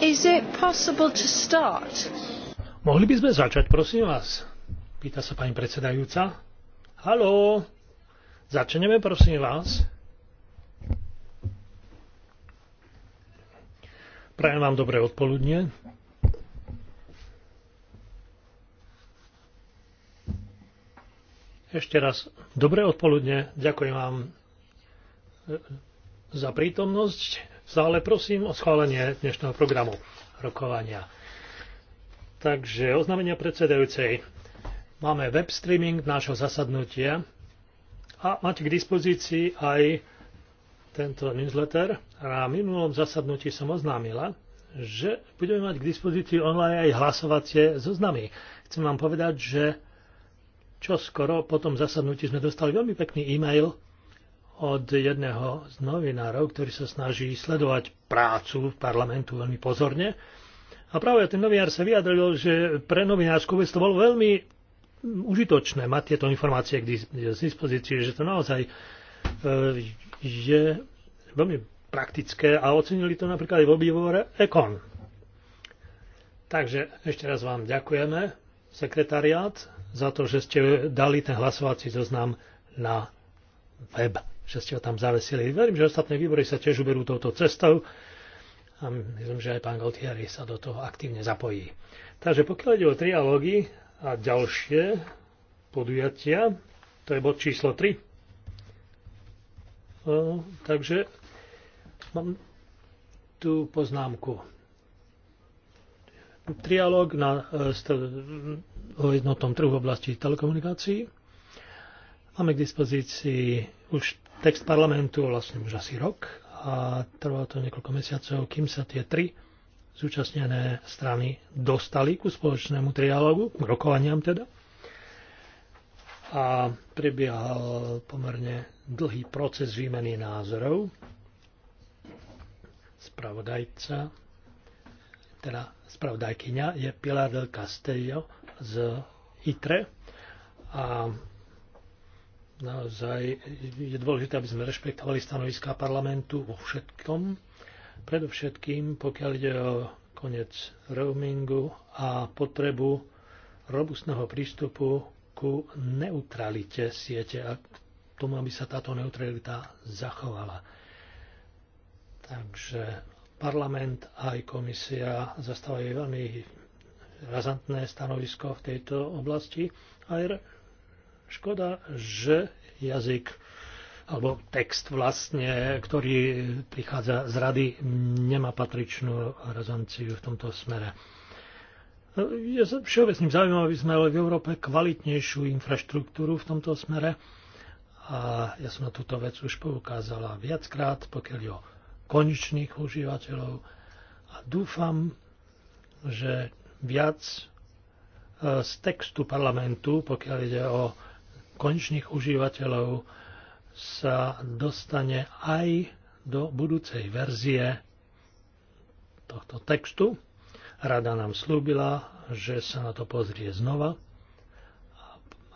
Is it possible to start? Mohli by sme začať, prosím vás? Pýta sa pani predsedajúca. Haló, začneme, prosím vás. Prajem vám dobré odpoludne. Ešte raz dobré odpoludne. Ďakujem vám e, e, za prítomnosť Zále prosím o schválenie dnešného programu rokovania. Takže oznámenia predsedajúcej. Máme web streaming nášho zasadnutia a máte k dispozícii aj tento newsletter. Na minulom zasadnutí som oznámila, že budeme mať k dispozícii online aj hlasovacie zoznamy. Chcem vám povedať, že čo skoro po tom zasadnutí sme dostali veľmi pekný e-mail od jedného z novinárov, ktorý sa snaží sledovať prácu v parlamentu veľmi pozorne. A práve ten novinár sa vyjadril, že pre novinárskú vec to bolo veľmi užitočné mať tieto informácie k dispozícii, že to naozaj e, je veľmi praktické a ocenili to napríklad aj v obývore Ekon. Takže ešte raz vám ďakujeme, sekretariát, za to, že ste dali ten hlasovací zoznam na web že ste ho tam zavesili. Verím, že ostatné výbory sa tiež uberú touto cestou a myslím, že aj pán Galtieri sa do toho aktívne zapojí. Takže pokiaľ ide o trialógy a ďalšie podujatia, to je bod číslo 3. O, takže mám tú poznámku. Trialóg na, e, o jednotnom trhu v oblasti telekomunikácií. Máme k dispozícii už text parlamentu vlastne už asi rok a trvalo to niekoľko mesiacov, kým sa tie tri zúčastnené strany dostali ku spoločnému trialógu, k rokovaniam teda. A prebiehal pomerne dlhý proces výmeny názorov. Spravodajca, teda spravodajkyňa je Pilar del Castillo z ITRE a naozaj je dôležité, aby sme rešpektovali stanoviská parlamentu vo všetkom. Predovšetkým, pokiaľ ide o koniec roamingu a potrebu robustného prístupu ku neutralite siete a k tomu, aby sa táto neutralita zachovala. Takže parlament aj komisia zastávajú veľmi razantné stanovisko v tejto oblasti aj Škoda, že jazyk alebo text vlastne, ktorý prichádza z rady, nemá patričnú rezonciu v tomto smere. Je všeobecným záujmom, aby sme mali v Európe kvalitnejšiu infraštruktúru v tomto smere. A ja som na túto vec už poukázala viackrát, pokiaľ o konečných užívateľov. A dúfam, že viac e, z textu parlamentu, pokiaľ ide o konečných užívateľov sa dostane aj do budúcej verzie tohto textu. Rada nám slúbila, že sa na to pozrie znova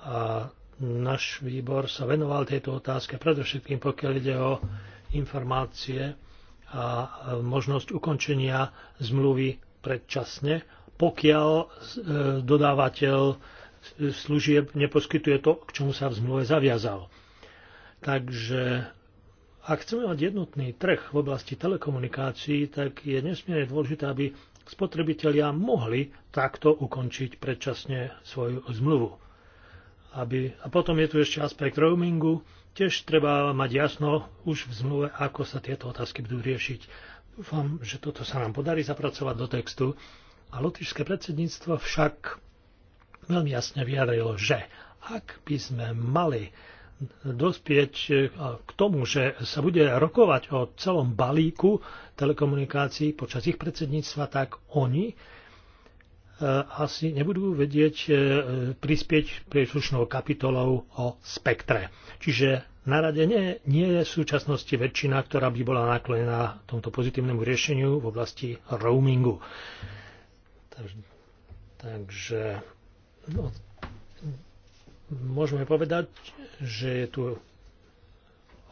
a náš výbor sa venoval tejto otázke, predovšetkým pokiaľ ide o informácie a možnosť ukončenia zmluvy predčasne, pokiaľ e, dodávateľ služieb neposkytuje to, k čomu sa v zmluve zaviazal. Takže ak chceme mať jednotný trh v oblasti telekomunikácií, tak je nesmierne dôležité, aby spotrebitelia mohli takto ukončiť predčasne svoju zmluvu. Aby, a potom je tu ešte aspekt roamingu. Tiež treba mať jasno už v zmluve, ako sa tieto otázky budú riešiť. Dúfam, že toto sa nám podarí zapracovať do textu. A lotišské predsedníctvo však veľmi jasne vyjadril, že ak by sme mali dospieť e, k tomu, že sa bude rokovať o celom balíku telekomunikácií počas ich predsedníctva, tak oni e, asi nebudú vedieť e, prispieť príslušnou kapitolou o spektre. Čiže na rade nie, nie je v súčasnosti väčšina, ktorá by bola naklonená tomto pozitívnemu riešeniu v oblasti roamingu. Takže, takže No, môžeme povedať, že je tu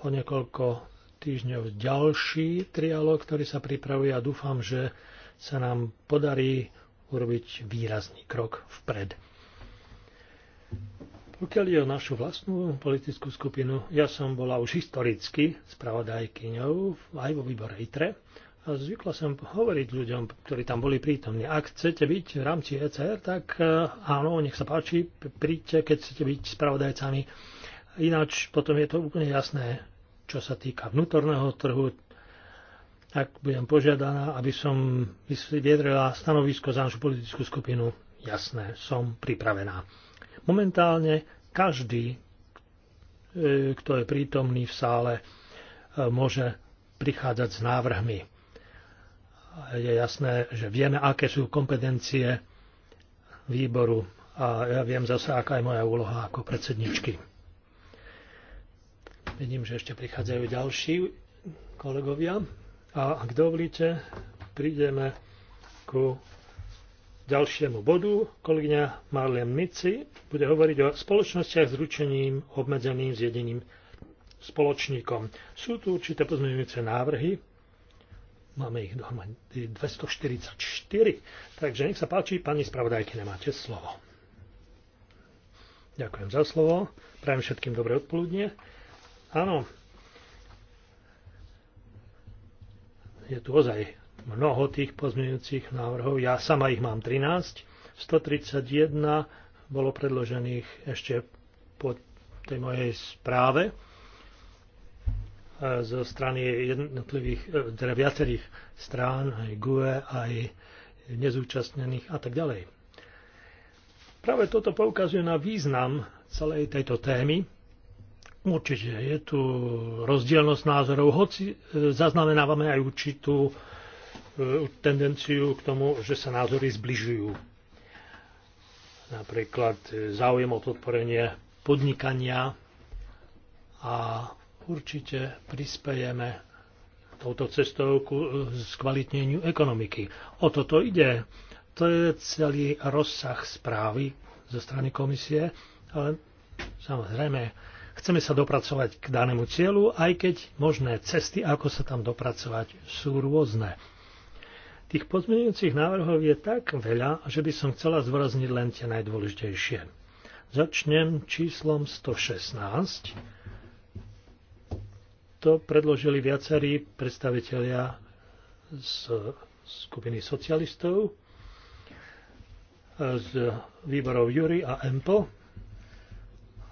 o niekoľko týždňov ďalší trialog, ktorý sa pripravuje a dúfam, že sa nám podarí urobiť výrazný krok vpred. Pokiaľ je o našu vlastnú politickú skupinu, ja som bola už historicky spravodajkyňou aj vo výbore ITRE a zvykla som hovoriť ľuďom, ktorí tam boli prítomní. Ak chcete byť v rámci ECR, tak e, áno, nech sa páči, príďte, keď chcete byť spravodajcami. Ináč potom je to úplne jasné, čo sa týka vnútorného trhu. Ak budem požiadaná, aby som vyjadrila stanovisko za našu politickú skupinu, jasné, som pripravená. Momentálne každý, e, kto je prítomný v sále, e, môže prichádzať s návrhmi je jasné, že vieme, aké sú kompetencie výboru a ja viem zase, aká je moja úloha ako predsedničky. Vidím, že ešte prichádzajú ďalší kolegovia a ak dovolíte, prídeme ku ďalšiemu bodu. Kolegyňa Marlene Mici bude hovoriť o spoločnostiach s ručením obmedzeným s jediným spoločníkom. Sú tu určité pozmeňujúce návrhy, Máme ich dohromady 244. Takže nech sa páči, pani spravodajky, nemáte slovo. Ďakujem za slovo. Prajem všetkým dobré odpoludne. Áno, je tu ozaj mnoho tých pozmeňujúcich návrhov. Ja sama ich mám 13. 131 bolo predložených ešte po tej mojej správe zo strany jednotlivých, eh, teda viacerých strán, aj GUE, aj nezúčastnených a tak ďalej. Práve toto poukazuje na význam celej tejto témy. Určite je tu rozdielnosť názorov, hoci eh, zaznamenávame aj určitú eh, tendenciu k tomu, že sa názory zbližujú. Napríklad záujem o podporenie podnikania a určite prispejeme touto cestou ku eh, skvalitneniu ekonomiky. O toto ide. To je celý rozsah správy zo strany komisie, ale samozrejme chceme sa dopracovať k danému cieľu, aj keď možné cesty, ako sa tam dopracovať, sú rôzne. Tých pozmeňujúcich návrhov je tak veľa, že by som chcela zvorazniť len tie najdôležitejšie. Začnem číslom 116 to predložili viacerí predstavitelia z skupiny socialistov, eh, z výborov Jury a EMPO.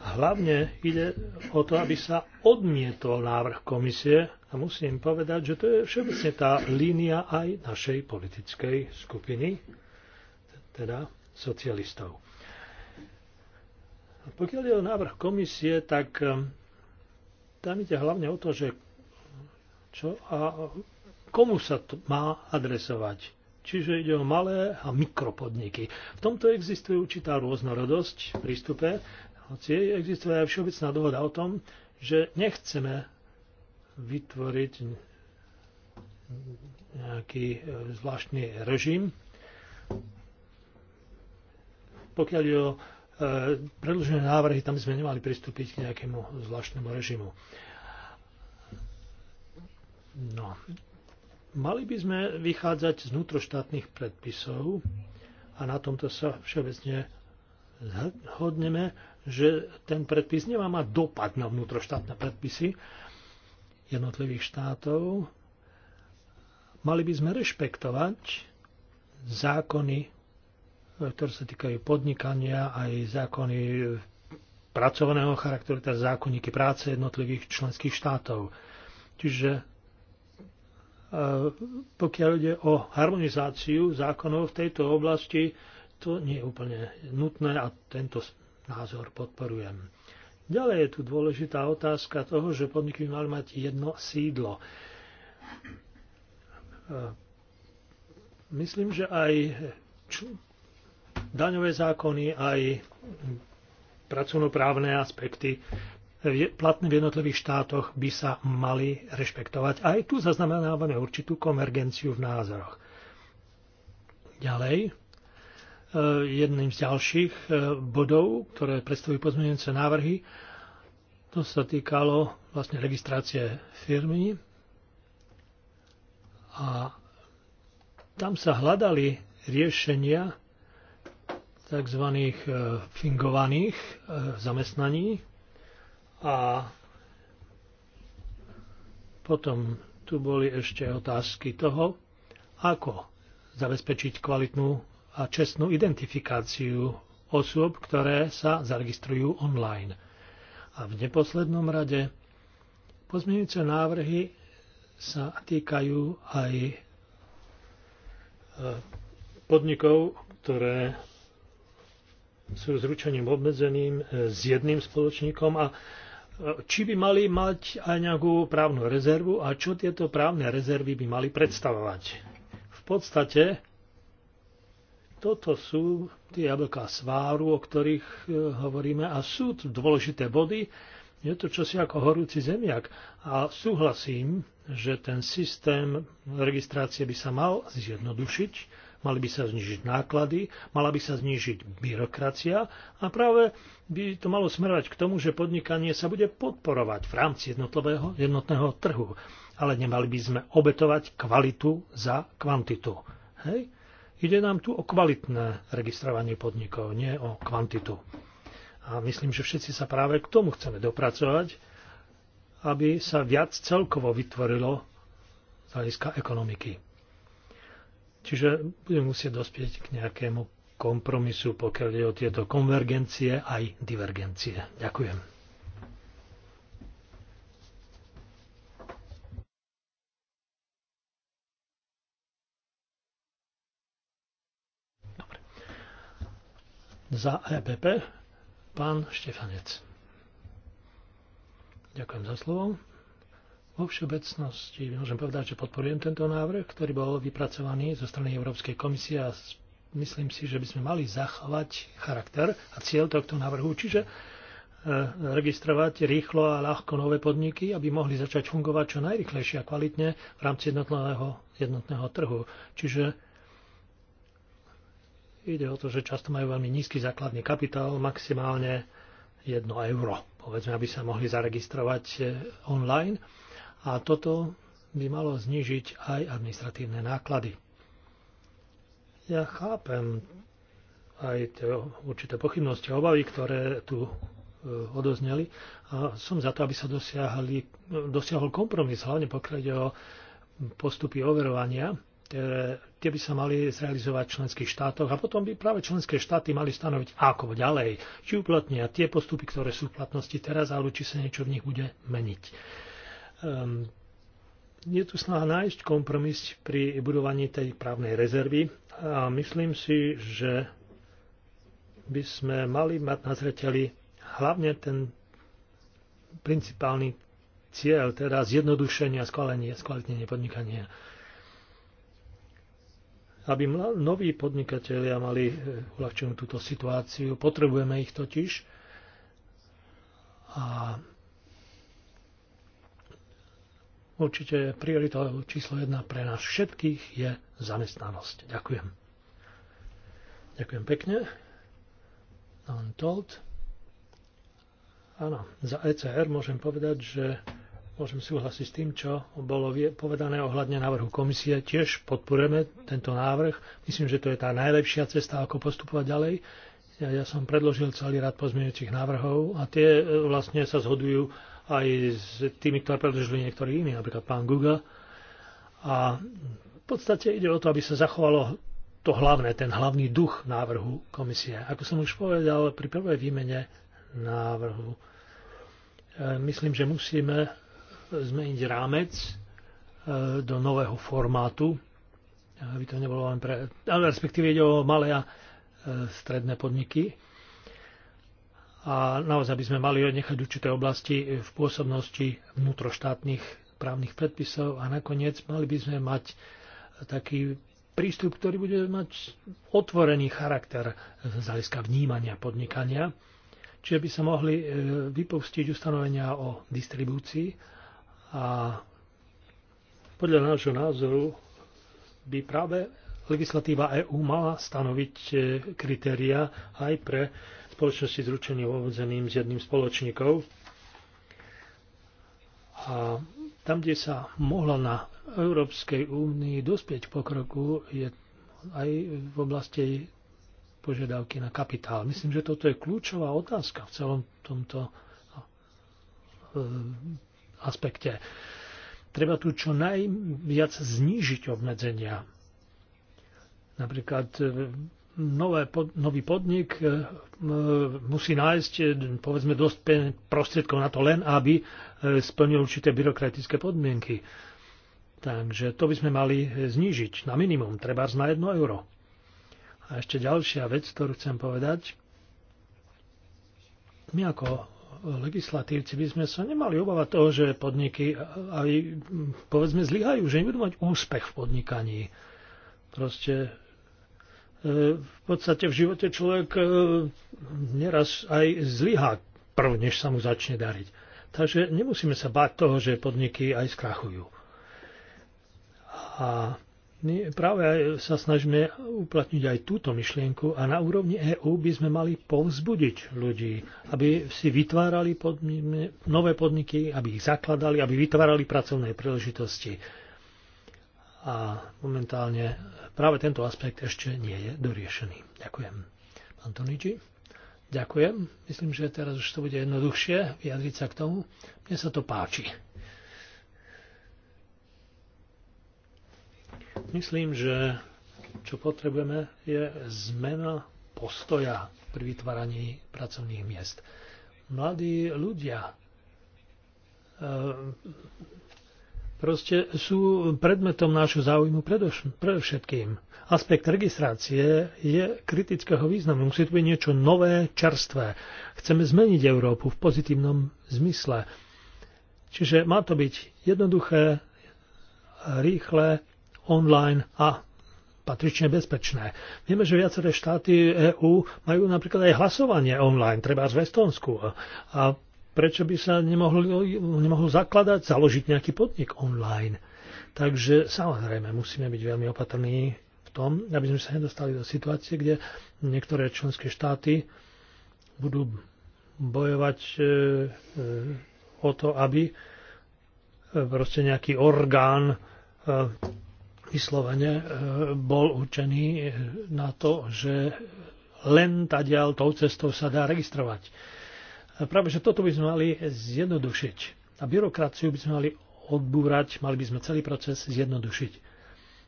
Hlavne ide o to, aby sa odmietol návrh komisie a musím povedať, že to je všeobecne tá línia aj našej politickej skupiny, teda socialistov. Pokiaľ je o návrh komisie, tak eh, tam ide hlavne o to, že čo a komu sa to má adresovať. Čiže ide o malé a mikropodniky. V tomto existuje určitá rôznorodosť v prístupe, hoci existuje aj všeobecná dohoda o tom, že nechceme vytvoriť nejaký e, zvláštny režim, pokiaľ je o E, predložené návrhy, tam sme nemali pristúpiť k nejakému zvláštnemu režimu. No, mali by sme vychádzať z vnútroštátnych predpisov a na tomto sa všeobecne zhodneme, že ten predpis nemá mať dopad na vnútroštátne predpisy jednotlivých štátov. Mali by sme rešpektovať zákony ktoré sa týkajú podnikania, aj zákony pracovného charakteru, teda zákonníky práce jednotlivých členských štátov. Čiže e, pokiaľ ide o harmonizáciu zákonov v tejto oblasti, to nie je úplne nutné a tento názor podporujem. Ďalej je tu dôležitá otázka toho, že podniky by mali mať jedno sídlo. E, myslím, že aj daňové zákony, aj pracovnoprávne aspekty platné v jednotlivých štátoch by sa mali rešpektovať. Aj tu zaznamenávame určitú konvergenciu v názoroch. Ďalej, e, jedným z ďalších e, bodov, ktoré predstavujú pozmeňujúce návrhy, to sa týkalo vlastne registrácie firmy a tam sa hľadali riešenia, tzv. E, fingovaných e, zamestnaní a potom tu boli ešte otázky toho, ako zabezpečiť kvalitnú a čestnú identifikáciu osôb, ktoré sa zaregistrujú online. A v neposlednom rade pozmeňujúce návrhy sa týkajú aj e, podnikov, ktoré sú s ručením obmedzeným, e, s jedným spoločníkom a e, či by mali mať aj nejakú právnu rezervu a čo tieto právne rezervy by mali predstavovať. V podstate toto sú tie jablká sváru, o ktorých e, hovoríme a sú tu dôležité body. Je to čosi ako horúci zemiak a súhlasím, že ten systém registrácie by sa mal zjednodušiť, mali by sa znižiť náklady, mala by sa znižiť byrokracia a práve by to malo smerovať k tomu, že podnikanie sa bude podporovať v rámci jednotlivého jednotného trhu. Ale nemali by sme obetovať kvalitu za kvantitu. Hej? Ide nám tu o kvalitné registrovanie podnikov, nie o kvantitu. A myslím, že všetci sa práve k tomu chceme dopracovať, aby sa viac celkovo vytvorilo z hľadiska ekonomiky. Čiže budeme musieť dospieť k nejakému kompromisu, pokiaľ je o tieto konvergencie aj divergencie. Ďakujem. Dobre. Za EPP pán Štefanec. Ďakujem za slovo. Vo všeobecnosti môžem povedať, že podporujem tento návrh, ktorý bol vypracovaný zo strany Európskej komisie a myslím si, že by sme mali zachovať charakter a cieľ tohto návrhu, čiže e, registrovať rýchlo a ľahko nové podniky, aby mohli začať fungovať čo najrychlejšie a kvalitne v rámci jednotného, jednotného trhu. Čiže ide o to, že často majú veľmi nízky základný kapitál, maximálne 1 euro, povedzme, aby sa mohli zaregistrovať e, online a toto by malo znižiť aj administratívne náklady. Ja chápem aj tie určité pochybnosti a obavy, ktoré tu e, odozneli a som za to, aby sa dosiahli, dosiahol kompromis, hlavne pokiaľ ide o postupy overovania, tie by sa mali zrealizovať v členských štátoch a potom by práve členské štáty mali stanoviť ako ďalej, či uplatnia tie postupy, ktoré sú v platnosti teraz, alebo či sa niečo v nich bude meniť. Ehm, je tu snaha nájsť kompromis pri budovaní tej právnej rezervy a myslím si, že by sme mali mať na zreteli hlavne ten principálny cieľ, teda zjednodušenie a skvalenie, skvalitnenie podnikania. Aby noví podnikatelia mali eh, uľahčenú túto situáciu, potrebujeme ich totiž a Určite priorita číslo jedna pre nás všetkých je zamestnanosť. Ďakujem. Ďakujem pekne. Untold. Áno, za ECR môžem povedať, že môžem súhlasiť s tým, čo bolo povedané ohľadne návrhu komisie. Tiež podporujeme tento návrh. Myslím, že to je tá najlepšia cesta, ako postupovať ďalej. Ja, ja som predložil celý rad pozmeňujúcich návrhov a tie e, vlastne sa zhodujú aj s tými, ktoré predložili niektorí iní, napríklad pán Google. A v podstate ide o to, aby sa zachovalo to hlavné, ten hlavný duch návrhu komisie. Ako som už povedal pri prvej výmene návrhu, e, myslím, že musíme zmeniť rámec e, do nového formátu, e, aby to nebolo len pre... Ale respektíve ide o malé a stredné podniky, a naozaj by sme mali odnechať určité oblasti v pôsobnosti vnútroštátnych právnych predpisov a nakoniec mali by sme mať taký prístup, ktorý bude mať otvorený charakter z hľadiska vnímania podnikania, čiže by sa mohli e, vypustiť ustanovenia o distribúcii a podľa nášho názoru by práve legislatíva EÚ mala stanoviť e, kritéria aj pre spoločnosti zručený obmedzeným z jedným spoločníkov. A tam, kde sa mohla na Európskej únii dospieť pokroku, je aj v oblasti požiadavky na kapitál. Myslím, že toto je kľúčová otázka v celom tomto e, aspekte. Treba tu čo najviac znížiť obmedzenia. Napríklad e, nové pod, nový podnik e, e, musí nájsť e, povedzme dosť prostriedkov na to len, aby splnil určité byrokratické podmienky. Takže to by sme mali znížiť na minimum, treba na 1 euro. A ešte ďalšia vec, ktorú chcem povedať. My ako legislatívci by sme sa nemali obávať toho, že podniky aj povedzme zlyhajú, že nebudú mať úspech v podnikaní. Proste E, v podstate v živote človek e, neraz aj zlyhá prv, než sa mu začne dariť. Takže nemusíme sa báť toho, že podniky aj skrachujú. A my práve aj sa snažíme uplatniť aj túto myšlienku a na úrovni EÚ by sme mali povzbudiť ľudí, aby si vytvárali podmi- nové podniky, aby ich zakladali, aby vytvárali pracovné príležitosti a momentálne práve tento aspekt ešte nie je doriešený. Ďakujem. Pán Toniči? Ďakujem. Myslím, že teraz už to bude jednoduchšie vyjadriť sa k tomu. Mne sa to páči. Myslím, že čo potrebujeme je zmena postoja pri vytváraní pracovných miest. Mladí ľudia proste sú predmetom nášho záujmu predovšetkým. Aspekt registrácie je kritického významu. Musí to byť niečo nové, čerstvé. Chceme zmeniť Európu v pozitívnom zmysle. Čiže má to byť jednoduché, rýchle, online a patrične bezpečné. Vieme, že viaceré štáty EÚ majú napríklad aj hlasovanie online, treba v Estonsku. A prečo by sa nemohol nemohol zakladať, založiť nejaký podnik online. Takže samozrejme musíme byť veľmi opatrní v tom, aby sme sa nedostali do situácie, kde niektoré členské štáty budú bojovať e, e, o to, aby e, proste nejaký orgán vyslovene bol určený na to, že len tadiaľ tou cestou sa dá registrovať. A práve, že toto by sme mali zjednodušiť. A byrokraciu by sme mali odbúrať, mali by sme celý proces zjednodušiť.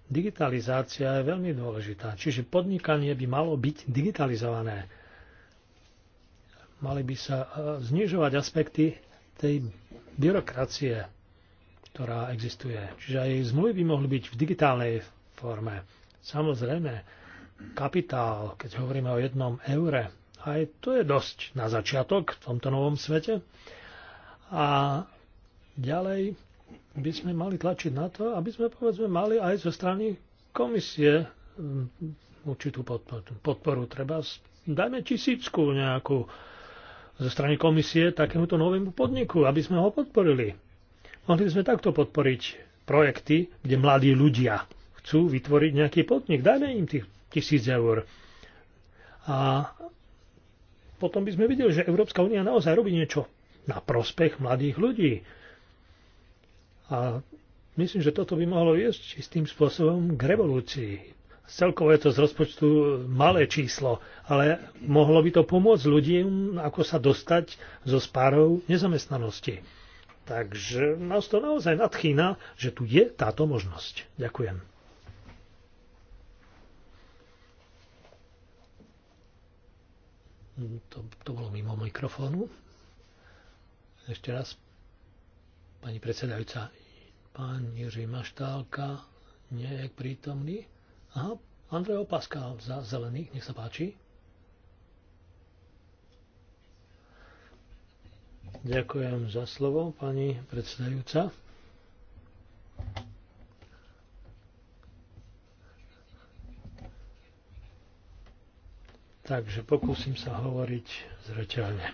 Digitalizácia je veľmi dôležitá, čiže podnikanie by malo byť digitalizované. Mali by sa e, znižovať aspekty tej byrokracie, ktorá existuje. Čiže aj zmluvy by mohli byť v digitálnej forme. Samozrejme, kapitál, keď hovoríme o jednom eure, aj to je dosť na začiatok v tomto novom svete. A ďalej by sme mali tlačiť na to, aby sme povedzme mali aj zo strany komisie mm, určitú podporu. podporu treba dajme tisícku nejakú zo strany komisie takémuto novému podniku, aby sme ho podporili. Mohli sme takto podporiť projekty, kde mladí ľudia chcú vytvoriť nejaký podnik. Dajme im tých tisíc eur. A potom by sme videli, že Európska únia naozaj robí niečo na prospech mladých ľudí. A myslím, že toto by mohlo viesť istým spôsobom k revolúcii. Celkovo je to z rozpočtu malé číslo, ale mohlo by to pomôcť ľudím, ako sa dostať zo spárov nezamestnanosti. Takže nás to naozaj nadchýna, že tu je táto možnosť. Ďakujem. Mm, to, to bolo mimo mikrofónu. Ešte raz. Pani predsedajúca, pán Jiří Maštálka nie je prítomný. Aha, Andrej Opaska za zelených, nech sa páči. Ďakujem za slovo, pani predsedajúca. Takže pokúsim sa hovoriť zreteľne.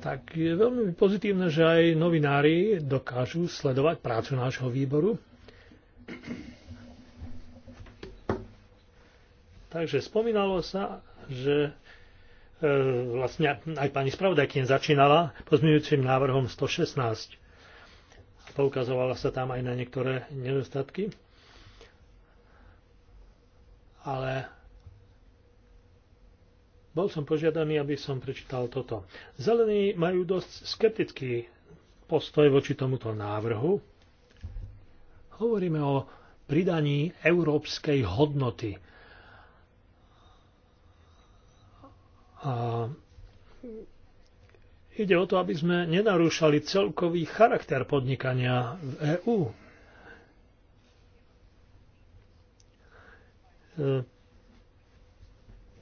Tak je veľmi pozitívne, že aj novinári dokážu sledovať prácu nášho výboru. Takže spomínalo sa, že e, vlastne aj pani spravodajkyn začínala pozmeňujúcim návrhom 116 poukazovalo sa tam aj na niektoré nedostatky. Ale bol som požiadaný, aby som prečítal toto. Zelení majú dosť skeptický postoj voči tomuto návrhu. Hovoríme o pridaní európskej hodnoty. A Ide o to, aby sme nenarúšali celkový charakter podnikania v EÚ. E,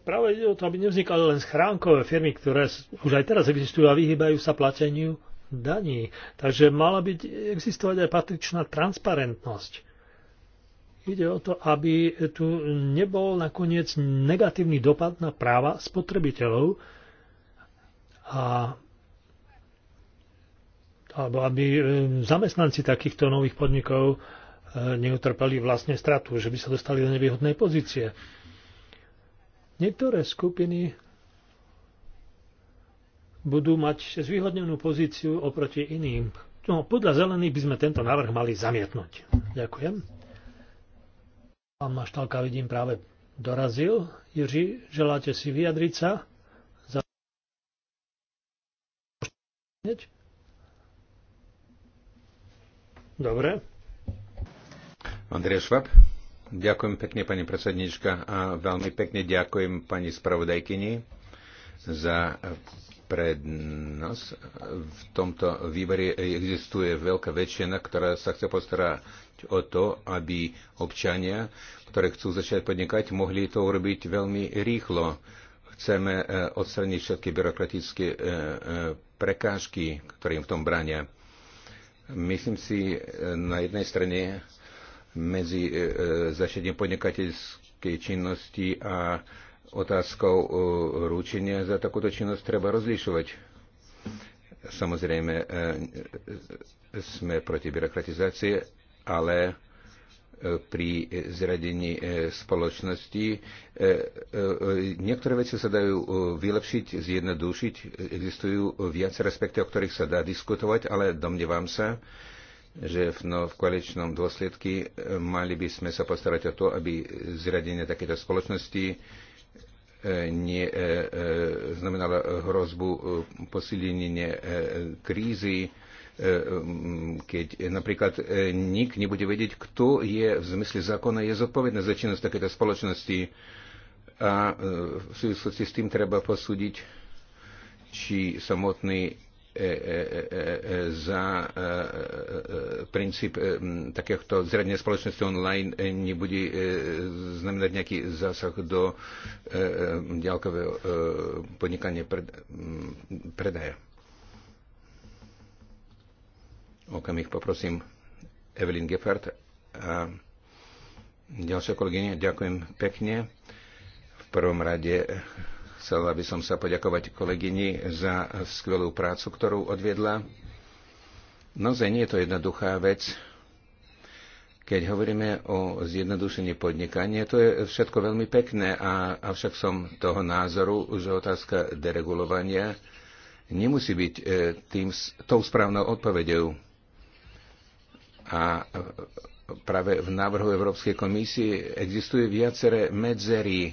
práve ide o to, aby nevznikali len schránkové firmy, ktoré už aj teraz existujú a vyhýbajú sa plateniu daní. Takže mala byť existovať aj patričná transparentnosť. Ide o to, aby tu nebol nakoniec negatívny dopad na práva spotrebiteľov a alebo aby e, zamestnanci takýchto nových podnikov e, neutrpeli vlastne stratu, že by sa dostali do nevýhodnej pozície. Niektoré skupiny budú mať zvýhodnenú pozíciu oproti iným. No, podľa zelených by sme tento návrh mali zamietnúť. Ďakujem. Pán Maštalka, vidím, práve dorazil. Jiří, želáte si vyjadriť sa? Za... Dobre. Andrej Švab. Ďakujem pekne, pani predsednička, a veľmi pekne ďakujem pani spravodajkyni za prednosť. V tomto výbore existuje veľká väčšina, ktorá sa chce postarať o to, aby občania, ktorí chcú začať podnikať, mohli to urobiť veľmi rýchlo. Chceme eh, odstraniť všetky byrokratické eh, eh, prekážky, ktoré im v tom brania Myslím si, e, na jednej strane medzi e, e, zašetím podnikateľskej činnosti a otázkou ručenia za takúto činnosť treba rozlišovať. Samozrejme, sme proti byrokratizácii, ale pri zradení e, spoločnosti. E, e, niektoré veci sa dajú vylepšiť, zjednodušiť. Existujú viac respekty, o ktorých sa dá diskutovať, ale domnievam sa, že v, no, v koaličnom dôsledky mali by sme sa postarať o to, aby zradenie takéto spoločnosti nie znamenalo hrozbu posilnenie krízy, E, keď e, napríklad e, nik nebude vedieť, kto je v zmysle zákona je zodpovedný za činnosť takéto spoločnosti. A v súvislosti s tým treba posúdiť, či samotný za princíp takéhoto zriadenia spoločnosti online nebude znamenať nejaký zásah do ďalkového podnikania predaja okamih poprosím Evelyn Geffert a ďalšia kolegyne. Ďakujem pekne. V prvom rade chcela by som sa poďakovať kolegyni za skvelú prácu, ktorú odviedla. zaj nie je to jednoduchá vec. Keď hovoríme o zjednodušení podnikania, to je všetko veľmi pekné, a, avšak som toho názoru, že otázka deregulovania nemusí byť e, tým, tou správnou odpovedou a e, práve v návrhu Európskej komisie existuje viaceré medzery e,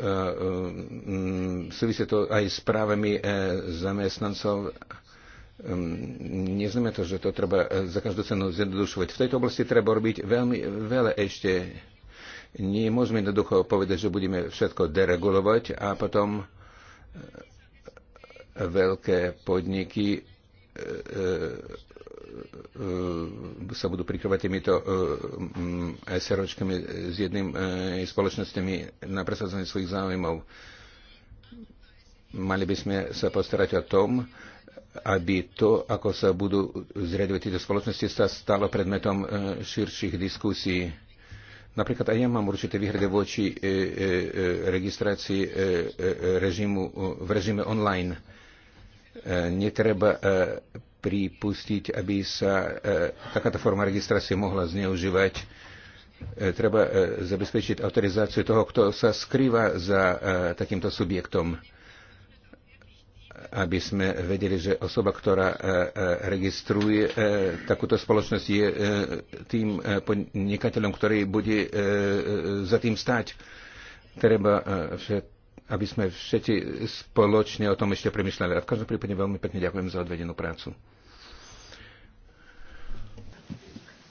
e, súvisie to aj s právami zamestnancov. Neznamená to, že to treba za každú cenu zjednodušovať. V tejto oblasti treba robiť veľmi veľa ešte. Nie môžeme jednoducho povedať, že budeme všetko deregulovať a potom veľké podniky sa budú prikrovať týmito SROčkami s jedným spoločnosťami na presadzanie svojich záujmov. Mali by sme sa postarať o tom, aby to, ako sa budú zriadovať tieto spoločnosti, sa stalo predmetom širších diskusí. Napríklad aj ja mám určité výhrady voči registrácii režimu, v režime online E, netreba e, pripustiť, aby sa e, takáto forma registrácie mohla zneužívať. Treba zabezpečiť autorizáciu toho, kto sa skrýva za takýmto subjektom aby sme vedeli, že osoba, ktorá registruje takúto spoločnosť, je tým podnikateľom, ktorý bude za tým stať. Treba však aby sme všetci spoločne o tom ešte premyšľali. A v každom prípade veľmi pekne ďakujem za odvedenú prácu.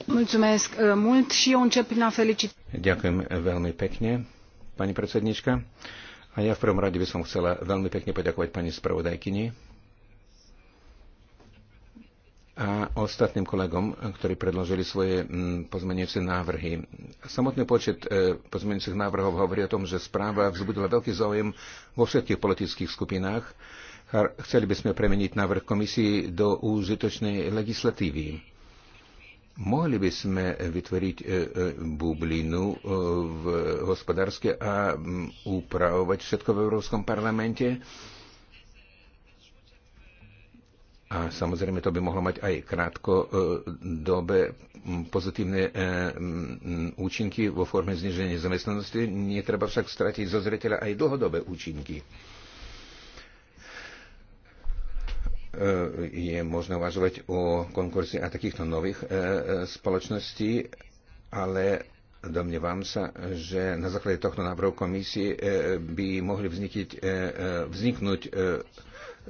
Mulțumesc uh, mult și eu încep prin a felicit. Ďakujem veľmi pekne, pani predsednička. A ja v prvom rade by som chcela veľmi pekne poďakovať pani spravodajkyni a ostatným kolegom, ktorí predložili svoje mm, pozmenujúce návrhy. Samotný počet e, pozmenujúcich návrhov hovorí o tom, že správa vzbudila veľký záujem vo všetkých politických skupinách. Chceli by sme premeniť návrh komisii do užitočnej legislatívy. Mohli by sme vytvoriť e, e, bublinu v hospodárske a upravovať všetko v Európskom parlamente? A samozrejme to by mohlo mať aj krátko e, dobe pozitívne e, účinky vo forme zniženia zamestnanosti. Netreba však stratiť zo zreteľa aj dlhodobé účinky. E, je možné uvažovať o konkurzii a takýchto nových spoločností, ale domnievam sa, že na základe tohto návrhu komisie by mohli vzniknúť, vzniknúť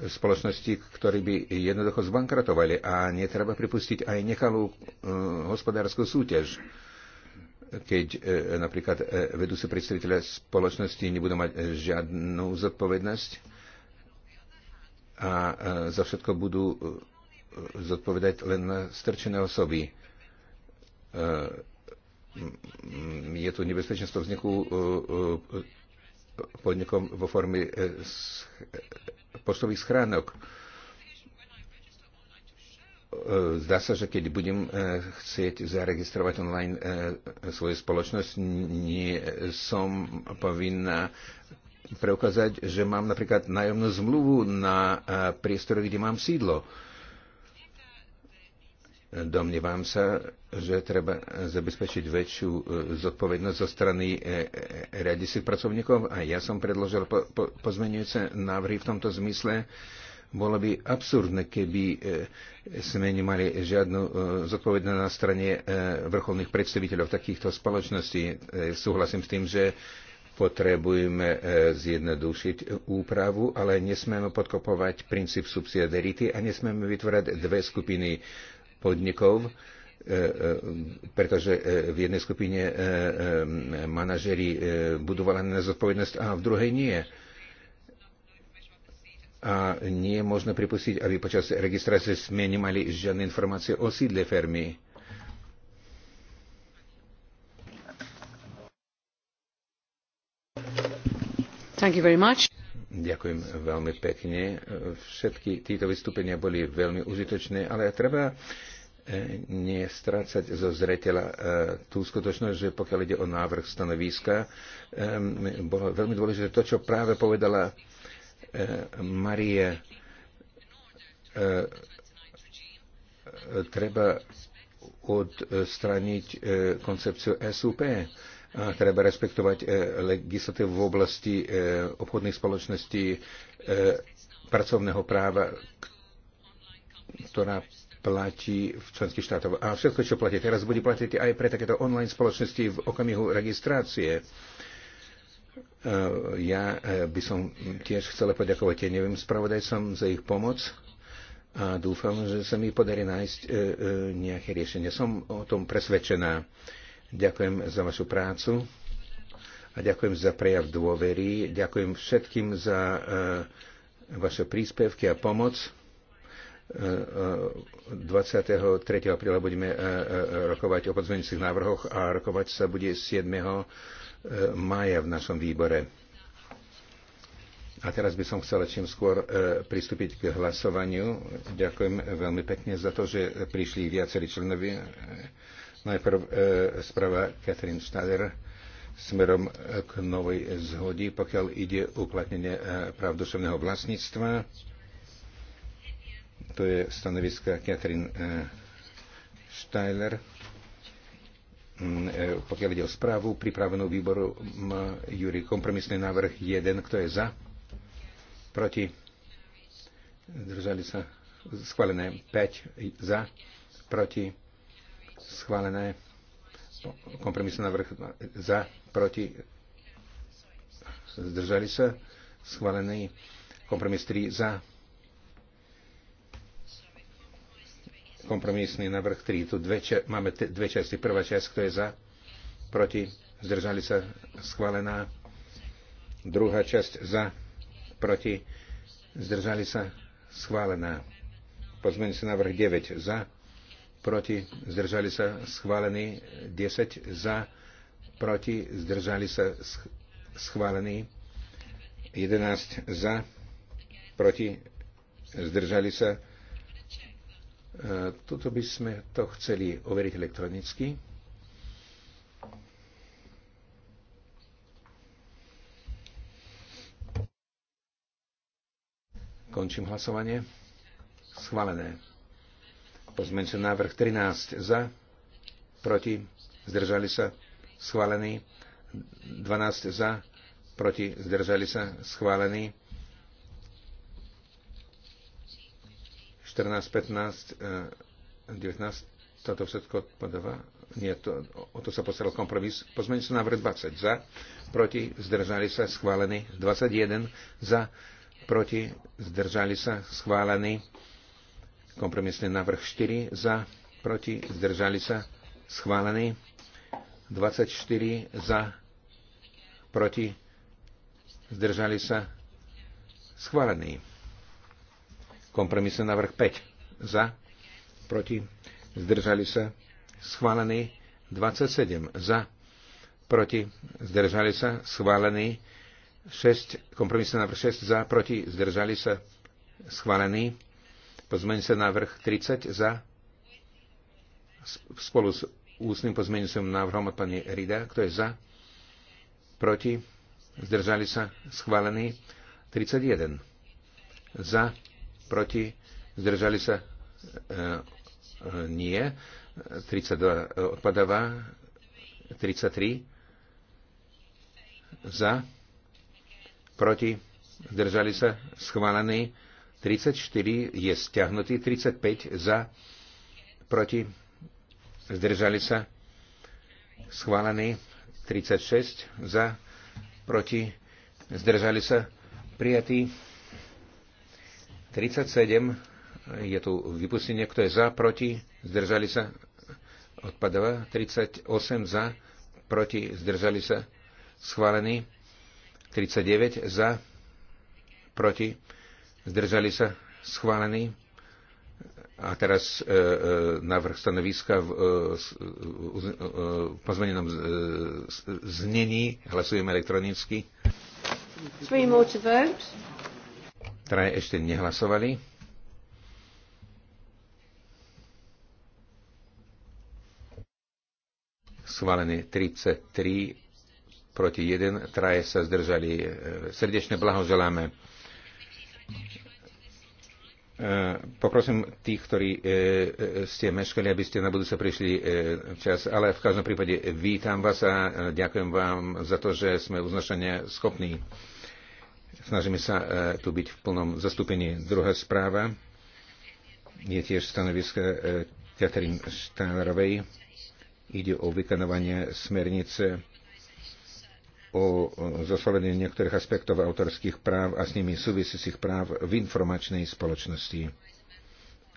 spoločnosti, ktorí by jednoducho zbankratovali a netreba pripustiť aj nekalú e, hospodárskú súťaž keď e, napríklad e, vedúci predstaviteľe spoločnosti nebudú mať žiadnu zodpovednosť a za všetko budú zodpovedať len na strčené osoby. Je tu nebezpečenstvo vzniku podnikom vo forme poštových schránok. E, zdá sa, že keď budem e, chcieť zaregistrovať online e, svoju spoločnosť, nie som povinná preukázať, že mám napríklad nájomnú zmluvu na priestore, kde mám sídlo Domnievam sa, že treba zabezpečiť väčšiu e, zodpovednosť zo strany e, e, riadicích pracovníkov a ja som predložil po, po, pozmenujúce návrhy v tomto zmysle. Bolo by absurdné, keby sme nemali žiadnu zodpovednosť na strane vrcholných predstaviteľov takýchto spoločností. Súhlasím s tým, že potrebujeme zjednodušiť úpravu, ale nesmieme podkopovať princíp subsidiarity a nesmieme vytvárať dve skupiny podnikov, e, e, pretože e, v jednej skupine manažeri budovali na zodpovednosť a v druhej nie. A nie je možné pripustiť, aby počas registrácie sme nemali žiadne informácie o sídle fermy. Thank you very much. Ďakujem veľmi pekne. Všetky títo vystúpenia boli veľmi užitočné, ale treba e, nestrácať zo zreteľa e, tú skutočnosť, že pokiaľ ide o návrh stanoviska, e, bolo veľmi dôležité to, čo práve povedala Marie. Treba odstraniť koncepciu SUP treba respektovať e, legislatívu v oblasti e, obchodných spoločností e, pracovného práva, ktorá platí v členských štátoch. A všetko, čo platí teraz, bude platiť aj pre takéto online spoločnosti v okamihu registrácie. Ja by som tiež chcela poďakovať tieňovým spravodajcom za ich pomoc a dúfam, že sa mi podarí nájsť nejaké riešenie. Som o tom presvedčená. Ďakujem za vašu prácu a ďakujem za prejav dôvery. Ďakujem všetkým za eh, vaše príspevky a pomoc. 23. Eh, eh, apríla budeme rokovať o pozmeňujúcich návrhoch a rokovať sa bude 7. maja v našom výbore. A teraz by som chcela čím skôr pristúpiť k hlasovaniu. Ďakujem veľmi pekne za to, že prišli viacerí členovia Najprv e, správa Catherine Schneider smerom e, k novej zhodi, pokiaľ ide uplatnenie e, práv duševného vlastníctva. To je stanoviska Catherine e, Steiler. Mm, pokiaľ ide o správu, pripravenú výboru má Júri kompromisný návrh 1. Kto je za? Proti? Zdržali sa? Schválené 5 za? Proti? schválené kompromisný návrh za, proti, zdržali sa, schválený kompromis 3 za, kompromisný návrh 3. Tu dve, máme dve časti. Prvá časť, kto je za, proti, zdržali sa, schválená. Druhá časť za, proti, zdržali sa, schválená. sa návrh 9 za, proti, zdržali sa schválení, 10 za, proti, zdržali sa schválení, 11 za, proti, zdržali sa. E, Tuto by sme to chceli overiť elektronicky. Končím hlasovanie. Schválené. Pozmenčil návrh 13 za, proti, zdržali sa, schválený. 12 za, proti, zdržali sa, schválený. 14, 15, 19, toto všetko podáva. Nie, to, o to sa postaral kompromis. Pozmenil sa návrh 20 za, proti, zdržali sa, schválený. 21 za, proti, zdržali sa, schválený. Kompromisný návrh 4 za, proti, zdržali sa, schválený. 24 za, proti, zdržali sa, schválený. Kompromisný návrh 5 za, proti, zdržali sa, schválený. 27 za, proti, zdržali sa, schválený. 6, kompromisný návrh 6 za, proti, zdržali sa, schválený. Pozmeň sa vrch 30 za spolu s ústnym pozmeňujúcim návrhom od pani Rida. Kto je za? Proti? Zdržali sa? Schválený. 31. Za? Proti? Zdržali sa? E, e, nie. 32 odpadáva. 33. Za? Proti? Zdržali sa? Schválený. 34 je stiahnutý, 35 za, proti, zdržali sa, schválený, 36 za, proti, zdržali sa, prijatý, 37 je tu vypustenie, kto je za, proti, zdržali sa, odpadáva, 38 za, proti, zdržali sa, schválený, 39 za, proti, zdržali sa, schválení. A teraz e, e, návrh stanoviska v, e, e, pozmenenom e, e, e znení. Hlasujeme elektronicky. Three more to vote. Traje ešte nehlasovali. Schválené 33 proti 1. Traje sa zdržali. E, Srdečne blahoželáme. E, poprosím tých, ktorí e, e, ste meškali, aby ste na budúce prišli čas, ale v každom prípade vítam vás a ďakujem vám za to, že sme uznašania schopní. Snažíme sa tu byť v plnom zastúpení. Druhá správa je tiež stanovisko Katarín Štánerovej. Ide o vykonovanie smernice o e, zosledení niektorých aspektov autorských práv a s nimi súvisícich práv v informačnej spoločnosti.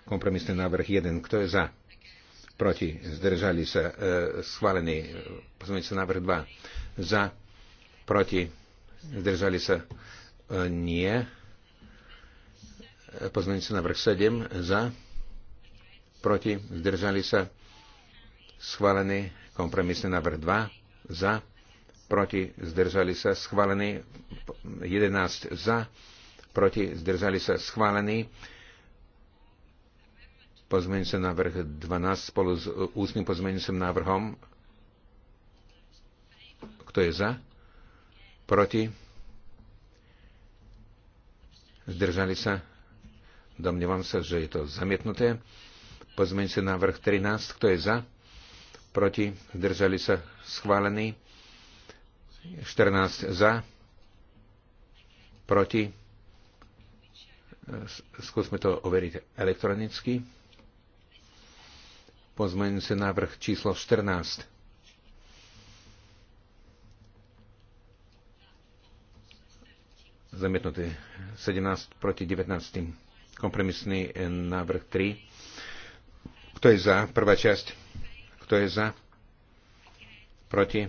Kompromisný návrh 1. Kto je za? Proti. Zdržali sa. E, schválený. Pozmeňte sa návrh 2. Za. Proti. Zdržali sa. E, nie. E, Pozmeňte sa návrh 7. Za. Proti. Zdržali sa. Schválený. Kompromisný návrh 2. Za proti, zdržali sa, schválený. 11 za, proti, zdržali sa, schválený. Pozmeňujúci návrh 12 spolu s e, ústnym pozmeňujúcim návrhom. Kto je za? Proti? Zdržali sa? Domnievam sa, že je to zamietnuté. Pozmeňujúci návrh 13. Kto je za? Proti? Zdržali sa? Schválený. 14 za, proti. Skúsme to overiť elektronicky. Pozmeňujúci návrh číslo 14. Zamietnutý 17 proti 19. Kompromisný e, návrh 3. Kto je za? Prvá časť. Kto je za? Proti?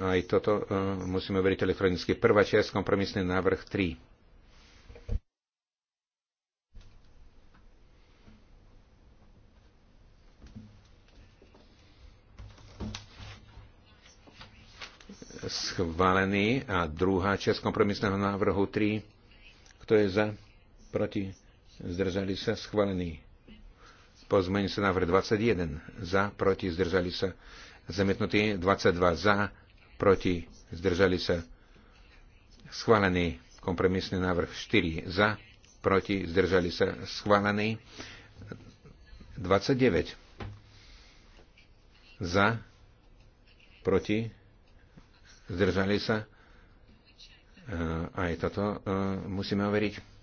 aj toto e, musíme veriť elektronicky. Prvá časť, kompromisný návrh 3. schválený a druhá časť kompromisného návrhu 3. Kto je za? Proti? Zdržali sa? Schválený. Pozmeň sa návrh 21. Za? Proti? Zdržali sa? Zamietnutý 22. Za? proti, zdržali sa. Schválený kompromisný návrh 4 za, proti, zdržali sa. Schválený 29 za, proti, zdržali sa. E, aj toto e, musíme overiť.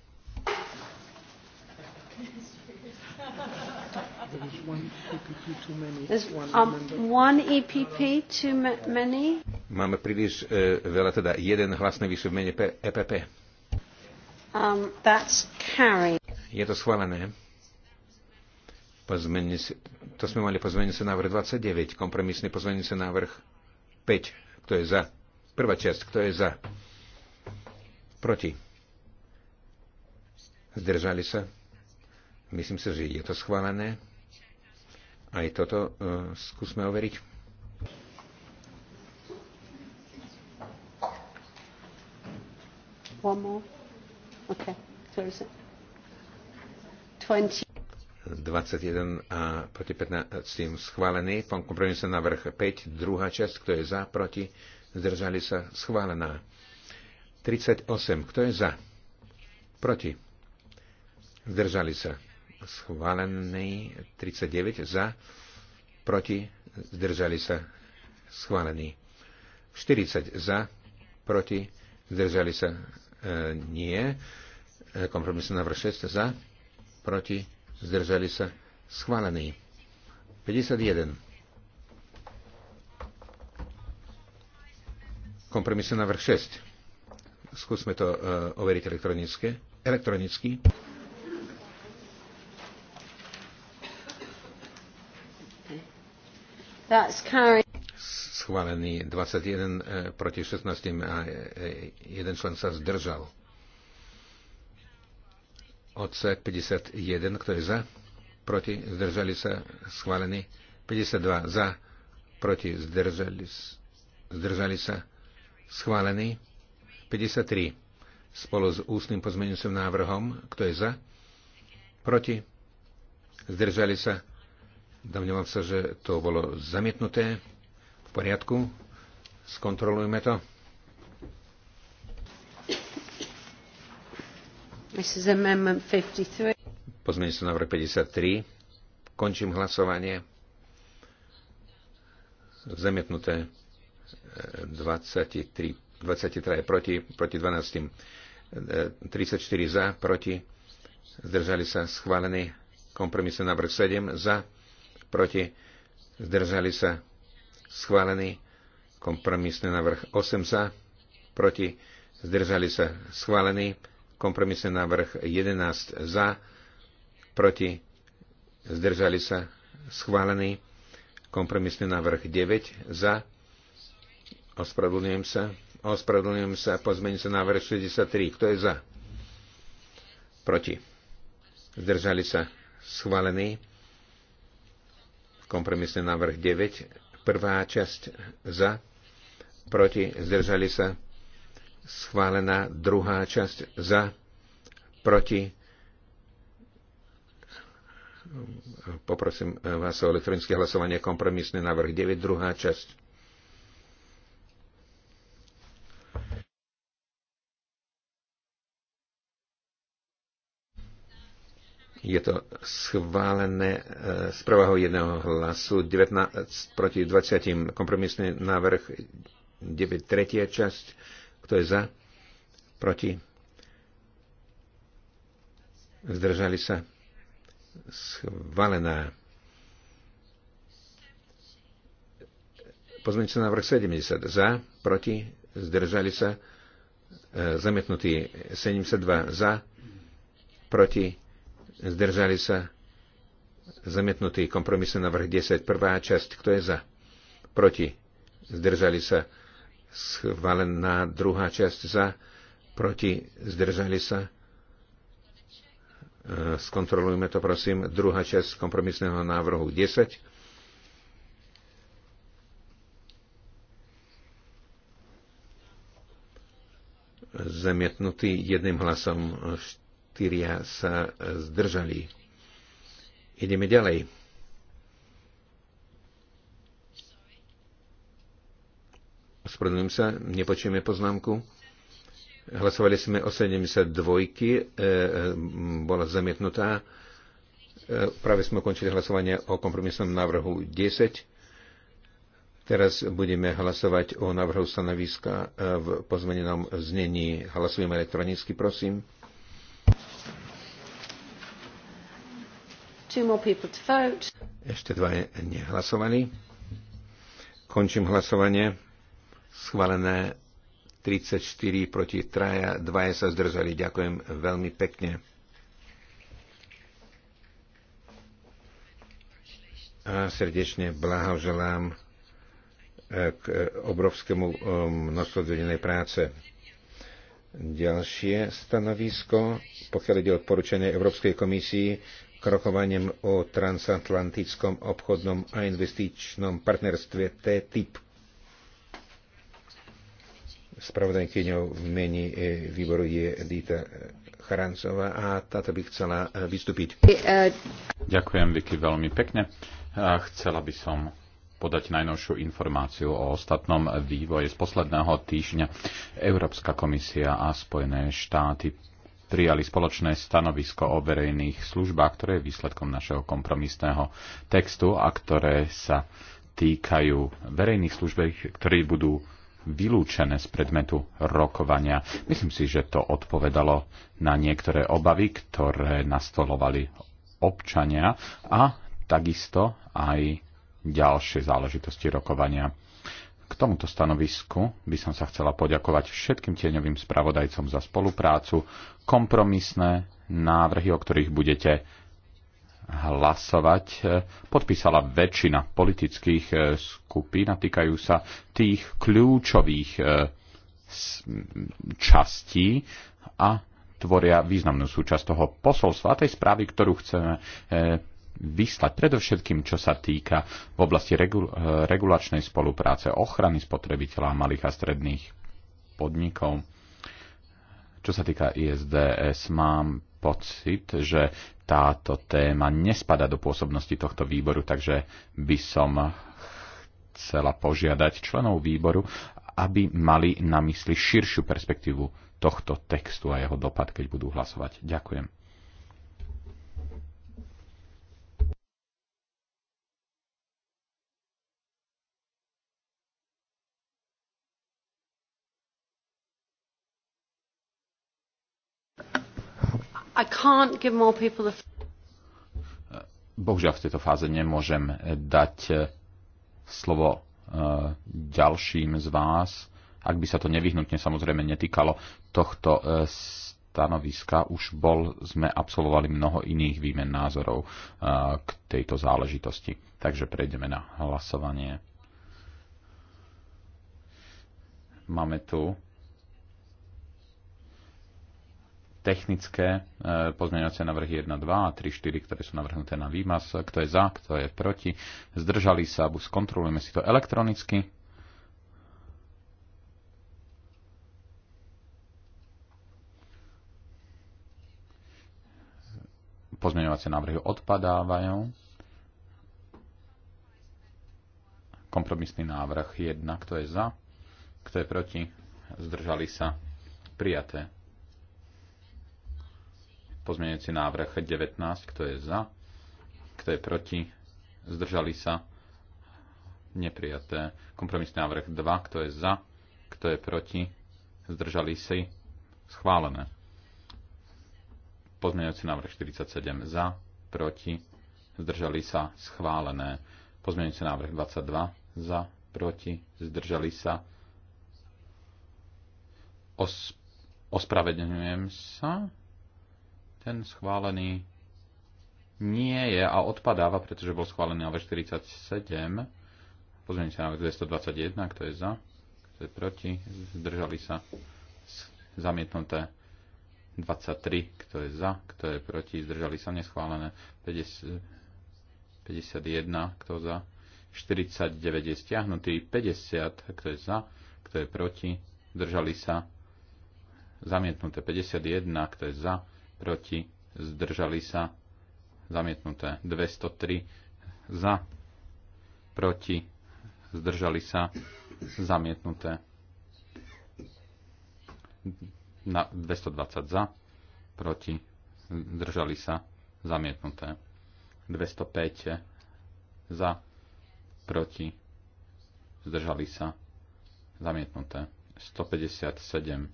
One EPP too um, e many. Máme príliš e, veľa, teda jeden hlas navyše v mene EPP. E um, that's carried. Je to schválené. Pozmeni, to sme mali pozmeniť sa návrh 29, kompromisný pozmeniť sa návrh 5. Kto je za? Prvá časť, kto je za? Proti. Zdržali sa? Myslím si, že je to schválené. Aj toto uh, skúsme overiť. One more. Okay. Where is it? 20. 21 a proti 15 schválený. Pán kompromis na vrch 5, druhá časť, kto je za, proti, zdržali sa, schválená. 38, kto je za, proti, zdržali sa, schválený, 39 za, proti, zdržali sa, schválený. 40 za, proti, zdržali sa, e, nie. E, kompromis návrh 6 za, proti, zdržali sa, schválený. 51. Kompromis návrh 6. Skúsme to e, overiť elektronicky. elektronicky. Schválený 21 eh, proti 16 a eh, jeden člen sa zdržal. Odsek 51, kto je za? Proti, zdržali sa, schválený. 52 za, proti, zdržali, zdržali sa, schválený. 53 spolu s ústnym pozmeňujúcim návrhom, kto je za? Proti, zdržali sa, Domnievam sa, že to bolo zamietnuté. V poriadku. Skontrolujme to. Pozmeň sa návrh 53. Končím hlasovanie. Zamietnuté 23, 23 proti, proti 12. 34 za, proti. Zdržali sa schválený kompromisný návrh 7 za, proti, zdržali sa, schválený. Kompromisný návrh 8 za, proti, zdržali sa, schválený. Kompromisný návrh 11 za, proti, zdržali sa, schválený. Kompromisný návrh 9 za, ospravedlňujem sa, ospravedlňujem sa, pozmení sa návrh 63. Kto je za? Proti. Zdržali sa, schválený Kompromisný návrh 9. Prvá časť za, proti, zdržali sa. Schválená druhá časť za, proti. Poprosím vás o elektronické hlasovanie. Kompromisný návrh 9. Druhá časť. Je to schválené e, z prvého jedného hlasu 19 proti 20. Kompromisný návrh 9. Tretia časť. Kto je za? Proti? Zdržali sa? Schválená. Pozmeňte sa návrh 70. Za? Proti? Zdržali sa? E, zamietnutý 72. Za? Proti? zdržali sa zamietnutý na vrch 10, prvá časť, kto je za, proti, zdržali sa schválená druhá časť za, proti, zdržali sa. E, skontrolujme to, prosím. Druhá časť kompromisného návrhu 10. Zamietnutý jedným hlasom štyria sa zdržali. Ideme ďalej. Ospravedlňujem sa, nepočujeme poznámku. Hlasovali sme o 72, e, e, bola zamietnutá. E, práve sme ukončili hlasovanie o kompromisnom návrhu 10. Teraz budeme hlasovať o návrhu stanoviska e, v pozmenenom znení. Hlasujeme elektronicky, prosím. Ešte dva nehlasovali. Končím hlasovanie. Schválené 34 proti traja, dvaja sa zdržali. Ďakujem veľmi pekne. A srdečne blahoželám e, k e, obrovskému e, množstvu zvedenej práce. Ďalšie stanovisko, pokiaľ ide o odporúčanie Európskej komisii, k rokovaniam o transatlantickom obchodnom a investičnom partnerstve TTIP. Spravodajkyňou v mene e, výboru je Dita Charancová a táto by chcela e, vystúpiť. Ďakujem, Vicky, veľmi pekne. E, chcela by som podať najnovšiu informáciu o ostatnom vývoji z posledného týždňa. Európska komisia a Spojené štáty prijali spoločné stanovisko o verejných službách, ktoré je výsledkom našeho kompromisného textu a ktoré sa týkajú verejných služb, ktoré budú vylúčené z predmetu rokovania. Myslím si, že to odpovedalo na niektoré obavy, ktoré nastolovali občania a takisto aj ďalšie záležitosti rokovania. K tomuto stanovisku by som sa chcela poďakovať všetkým tieňovým spravodajcom za spoluprácu, kompromisné návrhy, o ktorých budete hlasovať, e, podpísala väčšina politických e, skupín a týkajú sa tých kľúčových e, častí a tvoria významnú súčasť toho posolstva a tej správy, ktorú chceme vyslať, predovšetkým čo sa týka v oblasti regul- eh, regulačnej spolupráce, ochrany spotrebiteľa malých a stredných podnikov. Čo sa týka ISDS, mám pocit, že táto téma nespada do pôsobnosti tohto výboru, takže by som chcela požiadať členov výboru, aby mali na mysli širšiu perspektívu tohto textu a jeho dopad, keď budú hlasovať. Ďakujem. I can't give more people the... Bohužiaľ v tejto fáze nemôžem dať eh, slovo eh, ďalším z vás, ak by sa to nevyhnutne samozrejme netýkalo tohto eh, stanoviska, už bol, sme absolvovali mnoho iných výmen názorov k tejto záležitosti. Takže prejdeme na hlasovanie. Máme tu technické e, pozmeňovacie návrhy 1, 2 a 3, 4, ktoré sú navrhnuté na výmaz. Kto je za, kto je proti. Zdržali sa, alebo skontrolujeme si to elektronicky. Pozmeňovacie návrhy odpadávajú. Kompromisný návrh 1, kto je za, kto je proti. Zdržali sa, prijaté. Pozmeňujúci návrh 19, kto je za, kto je proti, zdržali sa, neprijaté. Kompromisný návrh 2, kto je za, kto je proti, zdržali si, schválené. Pozmeňujúci návrh 47 za, proti, zdržali sa, schválené. Pozmeňujúci návrh 22 za, proti, zdržali sa. Os- ospravedňujem sa. Ten schválený nie je a odpadáva, pretože bol schválený v 47. Pozrieme sa na 221, kto je za, kto je proti. Zdržali sa zamietnuté 23, kto je za, kto je proti. Zdržali sa neschválené 51, kto za. 49 je stiahnutý, 50, kto je za, kto je proti. Zdržali sa zamietnuté 51, kto je za, proti, zdržali sa, zamietnuté 203 za, proti, zdržali sa, zamietnuté na 220 za, proti, zdržali sa, zamietnuté 205 za, proti, zdržali sa, zamietnuté 157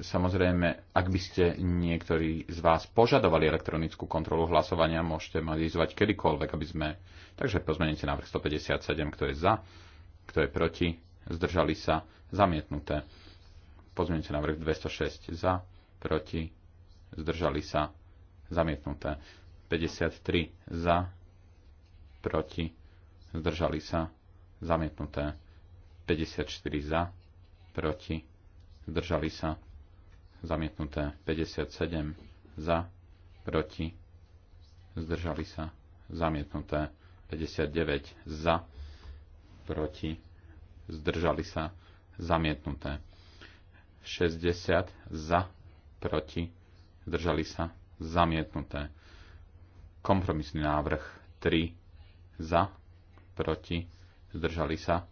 Samozrejme, ak by ste niektorí z vás požadovali elektronickú kontrolu hlasovania, môžete ma vyzvať kedykoľvek, aby sme... Takže pozmenite návrh 157, kto je za, kto je proti, zdržali sa, zamietnuté. Pozmenite návrh 206 za, proti, zdržali sa, zamietnuté. 53 za, proti, zdržali sa, zamietnuté. 54 za, proti, zdržali sa, zamietnuté 57 za, proti, zdržali sa, zamietnuté 59 za, proti, zdržali sa, zamietnuté 60 za, proti, zdržali sa, zamietnuté kompromisný návrh 3 za, proti, zdržali sa,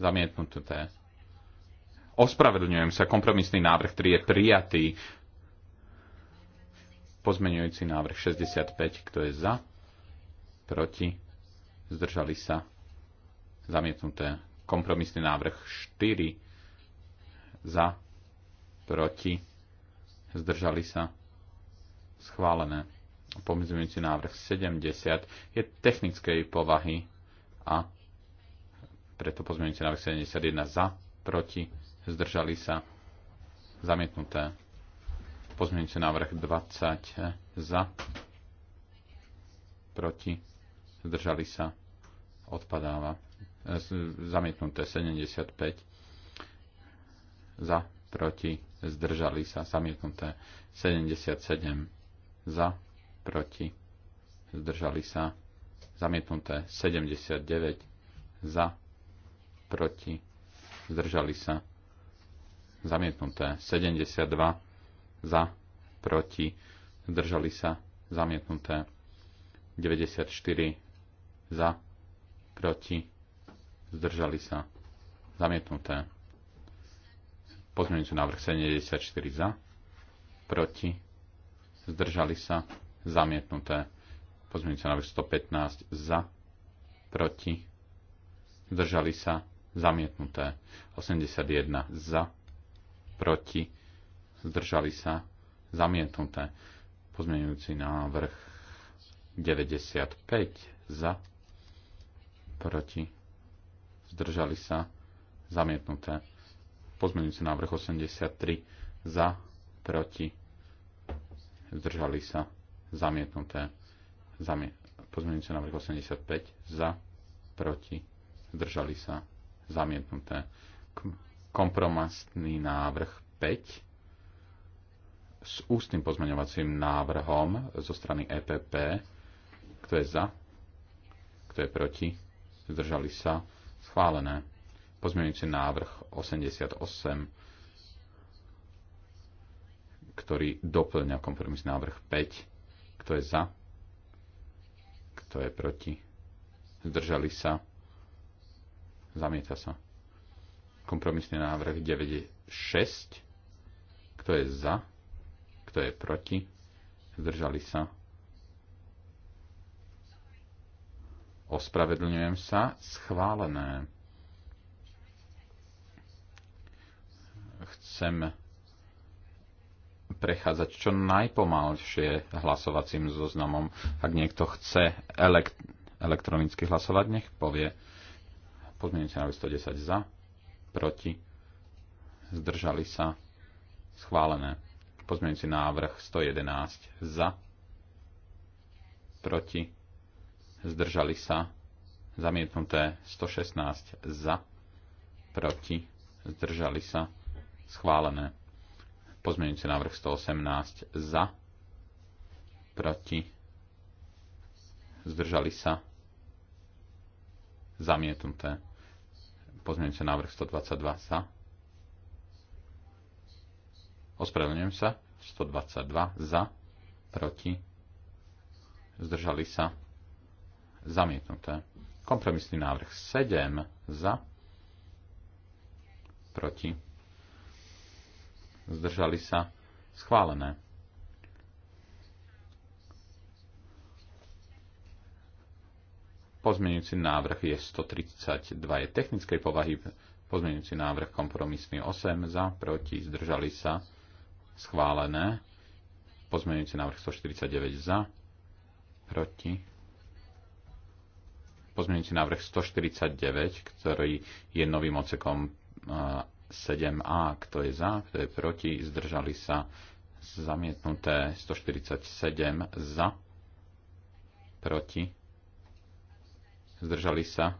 zamietnuté Ospravedlňujem sa, kompromisný návrh, ktorý je prijatý. Pozmeňujúci návrh 65, kto je za, proti, zdržali sa, zamietnuté. Kompromisný návrh 4, za, proti, zdržali sa, schválené. Pomizujúci návrh 70 je technickej povahy a preto pozmeňujúci návrh 71 za, proti, zdržali sa, zamietnuté. Pozmeňujúci návrh 20 eh, za, proti, zdržali sa, odpadáva. Eh, zamietnuté 75 za, proti, zdržali sa, zamietnuté 77 za, proti, zdržali sa, zamietnuté 79 za, proti, zdržali sa, zamietnuté. 72 za, proti, zdržali sa, zamietnuté. 94 za, proti, zdržali sa, zamietnuté. Pozmeňujúci návrh 74 za, proti, zdržali sa, zamietnuté. Pozmeňujúci návrh 115 za, proti, zdržali sa, zamietnuté. 81 za, proti, zdržali sa, zamietnuté. Pozmeňujúci návrh 95 za, proti, zdržali sa, zamietnuté. Pozmeňujúci návrh 83 za, proti, zdržali sa, zamietnuté. Zamiet- pozmeňujúci návrh 85 za, proti, zdržali sa, zamietnuté kompromisný návrh 5 s ústnym pozmeňovacím návrhom zo strany EPP. Kto je za? Kto je proti? Zdržali sa? Schválené. Pozmeňujúci návrh 88, ktorý doplňa kompromis návrh 5. Kto je za? Kto je proti? Zdržali sa? Zamieta sa kompromisný návrh 96. Kto je za? Kto je proti? Zdržali sa? Ospravedlňujem sa. Schválené. Chcem prechádzať čo najpomalšie hlasovacím zoznamom. Ak niekto chce elekt- elektronicky hlasovať, nech povie. Pozmienujúci na 110 za, proti, zdržali sa, schválené. Pozmeňujúci návrh 111 za, proti, zdržali sa, zamietnuté 116 za, proti, zdržali sa, schválené. Pozmeňujúci návrh 118 za, proti, zdržali sa, zamietnuté pozmeňujúce návrh 122 za. Ospravedlňujem sa. 122 za. Proti. Zdržali sa. Zamietnuté. Kompromisný návrh 7 za. Proti. Zdržali sa. Schválené. Pozmeňujúci návrh je 132, je technickej povahy. Pozmeňujúci návrh kompromisný 8, za, proti, zdržali sa, schválené. Pozmeňujúci návrh 149 za, proti. Pozmeňujúci návrh 149, ktorý je novým ocekom 7a, kto je za, kto je proti, zdržali sa, zamietnuté 147 za, proti zdržali sa,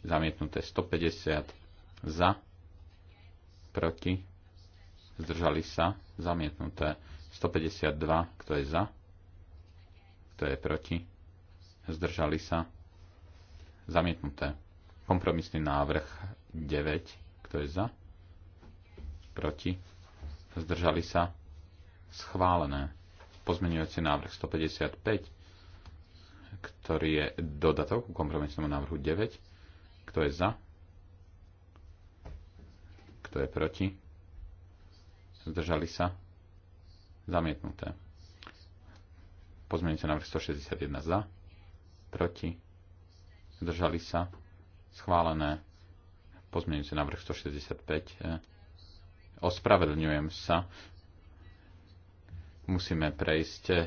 zamietnuté 150 za, proti, zdržali sa, zamietnuté 152, kto je za, kto je proti, zdržali sa, zamietnuté. Kompromisný návrh 9, kto je za, proti, zdržali sa, schválené. Pozmenujúci návrh 155, ktorý je dodatok ku kompromisnému návrhu 9. Kto je za? Kto je proti? Zdržali sa? Zamietnuté. sa návrh 161 za. Proti? Zdržali sa? Schválené. sa návrh 165. E, ospravedlňujem sa. Musíme prejsť e,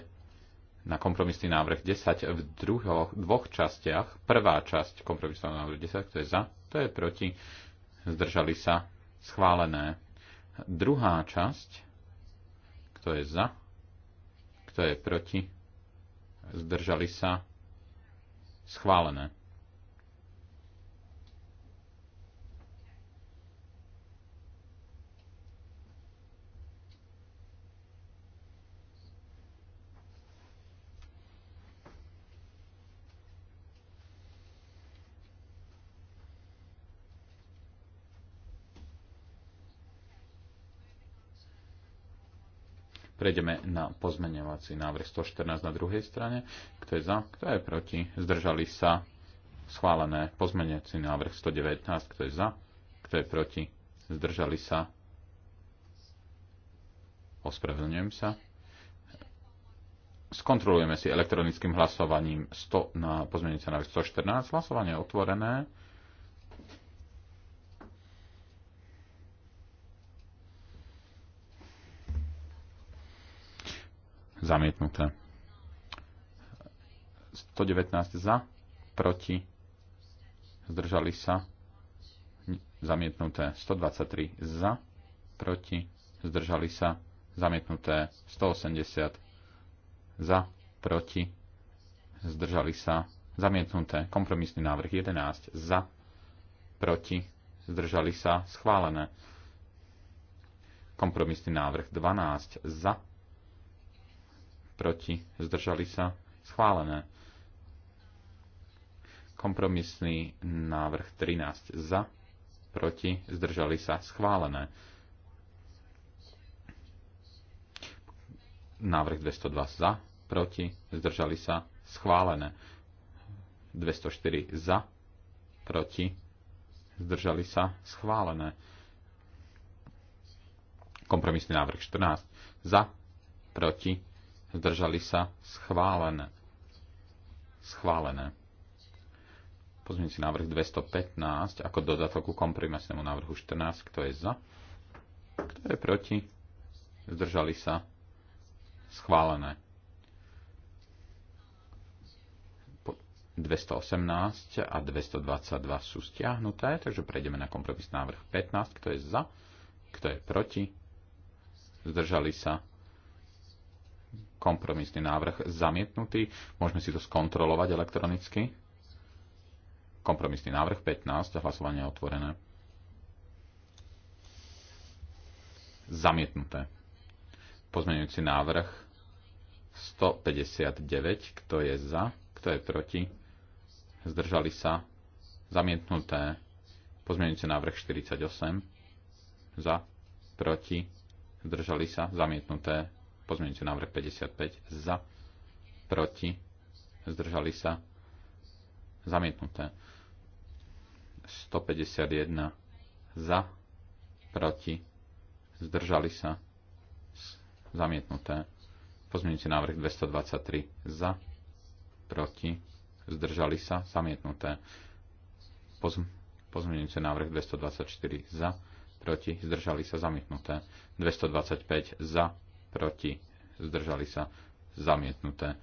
na kompromisný návrh 10 v druho, dvoch častiach. Prvá časť kompromisného návrhu 10, to je za, to je proti, zdržali sa, schválené. Druhá časť, kto je za, kto je proti, zdržali sa, schválené. Prejdeme na pozmeňovací návrh 114 na druhej strane. Kto je za, kto je proti, zdržali sa, schválené. Pozmeňovací návrh 119, kto je za, kto je proti, zdržali sa, ospravedlňujem sa. Skontrolujeme si elektronickým hlasovaním 100 na pozmeňujúce návrh 114. Hlasovanie je otvorené. Zamietnuté. 119 za, proti, zdržali sa, zamietnuté 123 za, proti, zdržali sa, zamietnuté 180 za, proti, zdržali sa, zamietnuté kompromisný návrh 11 za, proti, zdržali sa, schválené kompromisný návrh 12 za, proti, zdržali sa, schválené. Kompromisný návrh 13 za, proti, zdržali sa, schválené. Návrh 202 za, proti, zdržali sa, schválené. 204 za, proti, zdržali sa, schválené. Kompromisný návrh 14 za, proti, zdržali sa, schválené. Schválené. si návrh 215 ako dodatok ku kompromisnému návrhu 14. Kto je za? Kto je proti? Zdržali sa? Schválené. 218 a 222 sú stiahnuté, takže prejdeme na kompromis návrh 15. Kto je za? Kto je proti? Zdržali sa? kompromisný návrh zamietnutý. Môžeme si to skontrolovať elektronicky. Kompromisný návrh 15 a hlasovanie otvorené. Zamietnuté. Pozmeňujúci návrh 159. Kto je za? Kto je proti? Zdržali sa? Zamietnuté. Pozmeňujúci návrh 48. Za? Proti? Zdržali sa? Zamietnuté pozmeňujúci návrh 55 za, proti, zdržali sa, zamietnuté. 151 za, proti, zdržali sa, zamietnuté. pozmeňujúci návrh 223 za, proti, zdržali sa, zamietnuté. Poz, návrh 224 za, proti, zdržali sa, zamietnuté. 225 za, proti, zdržali sa, zamietnuté.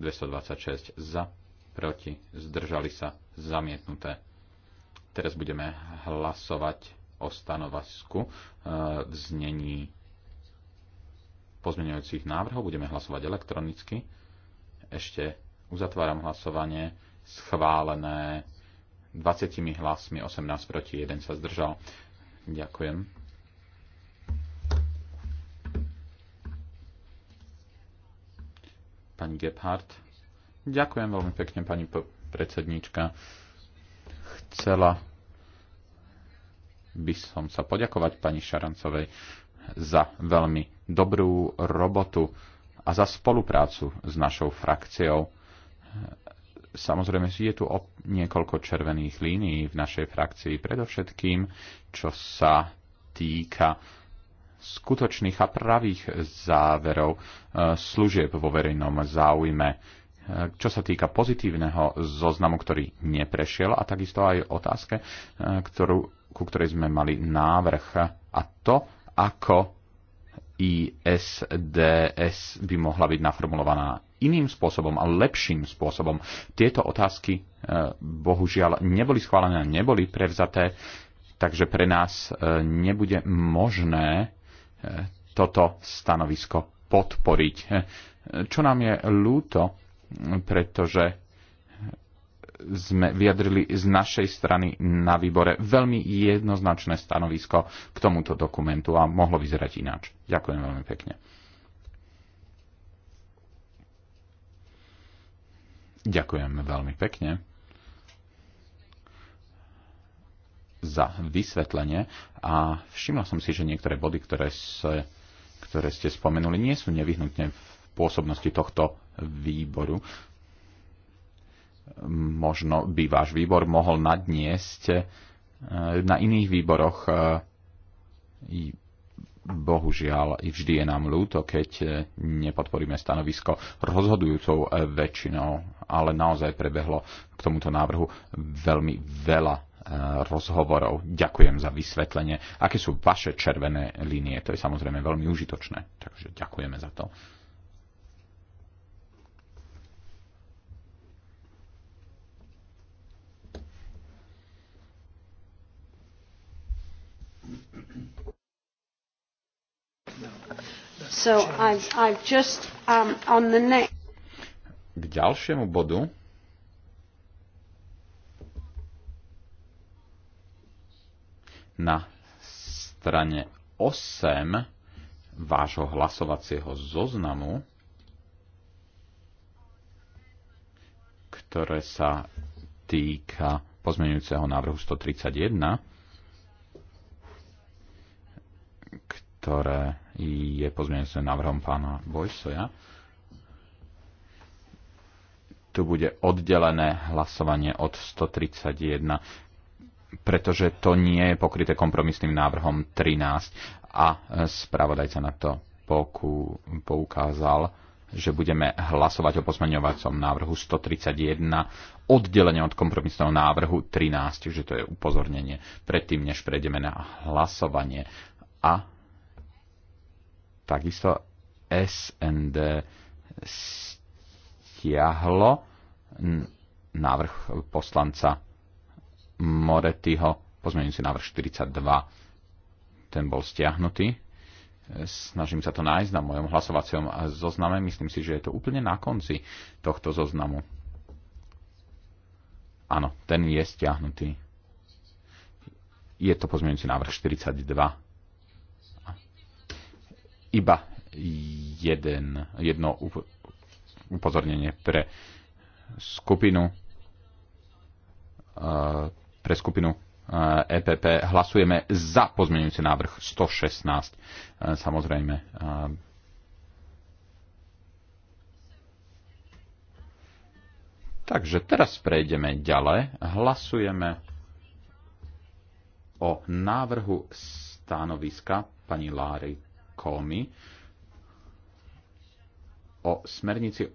226 za, proti, zdržali sa, zamietnuté. Teraz budeme hlasovať o stanovisku e, v znení pozmeňujúcich návrhov. Budeme hlasovať elektronicky. Ešte uzatváram hlasovanie. Schválené 20 hlasmi, 18 proti, 1 sa zdržal. Ďakujem. Pani Gebhardt. Ďakujem veľmi pekne, pani predsedníčka. Chcela by som sa poďakovať pani Šarancovej za veľmi dobrú robotu a za spoluprácu s našou frakciou. Samozrejme, je tu o niekoľko červených línií v našej frakcii, predovšetkým, čo sa týka skutočných a pravých záverov e, služieb vo verejnom záujme, e, čo sa týka pozitívneho zoznamu, ktorý neprešiel a takisto aj otázke, e, ktorú, ku ktorej sme mali návrh a to, ako ISDS by mohla byť naformulovaná iným spôsobom a lepším spôsobom. Tieto otázky bohužiaľ neboli schválené, neboli prevzaté, takže pre nás nebude možné toto stanovisko podporiť. Čo nám je ľúto, pretože sme vyjadrili z našej strany na výbore veľmi jednoznačné stanovisko k tomuto dokumentu a mohlo vyzerať ináč. Ďakujem veľmi pekne. Ďakujem veľmi pekne. za vysvetlenie a všimla som si, že niektoré body, ktoré, se, ktoré ste spomenuli, nie sú nevyhnutne v pôsobnosti tohto výboru. Možno by váš výbor mohol nadniesť e, na iných výboroch e, bohužiaľ i vždy je nám ľúto, keď e, nepodporíme stanovisko rozhodujúcou väčšinou, ale naozaj prebehlo k tomuto návrhu veľmi veľa rozhovorov. Ďakujem za vysvetlenie. Aké sú vaše červené línie? To je samozrejme veľmi užitočné, takže ďakujeme za to. So I've, I've just, um, on the next... K ďalšiemu bodu na strane 8 vášho hlasovacieho zoznamu, ktoré sa týka pozmeňujúceho návrhu 131, ktoré je pozmeňujúcim návrhom pána Bojsoja. Tu bude oddelené hlasovanie od 131 pretože to nie je pokryté kompromisným návrhom 13 a spravodajca na to poku, poukázal, že budeme hlasovať o pozmeňovacom návrhu 131 oddelenie od kompromisného návrhu 13, že to je upozornenie predtým, než prejdeme na hlasovanie. A takisto SND stiahlo návrh poslanca Moretyho pozmeňujúci návrh 42. Ten bol stiahnutý. Snažím sa to nájsť na mojom hlasovacom zozname. Myslím si, že je to úplne na konci tohto zoznamu. Áno, ten je stiahnutý. Je to pozmeňujúci návrh 42. Iba jeden, jedno upozornenie pre skupinu ehm, pre skupinu EPP e hlasujeme za pozmeňujúci návrh 116. E, samozrejme. E, Takže teraz prejdeme ďalej. Hlasujeme o návrhu stanoviska pani Láry Komi o smernici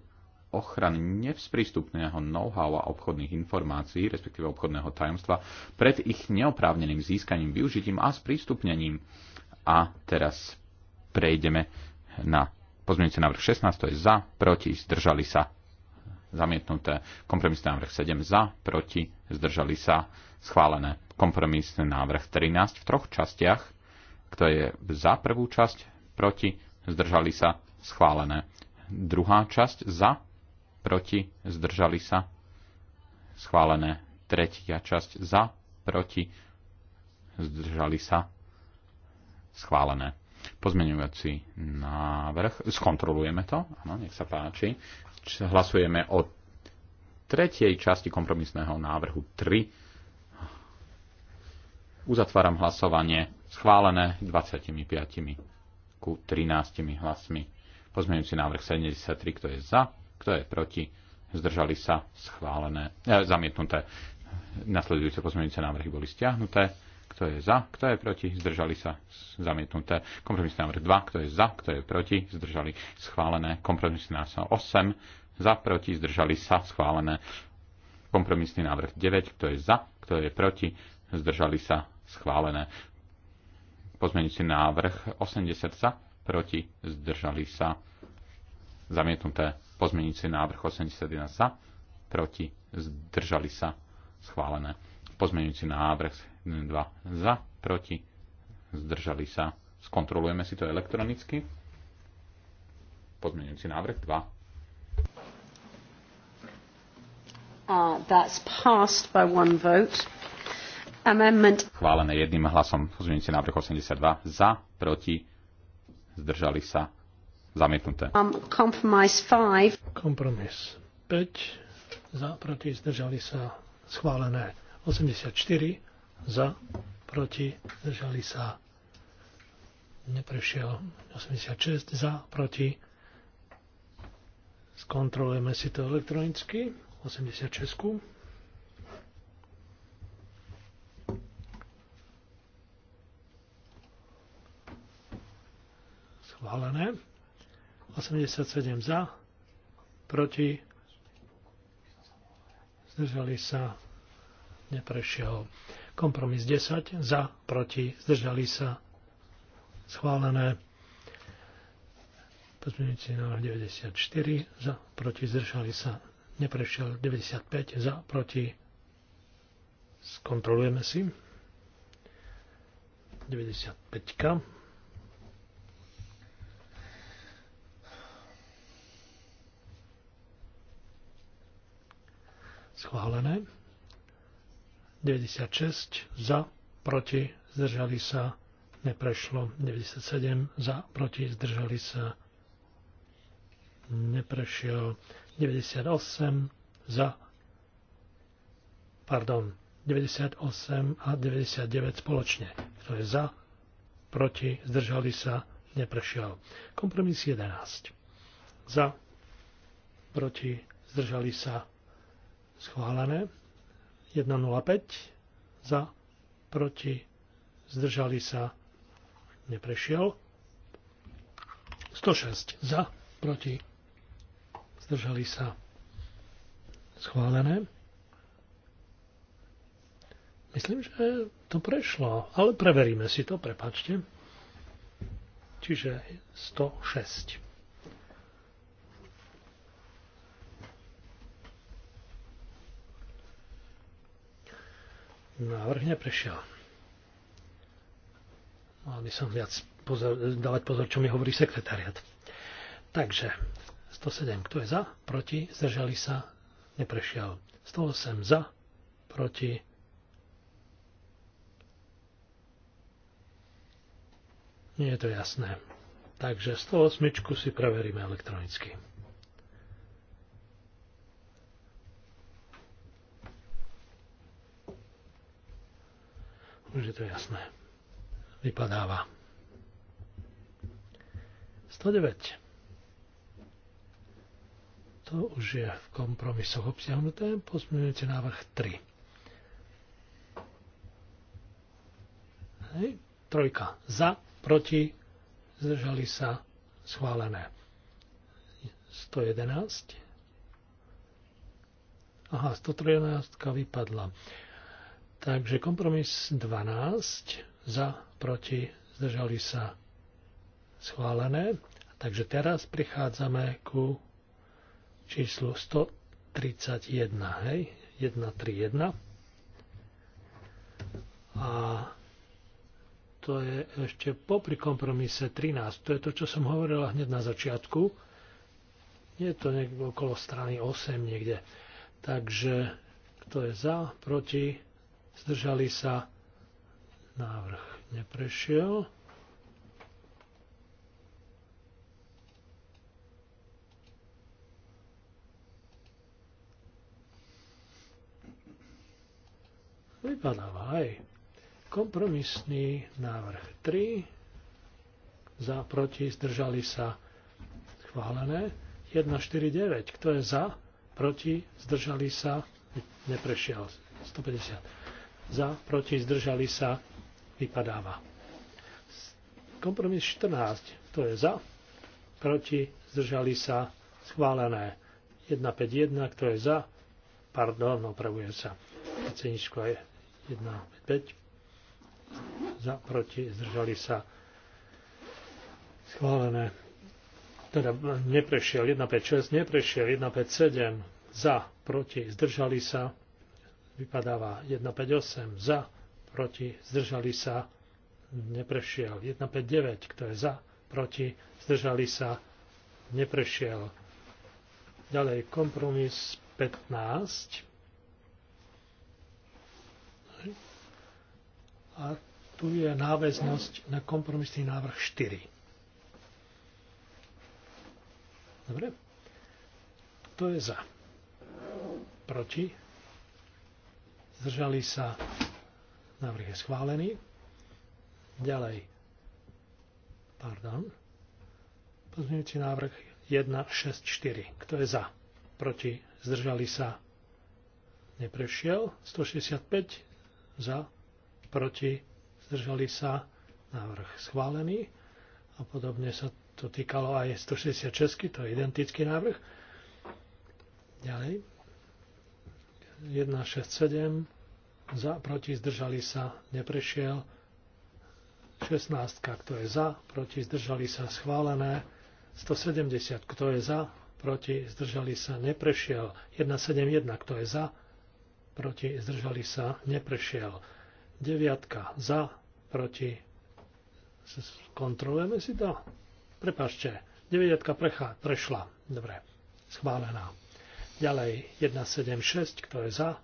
ochrany nevzprístupného know-how a obchodných informácií, respektíve obchodného tajomstva, pred ich neoprávneným získaním, využitím a sprístupnením. A teraz prejdeme na pozmeňujúci návrh 16, to je za, proti, zdržali sa, zamietnuté. Kompromisný návrh 7 za, proti, zdržali sa, schválené. Kompromisný návrh 13 v troch častiach, kto je za prvú časť, proti, zdržali sa, schválené. Druhá časť za, proti, zdržali sa, schválené. Tretia časť za, proti, zdržali sa, schválené. Pozmeňujúci návrh, skontrolujeme to, áno, nech sa páči. Hlasujeme o tretej časti kompromisného návrhu 3. Uzatváram hlasovanie, schválené 25 ku 13 hlasmi. Pozmeňujúci návrh 73, kto je za, kto je proti? Zdržali sa schválené, e, zamietnuté. Nasledujúce pozmeňujúce návrhy boli stiahnuté. Kto je za? Kto je proti? Zdržali sa zamietnuté. Kompromisný návrh 2. Kto je za? Kto je proti? Zdržali schválené. Kompromisný návrh 8. Za, proti, zdržali sa schválené. Kompromisný návrh 9. Kto je za? Kto je proti? Zdržali sa schválené. Pozmeňujúci návrh 80 za, proti, zdržali sa zamietnuté pozmeňujúci návrh 81 za, proti, zdržali sa, schválené. Pozmeňujúci návrh 2 za, proti, zdržali sa. Skontrolujeme si to elektronicky. Pozmenujúci návrh 2. Uh, that's passed by one vote. Amendment. Chválené jedným hlasom. pozmeňujúci návrh 82 za, proti, zdržali sa Zamietnuté. Um, Kompromis 5. Kompromis 5. Za, proti, zdržali sa. Schválené. 84. Za, proti, zdržali sa. Neprešiel. 86. Za, proti. Skontrolujeme si to elektronicky. 86. schválené. 87 za, proti, zdržali sa, neprešiel. Kompromis 10 za, proti, zdržali sa, schválené. Pozmeňujúci návrh 94 za, proti, zdržali sa, neprešiel 95 za, proti, skontrolujeme si. 95. schválené. 96 za, proti, zdržali sa, neprešlo. 97 za, proti, zdržali sa, neprešiel. 98 za, pardon, 98 a 99 spoločne. To je za, proti, zdržali sa, neprešiel. Kompromis 11. Za, proti, zdržali sa, Schválené. 1.05 za, proti, zdržali sa, neprešiel. 106 za, proti, zdržali sa, schválené. Myslím, že to prešlo, ale preveríme si to, prepačte. Čiže 106. Návrh neprešiel. Mal by som viac pozor, dávať pozor, čo mi hovorí sekretariat. Takže 107, kto je za, proti, zdržali sa, neprešiel. 108 za, proti, nie je to jasné. Takže 108 si preveríme elektronicky. Už je to jasné. Vypadáva. 109. To už je v kompromisoch obsiahnuté. Pozmeňujete návrh 3. Hej. Trojka. Za, proti, zdržali sa, schválené. 111. Aha, 113 vypadla. Takže kompromis 12 za, proti, zdržali sa schválené. Takže teraz prichádzame ku číslu 131, hej, 131. A to je ešte popri kompromise 13. To je to, čo som hovorila hneď na začiatku. Je to niekde okolo strany 8 niekde. Takže kto je za, proti, zdržali sa, návrh neprešiel. Vypadáva aj kompromisný návrh 3, za, proti, zdržali sa, schválené. 1, 4, 9. kto je za, proti, zdržali sa, neprešiel. 150 za, proti, zdržali sa, vypadáva. Kompromis 14, to je za, proti, zdržali sa, schválené. 151, kto je za, pardon, opravuje sa, Ceničko je 155, za, proti, zdržali sa, schválené. Teda neprešiel 156, neprešiel 157, za, proti, zdržali sa, vypadáva 158 za, proti, zdržali sa, neprešiel. 159, kto je za, proti, zdržali sa, neprešiel. Ďalej kompromis 15. A tu je náväznosť na kompromisný návrh 4. Dobre? To je za. Proti? zdržali sa, návrh je schválený. Ďalej, pardon, pozmeňujúci návrh 164. Kto je za? Proti, zdržali sa, neprešiel. 165 za, proti, zdržali sa, návrh schválený. A podobne sa to týkalo aj 166, to je identický návrh. Ďalej. 167 za, proti, zdržali sa, neprešiel. 16, kto je za, proti, zdržali sa, schválené. 170, kto je za, proti, zdržali sa, neprešiel. 171, kto je za, proti, zdržali sa, neprešiel. 9, za, proti, kontrolujeme si to. Prepašte, 9 precha, prešla. Dobre, schválená. Ďalej 176, kto je za,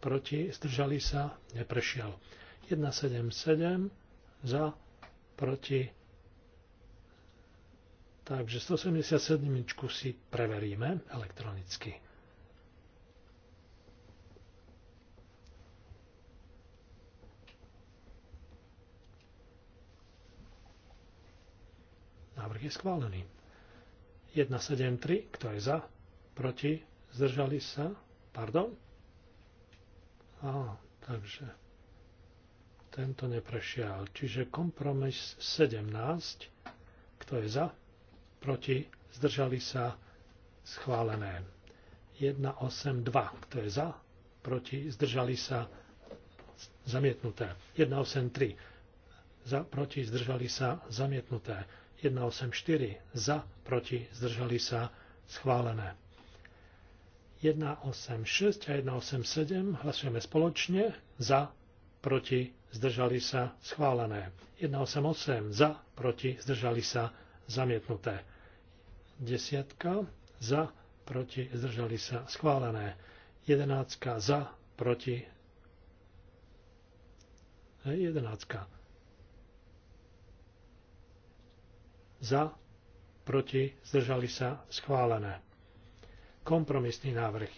proti, zdržali sa, neprešiel. 177 za, proti. Takže 177 si preveríme elektronicky. Návrh je schválený. 173, kto je za, proti, zdržali sa, pardon, a, takže tento neprešiel. Čiže kompromis 17, kto je za, proti, zdržali sa, schválené. 8, 2, kto je za, proti, zdržali sa, zamietnuté. 183, za, proti, zdržali sa, zamietnuté. 8-4 za, proti, zdržali sa, schválené. 186 a 187 hlasujeme spoločne za, proti, zdržali sa, schválené. 188 za, proti, zdržali sa, zamietnuté. Desiatka za, proti, zdržali sa, schválené. Jedenáctka za, proti, e, jedenáctka za, proti, zdržali sa, schválené. Kompromisný návrh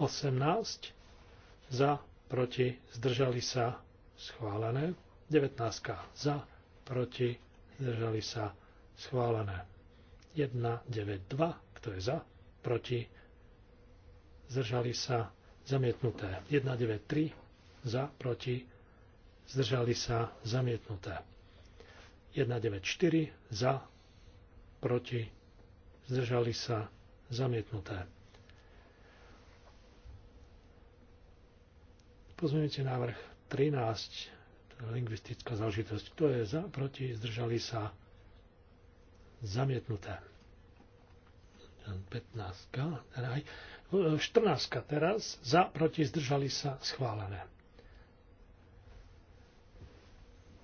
18 za, proti, zdržali sa, schválené. 19 za, proti, zdržali sa, schválené. 1, 9, 2, kto je za, proti, zdržali sa, zamietnuté. 1, 9, 3, za, proti, zdržali sa, zamietnuté. 1, 9, 4, za, proti, zdržali sa, zamietnuté. Pozmeňujúci návrh 13, lingvistická záležitosť. Kto je za, proti, zdržali sa zamietnuté. 15, teda aj 14 teraz, za, proti, zdržali sa schválené.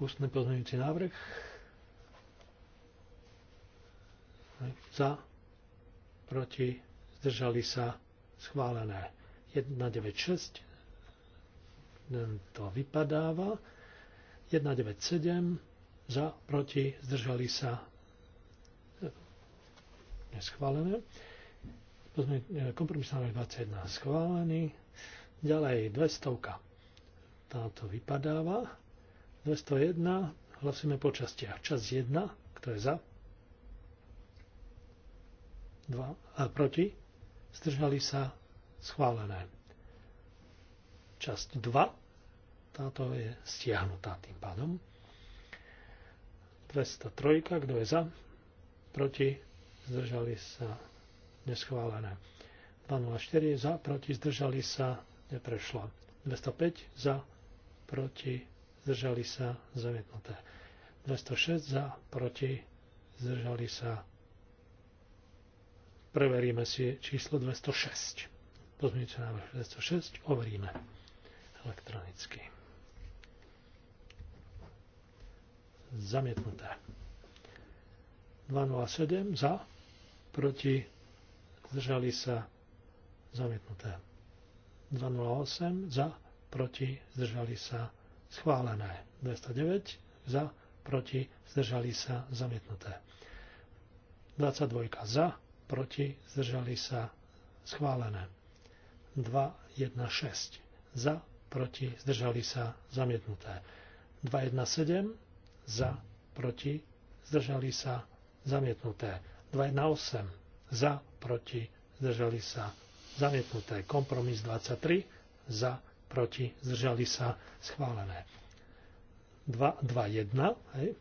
Ústne pozmeňujúci návrh. Za, proti, zdržali sa schválené. 196 to vypadáva. 197 za, proti, zdržali sa neschválené. Kompromis návrh 21 schválený. Ďalej 200. Táto vypadáva. 201 hlasujeme po častiach. Čas 1, kto je za? 2 a proti. Zdržali sa schválené časť 2. Táto je stiahnutá tým pádom. 203. Kto je za? Proti? Zdržali sa? Neschválené. 204. Za? Proti? Zdržali sa? Neprešla. 205. Za? Proti? Zdržali sa? Zamietnuté. 206. Za? Proti? Zdržali sa? Preveríme si číslo 206. pozmíte návrh 206. Overíme elektronicky. Zamietnuté. 207 za, proti, zdržali sa, zamietnuté. 208 za, proti, zdržali sa, schválené. 209 za, proti, zdržali sa, zamietnuté. 22 za, proti, zdržali sa, schválené. 216 za, proti, zdržali sa, zamietnuté. 217 za, proti, zdržali sa, zamietnuté. 218 za, proti, zdržali sa, zamietnuté. Kompromis 23 za, proti, zdržali sa, schválené. 221, hej,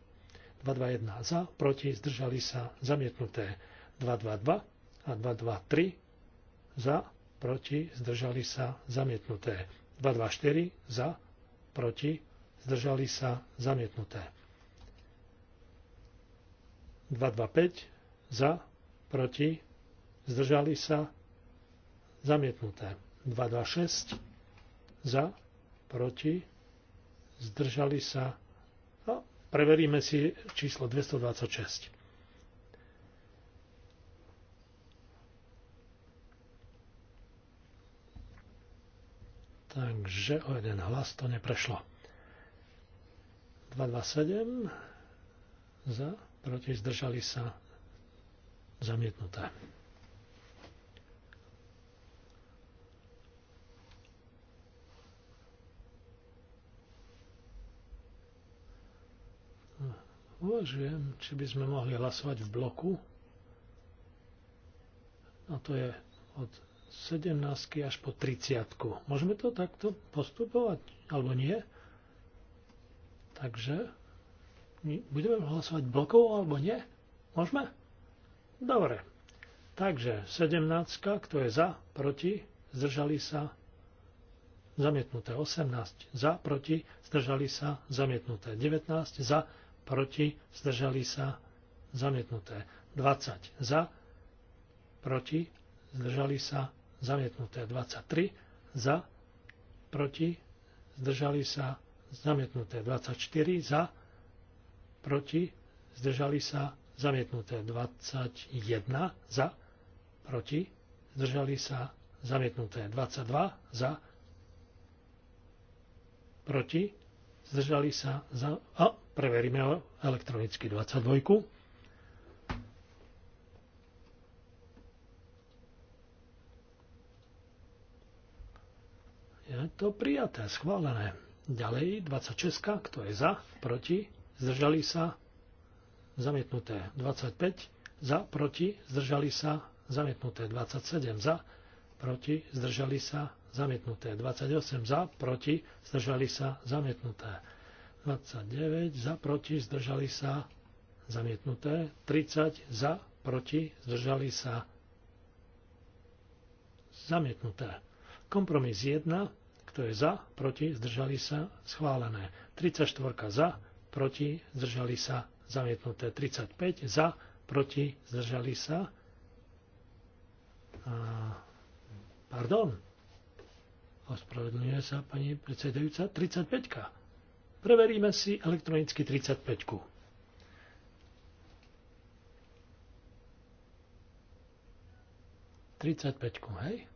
221 za, proti, zdržali sa, zamietnuté. 222 a 223 za, proti, zdržali sa, zamietnuté. 224 za, proti, zdržali sa zamietnuté. 225 za, proti, zdržali sa zamietnuté. 226 za, proti, zdržali sa. No, preveríme si číslo 226. takže o jeden hlas to neprešlo. 227 za, proti zdržali sa zamietnuté. Uvažujem, či by sme mohli hlasovať v bloku. A to je od 17 až po 30. Môžeme to takto postupovať, alebo nie? Takže budeme hlasovať blokov alebo nie? Môžeme? Dobre. Takže 17, kto je za, proti, zdržali sa, zamietnuté. 18, za, proti, zdržali sa, zamietnuté. 19, za, proti, zdržali sa, zamietnuté. 20, za, proti, zdržali sa, zamietnuté 23, za, proti, zdržali sa, zamietnuté 24, za, proti, zdržali sa, zamietnuté 21, za, proti, zdržali sa, zamietnuté 22, za, proti, zdržali sa, za, a preveríme elektronicky 22. to prijaté, schválené. Ďalej 26, kto je za, proti, zdržali sa, zamietnuté 25, za, proti, zdržali sa, zamietnuté 27, za, proti, zdržali sa, zamietnuté 28, za, proti, zdržali sa, zamietnuté 29, za, proti, zdržali sa, zamietnuté 30, za, proti, zdržali sa, zamietnuté. Kompromis 1, kto je za, proti, zdržali sa, schválené. 34 za, proti, zdržali sa, zamietnuté. 35 za, proti, zdržali sa. A, pardon. Ospravedlňuje sa pani predsedajúca. 35. Preveríme si elektronicky 35. -ku. Tridsaťpäťku, hej?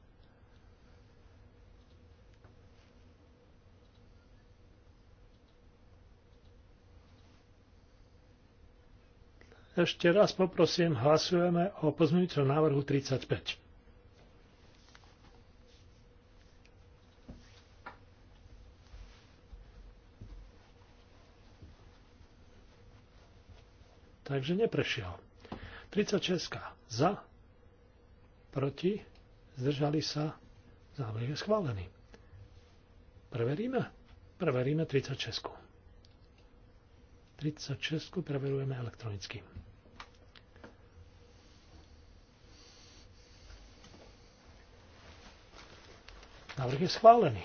Ešte raz poprosím, hlasujeme o pozmeňujúcom návrhu 35. Takže neprešiel. 36. Za. Proti. Zdržali sa. Zámer je schválený. Preveríme? Preveríme 36. 36 preverujeme elektronicky. Návrh je schválený.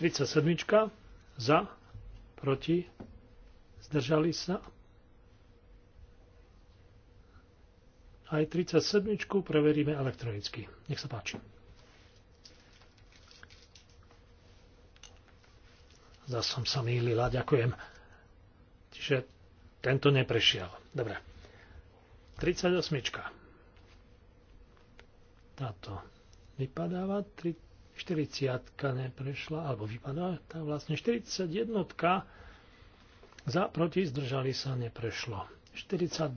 37. Za, proti, zdržali sa. Aj 37. preveríme elektronicky. Nech sa páči. Za som sa mýlila, ďakujem. Čiže tento neprešiel. Dobre. 38. Táto vypadáva. 3... 40 neprešla, alebo vypadá tá vlastne 41 za proti zdržali sa neprešlo. 42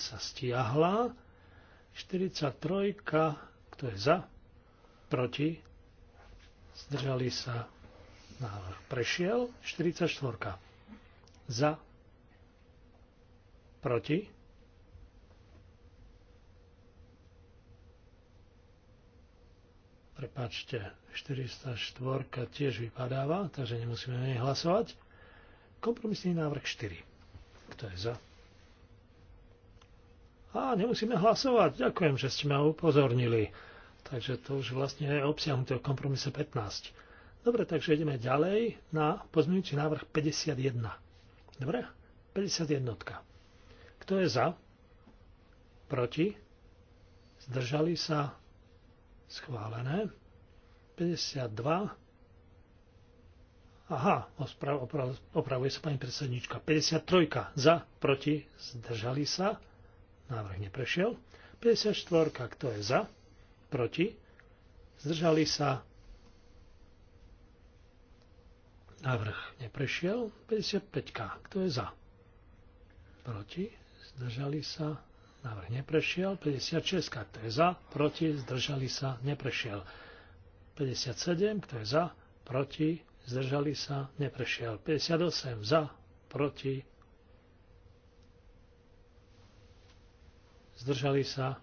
sa stiahla, 43 kto je za, proti, zdržali sa, návrh prešiel, 44 za, proti, prepačte, 404 tiež vypadáva, takže nemusíme nej hlasovať. Kompromisný návrh 4. Kto je za? A nemusíme hlasovať. Ďakujem, že ste ma upozornili. Takže to už vlastne je obsiahnuté v kompromise 15. Dobre, takže ideme ďalej na pozmeňujúci návrh 51. Dobre? 51. Kto je za? Proti? Zdržali sa? Schválené. 52. Aha, oprav, oprav, opravuje sa pani predsednička. 53. Za, proti, zdržali sa. Návrh neprešiel. 54. Kto je za, proti, zdržali sa. Návrh neprešiel. 55. Kto je za, proti, zdržali sa. Návrh neprešiel. 56, kto je za, proti, zdržali sa, neprešiel. 57, kto je za, proti, zdržali sa, neprešiel. 58, za, proti, zdržali sa.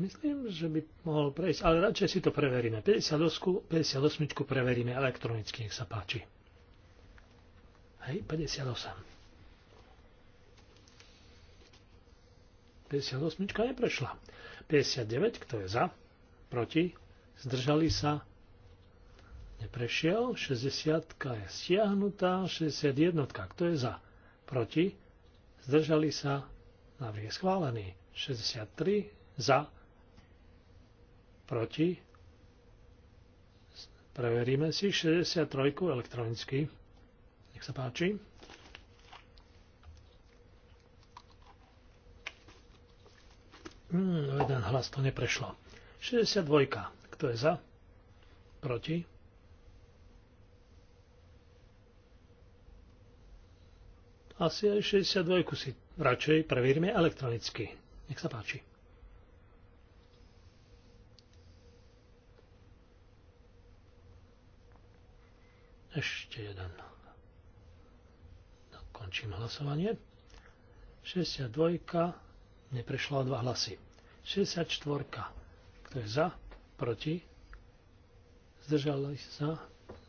Myslím, že by mohol prejsť, ale radšej si to preveríme. 58, 58 preveríme elektronicky, nech sa páči. Hej, 58. 58 neprešla. 59, kto je za, proti, zdržali sa, neprešiel. 60 je stiahnutá, 61, kto je za, proti, zdržali sa, návrh je schválený. 63 za, proti, preveríme si 63 elektronicky. Nech sa páči. Hmm, jeden hlas to neprešlo. 62. Kto je za? Proti? Asi aj 62 si radšej prevírme elektronicky. Nech sa páči. Ešte jeden. Končím hlasovanie. 62 neprešla o dva hlasy. 64. Kto je za? Proti? Zdržali sa?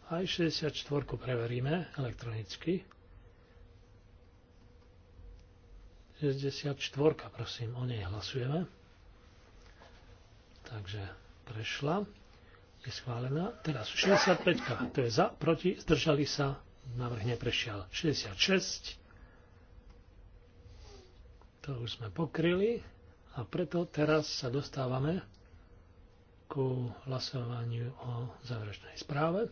Aj 64 preveríme elektronicky. 64, prosím, o nej hlasujeme. Takže prešla. Je schválená. Teraz 65. To je za, proti, zdržali sa. Návrh neprešiel. 66. To už sme pokryli a preto teraz sa dostávame ku hlasovaniu o záverečnej správe.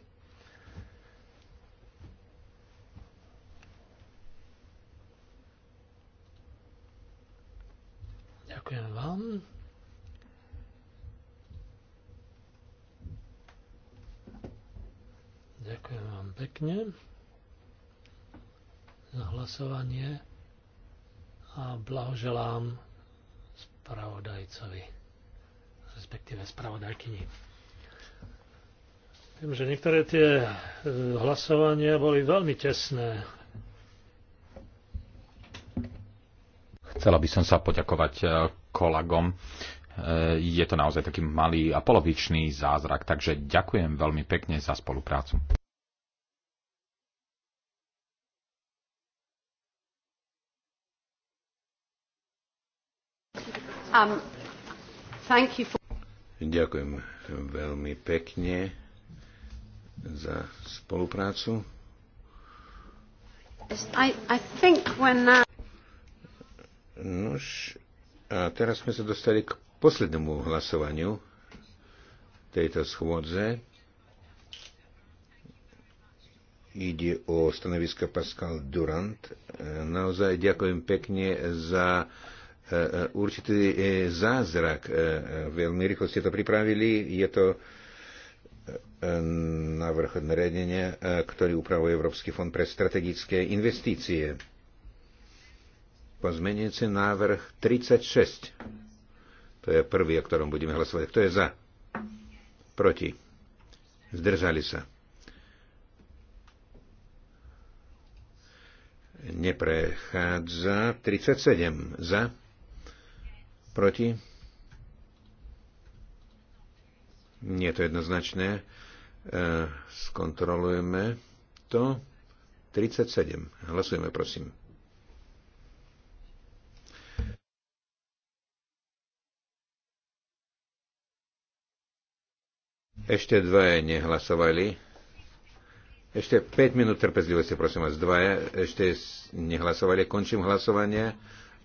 Ďakujem vám. Ďakujem vám pekne za hlasovanie a blahoželám spravodajcovi, respektíve spravodajkyni. Viem, že niektoré tie e, hlasovania boli veľmi tesné. Chcela by som sa poďakovať e, kolegom. E, je to naozaj taký malý a polovičný zázrak, takže ďakujem veľmi pekne za spoluprácu. Um, ďakujem veľmi pekne za spoluprácu. Nož, uh, a teraz sme sa dostali k poslednému hlasovaniu tejto schôdze. Ide o stanoviska Pascal Durant. Naozaj ďakujem pekne za E, e, určitý e, zázrak. Veľmi rýchlo ste to pripravili. Je to návrh nariadenia, ktorý upravuje Európsky fond pre strategické investície. Pozmenujúci návrh 36. To je prvý, o ktorom budeme hlasovať. Kto je za? Proti? Zdržali sa. Neprechádza 37. Za? Proti? Nie je to jednoznačné. E, skontrolujeme to. 37. Hlasujeme, prosím. Ešte dvaja nehlasovali. Ešte 5 minút trpezlivosti, prosím vás. Dvaja ešte nehlasovali. Končím hlasovanie.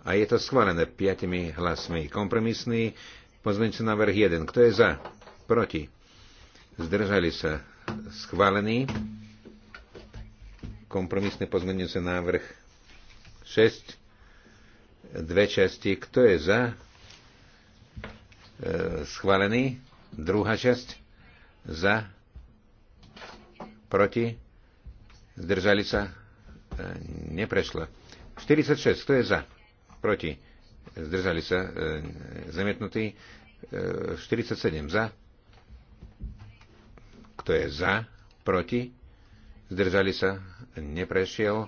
A je to schválené piatimi hlasmi. Kompromisný pozmeňujúci návrh 1. Kto je za? Proti. Zdržali sa. Schválený. Kompromisný pozmeňujúci návrh 6. Dve časti. Kto je za? E, schválený. Druhá časť. Za. Proti. Zdržali sa. E, neprešlo. 46. Kto je za? proti, zdržali sa, e, zamietnutí, 47 e, za, kto je za, proti, zdržali sa, neprešiel,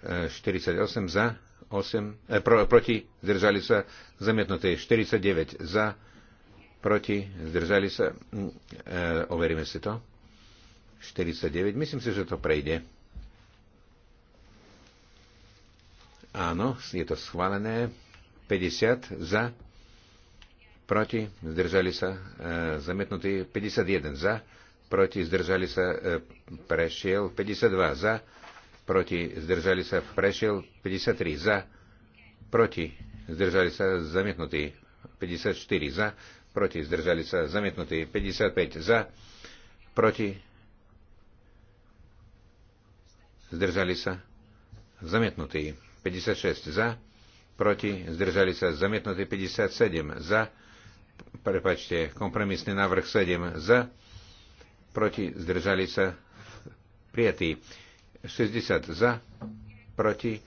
48 e, za, 8, e, pro, proti, zdržali sa, zamietnutí, 49 za, proti, zdržali sa, mm, e, overíme si to, 49, myslím si, že to prejde. Áno, je to schválené. 50 za, proti, zdržali sa, e, zamietnutý. 51 za, proti, zdržali sa, e, prešiel. 52 za, proti, zdržali sa, prešiel. 53 za, proti, zdržali sa, zamietnutý. 54 za, proti, zdržali sa, zamietnutý. 55 za, proti, zdržali sa, zamietnutý. 56 za, proti, zdržali sa zamietnutí 57 za, prepačte, kompromisný návrh 7 za, proti, zdržali sa prijatí 60 za, proti,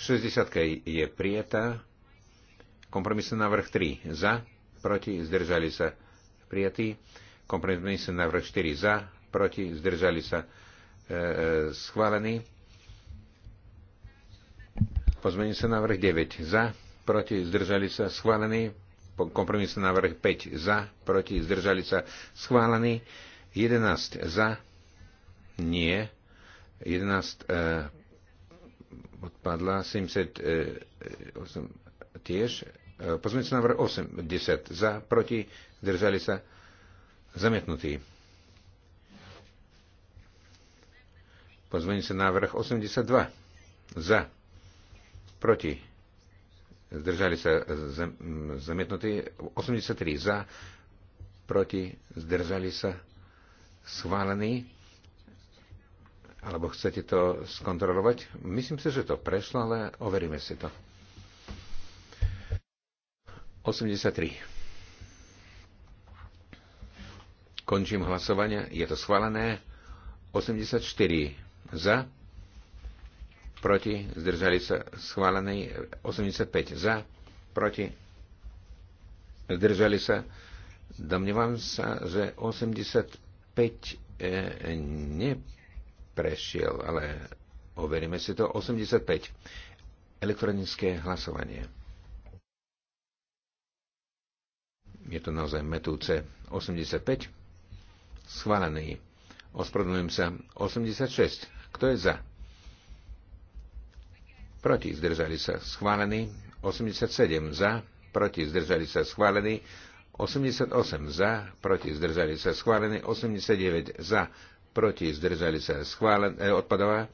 Šesťdesiatka je prijatá. Kompromisný návrh 3. Za, proti, zdržali sa prijatí. Kompromisný návrh 4 za, proti, zdržali sa e, e schválený. Pozmení sa návrh 9 za, proti, zdržali sa schválený. Kompromisný návrh 5 za, proti, zdržali sa schválený. 11 za, nie. 11 e, odpadla, 78 e, e, tiež. Pozmeňujúci návrh 8, 10 za, proti, zdržali sa schválený Zamietnutý. Pozmení sa návrh 82. Za. Proti. Zdržali sa e, mm, zamietnutí. 83. Za. Proti. Zdržali sa. Schválený. Alebo chcete to skontrolovať? Myslím si, že to prešlo, ale overíme si to. 83. Končím hlasovanie. Je to schválené. 84 za. Proti. Zdržali sa schválený. 85 za. Proti. Zdržali sa. Domnievam sa, že 85 e, neprešiel, ale overíme si to. 85. Elektronické hlasovanie. Je to naozaj metúce. 85. Schválený. Ospravedlňujem sa. 86. Kto je za? Proti. Zdržali sa. Schválený. 87. Za. Proti. Zdržali sa. Schválený. 88 za, proti zdržali sa schválený, 89 eh, za, proti zdržali sa Schválený. eh, odpadová,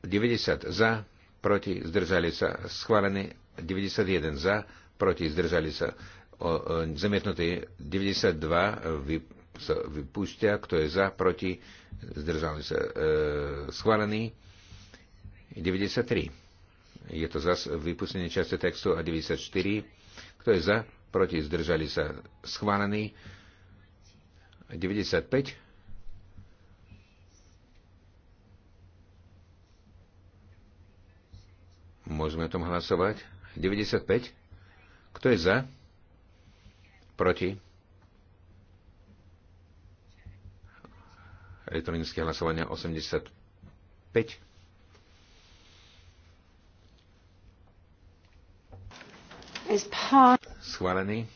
90 za, proti zdržali sa schválený, 91 za, proti zdržali sa o, o, zamietnutý, 92 vy, sa vypúšťa, kto je za, proti, zdržali sa e, schválený. 93. Je to zase vypustenie časti textu a 94. Kto je za, proti, zdržali sa schválený. 95. Môžeme o tom hlasovať. 95. Kto je za? Proti? Elektronické hlasovania 85. Schválený.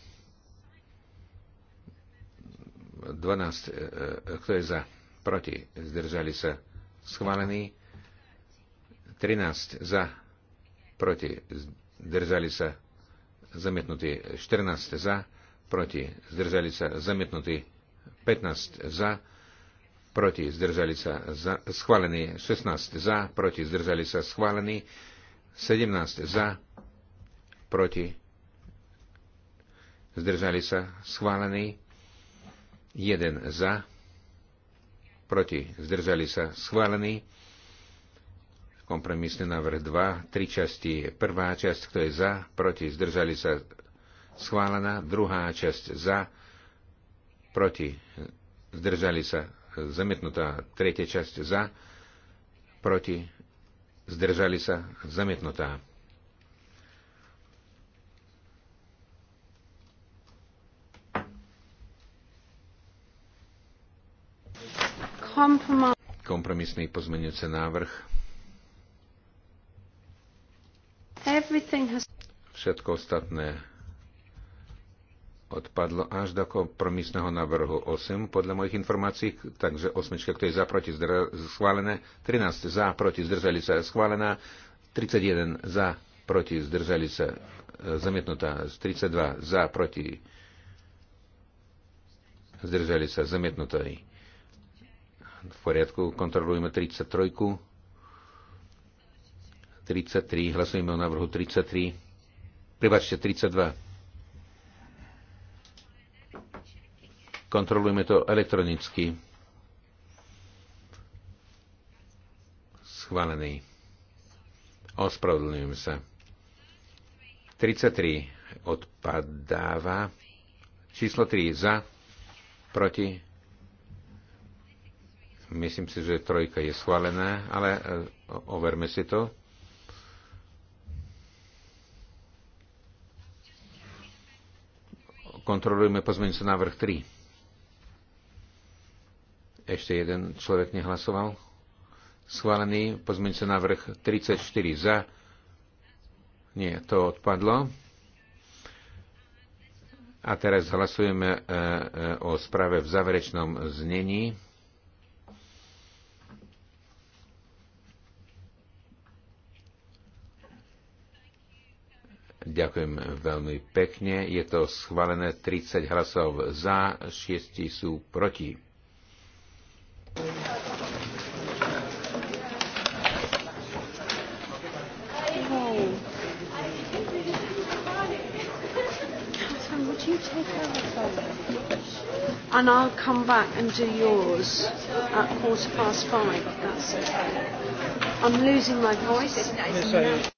12. E, e, kto je za? Proti. Zdržali sa. Schválený. 13. Za. Proti. Zdržali sa. Zamietnutý. 14. Za. Proti. Zdržali sa. Zamietnutý. 15. Za proti, zdržali sa za, schválený, 16 za, proti, zdržali sa schválený, 17 za, proti, zdržali sa schválený, 1 za, proti, zdržali sa schválený, kompromisný návrh 2, tri časti, prvá časť, kto je za, proti, zdržali sa schválená, druhá časť za, proti, zdržali sa zamietnutá. Tretia časť za, proti, zdržali sa, zamietnutá. Kompromisný pozmenujúci návrh. Všetko ostatné odpadlo až do kompromisného návrhu 8, podľa mojich informácií, takže 8, kto je za, proti, zdr- schválené, 13 za, proti, zdržali sa, schválená, 31 za, proti, zdržali sa, e, zamietnutá, 32 za, proti, zdržali sa, zamietnutá. V poriadku, kontrolujeme 33. 33, hlasujeme o návrhu 33. Prebačte, 32. Kontrolujme to elektronicky. Schválený. Ospravedlňujem sa. 33 odpadáva. Číslo 3 za, proti. Myslím si, že trojka je schválená, ale e, overme si to. Kontrolujeme pozmeňujúci návrh 3. Ešte jeden človek nehlasoval. Schválený pozmeňujúci návrh 34 za. Nie, to odpadlo. A teraz hlasujeme e, e, o správe v záverečnom znení. Ďakujem veľmi pekne. Je to schválené 30 hlasov za, 6 sú proti and I'll come back and do yours at quarter past five. That's okay. I'm losing my voice.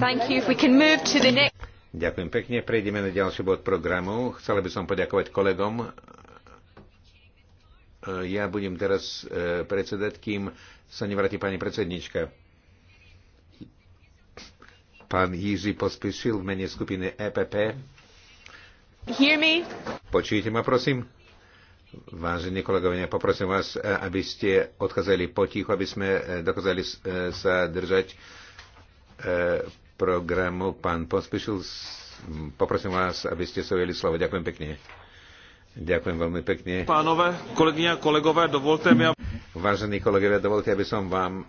Thank you. If we can move to the next... Ďakujem pekne. Prejdeme na ďalší bod programu. Chcela by som poďakovať kolegom. E, ja budem teraz e, predsedať, kým sa nevráti pani predsednička. Pán Jiří pospíšil v mene skupiny EPP. Hear me? Počujete ma, prosím? Vážení kolegovia, poprosím vás, e, aby ste odchádzali potichu, aby sme dokázali sa držať programu. Pán Pospišil, poprosím vás, aby ste sa ujeli slovo. Ďakujem pekne. Ďakujem veľmi pekne. Pánové, kolegyne a kolegové, dovolte mi... Vážení kolegovia, dovolte, aby som vám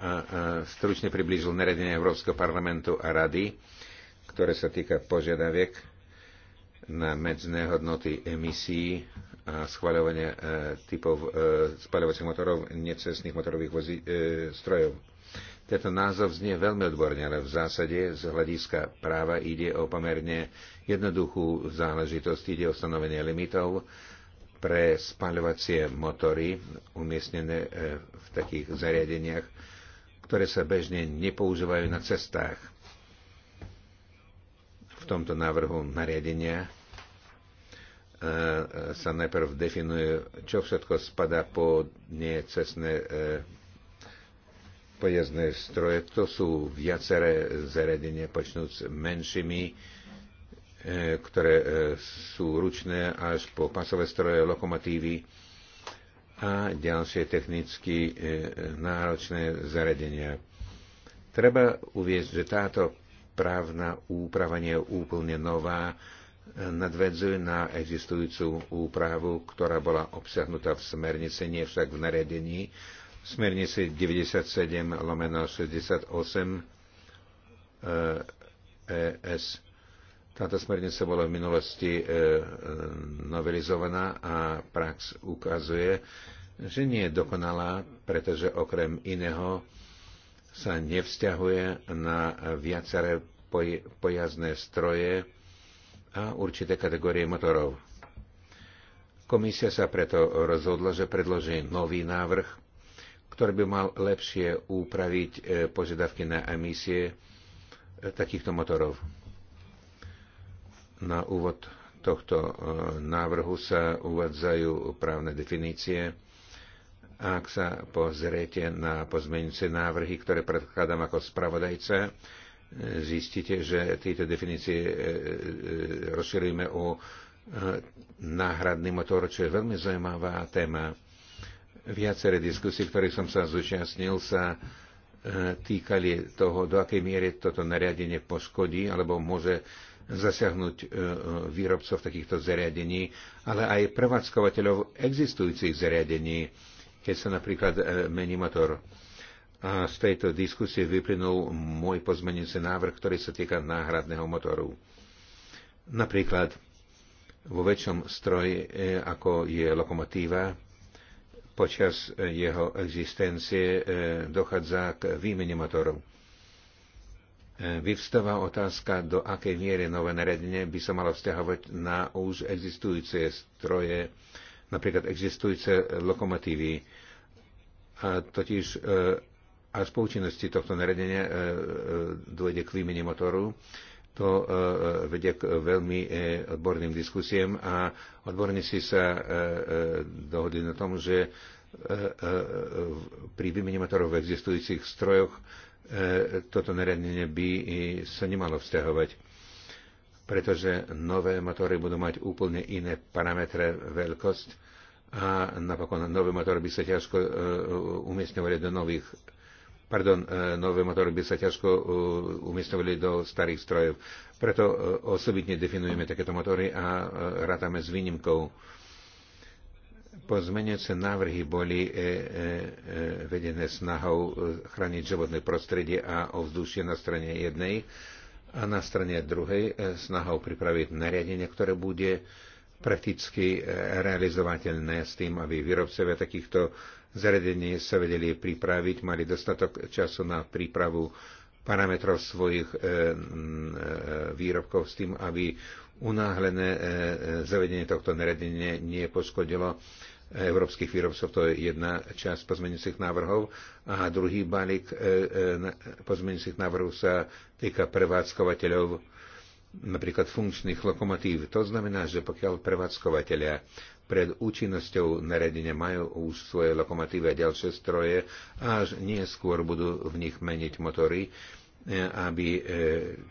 stručne priblížil neredenie Európskeho parlamentu a rady, ktoré sa týka požiadaviek na medzné hodnoty emisí a schváľovania e, typov e, spáľovacích motorov, necestných motorových vozi, e, strojov. Tento názov znie veľmi odborne, ale v zásade z hľadiska práva ide o pomerne jednoduchú záležitosť. Ide o stanovenie limitov pre spaľovacie motory umiestnené e, v takých zariadeniach, ktoré sa bežne nepoužívajú na cestách. V tomto návrhu nariadenia e, e, sa najprv definuje, čo všetko spada po necestné pojazdné stroje. To sú viaceré zariadenia, počnúc menšími, e, ktoré e, sú ručné až po pasové stroje, lokomotívy a ďalšie technicky e, náročné zariadenia. Treba uvieť, že táto právna úprava nie je úplne nová, nadvedzuje na existujúcu úpravu, ktorá bola obsiahnutá v smernici, nie však v nariadení, smernice 97 lomeno 68 ES. E Táto smernica bola v minulosti e, novelizovaná a prax ukazuje, že nie je dokonalá, pretože okrem iného sa nevzťahuje na viaceré pojazdné stroje a určité kategórie motorov. Komisia sa preto rozhodla, že predloží nový návrh ktorý by mal lepšie upraviť e, požiadavky na emisie e, takýchto motorov. Na úvod tohto e, návrhu sa uvádzajú právne definície. Ak sa pozriete na pozmeňujúce návrhy, ktoré predkladám ako spravodajca, zistíte, že tieto definície rozširujeme o náhradný motor, čo je veľmi zaujímavá téma Viaceré diskusie, ktoré som sa zúčastnil, sa e, týkali toho, do akej miery toto nariadenie poškodí alebo môže zasiahnuť e, e, výrobcov takýchto zariadení, ale aj prevádzkovateľov existujúcich zariadení, keď sa napríklad mení motor. A z tejto diskusie vyplynul môj pozmenujúci návrh, ktorý sa týka náhradného motoru. Napríklad vo väčšom stroji, ako je lokomotíva, Počas jeho existencie e, dochádza k výmene motorov. E, vyvstáva otázka, do akej miery nové naredenie by sa malo vzťahovať na už existujúce stroje, napríklad existujúce lokomotívy. A totiž e, až po účinnosti tohto naredenia dôjde k výmene motoru to e, e, vedie k veľmi e, odborným diskusiem a odborníci sa dohodli na tom, že pri výmene motorov v existujúcich strojoch toto nariadenie by sa nemalo vzťahovať pretože nové motory budú mať úplne iné parametre veľkosť a napokon nové motory by sa ťažko umiestňovali do nových pardon, e, nové motory by sa ťažko e, umiestňovali do starých strojov. Preto e, osobitne definujeme takéto motory a rátame s výnimkou. Pozmenujúce návrhy boli e, e, vedené snahou chrániť životné prostredie a ovzdušie na strane jednej a na strane druhej snahou pripraviť nariadenie, ktoré bude prakticky realizovateľné s tým, aby výrobcovia takýchto zariadenie sa vedeli pripraviť, mali dostatok času na prípravu parametrov svojich e, e, výrobkov s tým, aby unáhlené e, zavedenie tohto nariadenia nepoškodilo európskych výrobcov. To je jedna časť pozmeňujúcich návrhov. A druhý balík pozmeňujúcich návrhov sa týka prevádzkovateľov napríklad funkčných lokomotív. To znamená, že pokiaľ prevádzkovateľia pred účinnosťou naredenia majú už svoje lokomotívy a ďalšie stroje a až neskôr budú v nich meniť motory, e, aby e,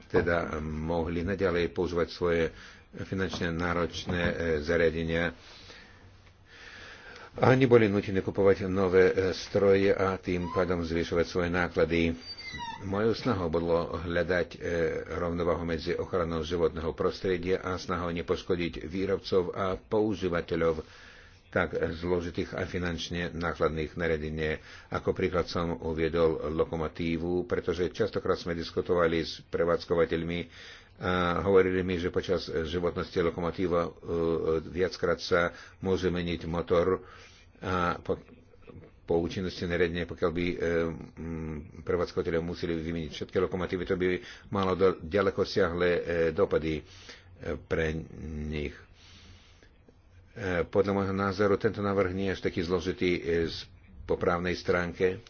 teda mohli naďalej používať svoje finančne náročné e, zariadenia a neboli nutení kupovať nové stroje a tým pádom zvyšovať svoje náklady Mojou snahou bolo hľadať e, rovnovahu medzi ochranou životného prostredia a snahou nepoškodiť výrobcov a používateľov tak zložitých a finančne nákladných nariadenie. Ako príklad som uviedol lokomotívu, pretože častokrát sme diskutovali s prevádzkovateľmi a hovorili mi, že počas životnosti lokomotíva e, viackrát sa môže meniť motor a po účinnosti neredne, pokiaľ by e, prevádzkovateľe museli vymeniť všetky lokomotívy, to by malo do, ďaleko siahle e, dopady e, pre nich. Podľa môjho názoru tento návrh nie je až taký zložitý z poprávnej stránke.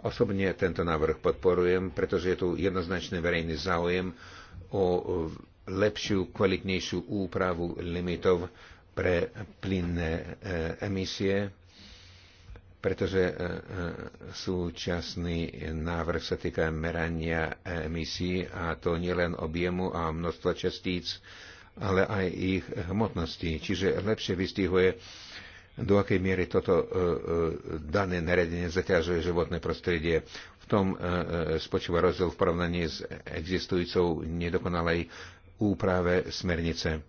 Osobne tento návrh podporujem, pretože je tu jednoznačný verejný záujem o lepšiu, kvalitnejšiu úpravu limitov pre plynné emisie pretože e, e, súčasný návrh sa týka merania emisí a to nielen objemu a množstva častíc, ale aj ich hmotnosti. Čiže lepšie vystihuje, do akej miery toto e, dané naredenie zaťažuje životné prostredie. V tom spočíva rozdiel v porovnaní s existujúcou nedokonalej úprave smernice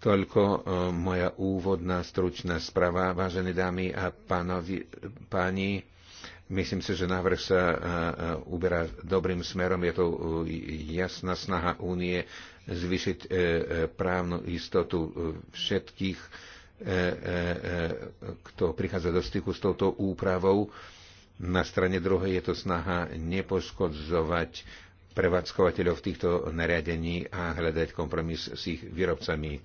Toľko e, moja úvodná stručná správa, vážené dámy a pánovi, páni. Myslím si, že návrh sa e, e, uberá dobrým smerom. Je to jasná snaha únie zvýšiť právnu istotu všetkých, kto prichádza do styku s touto úpravou. Na strane druhej je to snaha nepoškodzovať prevádzkovateľov týchto nariadení a hľadať kompromis s ich výrobcami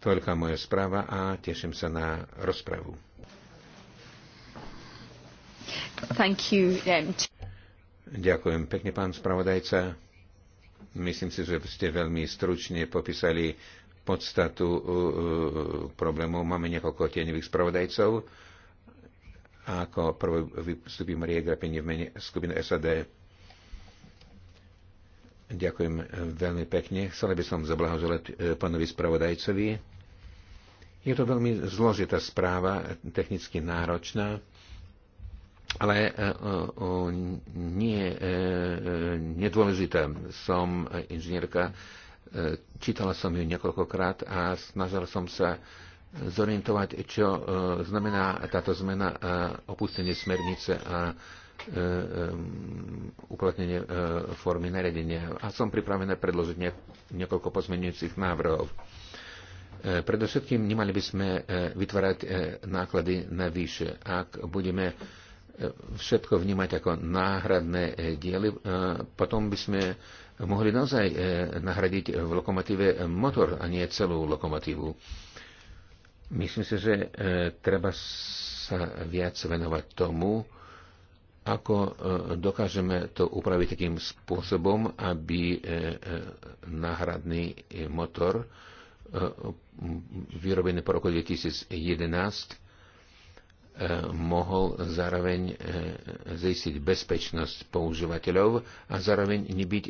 Toľka moja správa a teším sa na rozpravu. Thank you. Um, Ďakujem pekne, pán spravodajca. Myslím si, že ste veľmi stručne popísali podstatu uh, uh problémov. Máme niekoľko tieňových spravodajcov. A ako prvý vystupí Marie Grapini v mene skupiny SAD. Ďakujem veľmi pekne. Chcel by som zablahoželať uh, pánovi spravodajcovi je to veľmi zložitá správa, technicky náročná, ale e, e, nie e, nedôležitá. Som inžinierka, čítala som ju niekoľkokrát a snažil som sa zorientovať, čo znamená táto zmena a opustenie smernice a uplatnenie formy naredenia. A som pripravená predložiť niekoľko pozmenujúcich návrhov. E, predovšetkým nemali by sme e, vytvárať e, náklady na vyše. Ak budeme všetko vnímať ako náhradné diely, potom by sme mohli naozaj nahradiť v lokomotíve motor a nie celú lokomotívu. Myslím si, že treba sa viac venovať tomu, ako dokážeme to upraviť takým spôsobom, aby náhradný motor E, vyrobený po roku 2011, e, mohol zároveň e, zistiť bezpečnosť používateľov a zároveň nebyť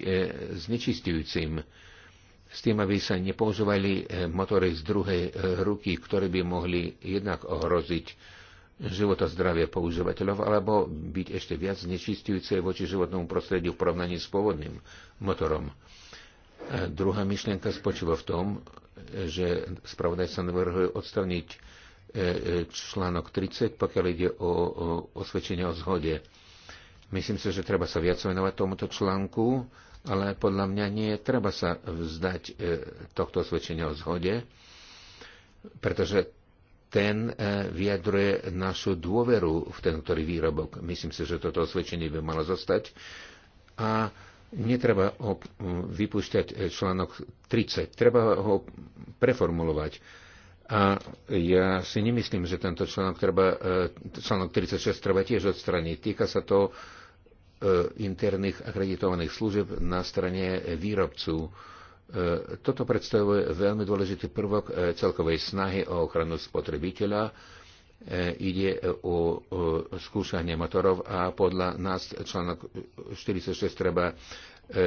znečistujúcim. S tým, aby sa nepoužívali motory z druhej ruky, ktoré by mohli jednak ohroziť život a zdravie používateľov, alebo byť ešte viac znečistujúce voči životnému prostrediu v porovnaní s pôvodným motorom. A druhá myšlienka spočíva v tom, že spravodajca navrhuje odstavniť e, e, článok 30, pokiaľ ide o osvedčenie o zhode. Myslím si, že treba sa viac venovať tomuto článku, ale podľa mňa nie treba sa vzdať e, tohto osvedčenia o zhode, pretože ten vyjadruje našu dôveru v ten ktorý výrobok. Myslím si, že toto osvedčenie by malo zostať. A Netreba ho mm, vypúšťať e, článok 30, treba ho preformulovať. A ja si nemyslím, že tento článok, treba, e, článok 36 treba tiež odstraniť. Týka sa to e, interných akreditovaných služieb na strane výrobcu. Toto predstavuje veľmi dôležitý prvok celkovej snahy o ochranu spotrebiteľa E, ide o skúšanie motorov a podľa nás článok 46 treba e, e,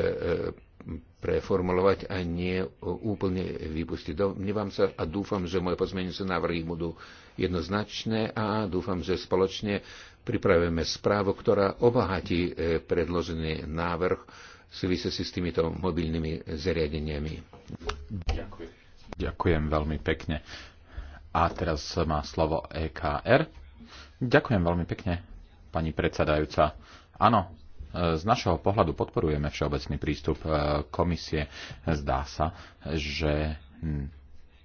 preformulovať a nie úplne vypustiť. Domnievam sa a dúfam, že moje pozmeňujúce návrhy budú jednoznačné a dúfam, že spoločne pripravíme správu, ktorá obohatí predložený návrh si s týmito mobilnými zariadeniami. Ďakujem. Ďakujem veľmi pekne. A teraz má slovo EKR. Ďakujem veľmi pekne, pani predsedajúca. Áno, z našeho pohľadu podporujeme všeobecný prístup e, komisie. Zdá sa, že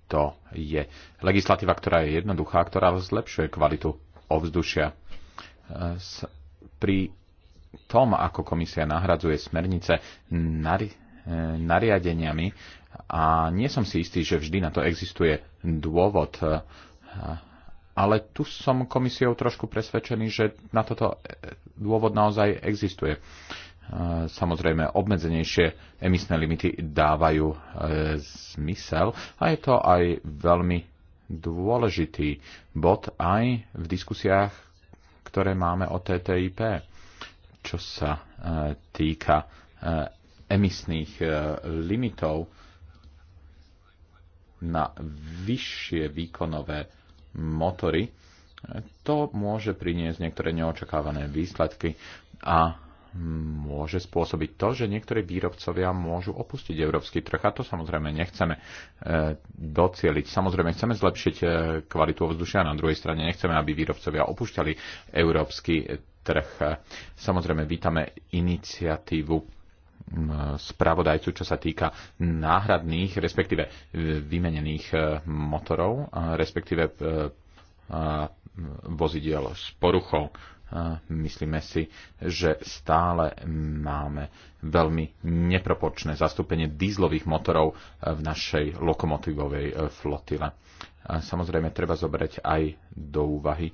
to je legislatíva, ktorá je jednoduchá, ktorá zlepšuje kvalitu ovzdušia. E, pri tom, ako komisia nahradzuje smernice nari- e, nariadeniami, a nie som si istý, že vždy na to existuje dôvod. Ale tu som komisiou trošku presvedčený, že na toto dôvod naozaj existuje. Samozrejme, obmedzenejšie emisné limity dávajú e, zmysel a je to aj veľmi dôležitý bod aj v diskusiách, ktoré máme o TTIP, čo sa e, týka e, emisných limitov na vyššie výkonové motory, to môže priniesť niektoré neočakávané výsledky a môže spôsobiť to, že niektorí výrobcovia môžu opustiť európsky trh a to samozrejme nechceme e, docieliť. Samozrejme chceme zlepšiť e, kvalitu ovzdušia, na druhej strane nechceme, aby výrobcovia opúšťali európsky trh. Samozrejme vítame iniciatívu spravodajcu, čo sa týka náhradných, respektíve e, vymenených e, motorov, respektíve e, vozidiel s poruchou. Myslíme si, že stále máme veľmi neproporčné zastúpenie dízlových motorov v našej lokomotívovej flotile. Samozrejme, treba zobrať aj do úvahy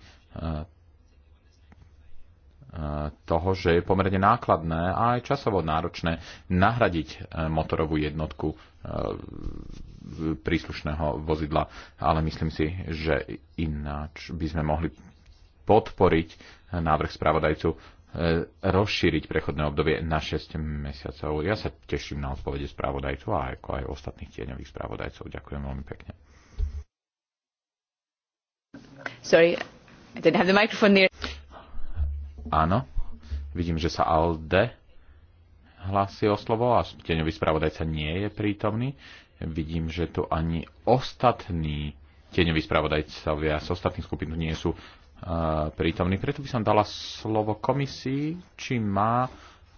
toho, že je pomerne nákladné a aj časovo náročné nahradiť e, motorovú jednotku e, príslušného vozidla. Ale myslím si, že ináč by sme mohli podporiť návrh správodajcu e, rozšíriť prechodné obdobie na 6 mesiacov. Ja sa teším na odpovede správodajcu a ako aj ostatných tieňových správodajcov. Ďakujem veľmi pekne. Sorry, I didn't have the microphone near. Áno, vidím, že sa ALDE hlási o slovo a tieňový spravodajca nie je prítomný. Vidím, že tu ani ostatní tieňoví spravodajcovia z ostatných skupín nie sú uh, prítomní. Preto by som dala slovo komisii, či má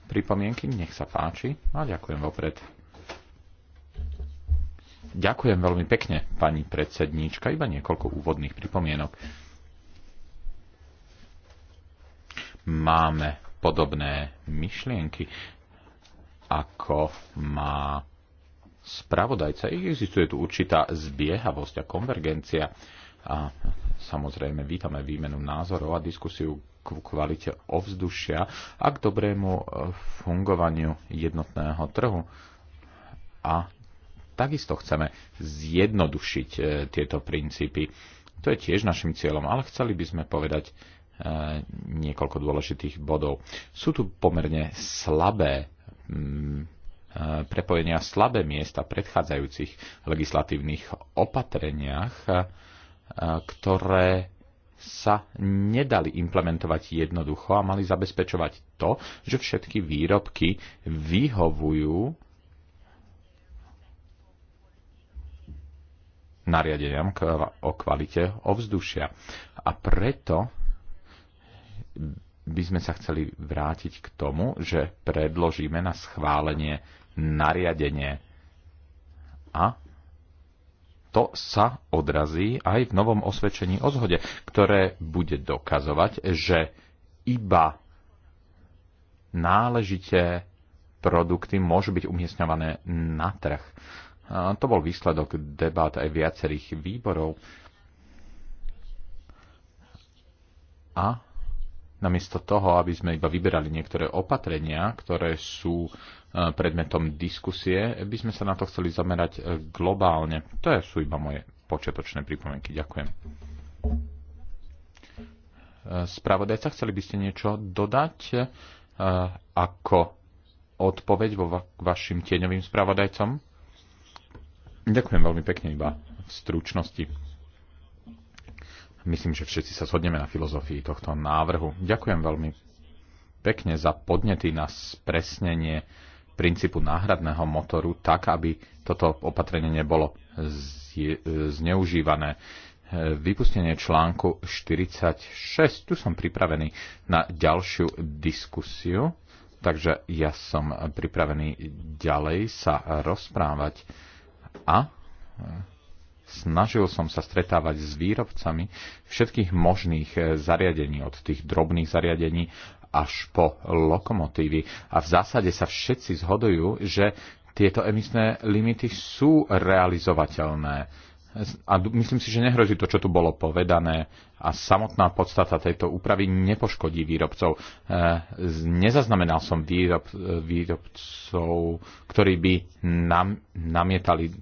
pripomienky. Nech sa páči. A no, ďakujem vopred. Ďakujem veľmi pekne, pani predsedníčka. Iba niekoľko úvodných pripomienok máme podobné myšlienky, ako má spravodajca. Existuje tu určitá zbiehavosť a konvergencia a samozrejme vítame výmenu názorov a diskusiu k kvalite ovzdušia a k dobrému e, fungovaniu jednotného trhu. A takisto chceme zjednodušiť e, tieto princípy. To je tiež našim cieľom, ale chceli by sme povedať, Eh, niekoľko dôležitých bodov. Sú tu pomerne slabé mm, eh, prepojenia, slabé miesta v predchádzajúcich legislatívnych opatreniach, eh, ktoré sa nedali implementovať jednoducho a mali zabezpečovať to, že všetky výrobky vyhovujú nariadeniam o kvalite ovzdušia. A preto by sme sa chceli vrátiť k tomu, že predložíme na schválenie nariadenie a to sa odrazí aj v novom osvedčení o zhode, ktoré bude dokazovať, že iba náležité produkty môžu byť umiestňované na trh. To bol výsledok debát aj viacerých výborov. A namiesto toho, aby sme iba vyberali niektoré opatrenia, ktoré sú e, predmetom diskusie, by sme sa na to chceli zamerať e, globálne. To sú iba moje počiatočné pripomienky. Ďakujem. E, spravodajca, chceli by ste niečo dodať ako odpoveď vo vašim tieňovým spravodajcom? Ďakujem veľmi pekne iba v stručnosti Myslím, že všetci sa shodneme na filozofii tohto návrhu. Ďakujem veľmi pekne za podnety na spresnenie princípu náhradného motoru tak, aby toto opatrenie nebolo zneužívané. Vypustenie článku 46. Tu som pripravený na ďalšiu diskusiu, takže ja som pripravený ďalej sa rozprávať a Snažil som sa stretávať s výrobcami všetkých možných e, zariadení, od tých drobných zariadení až po lokomotívy. A v zásade sa všetci zhodujú, že tieto emisné limity sú realizovateľné. A myslím si, že nehrozí to, čo tu bolo povedané a samotná podstata tejto úpravy nepoškodí výrobcov. E, nezaznamenal som výrob, e, výrobcov, ktorí by nam, namietali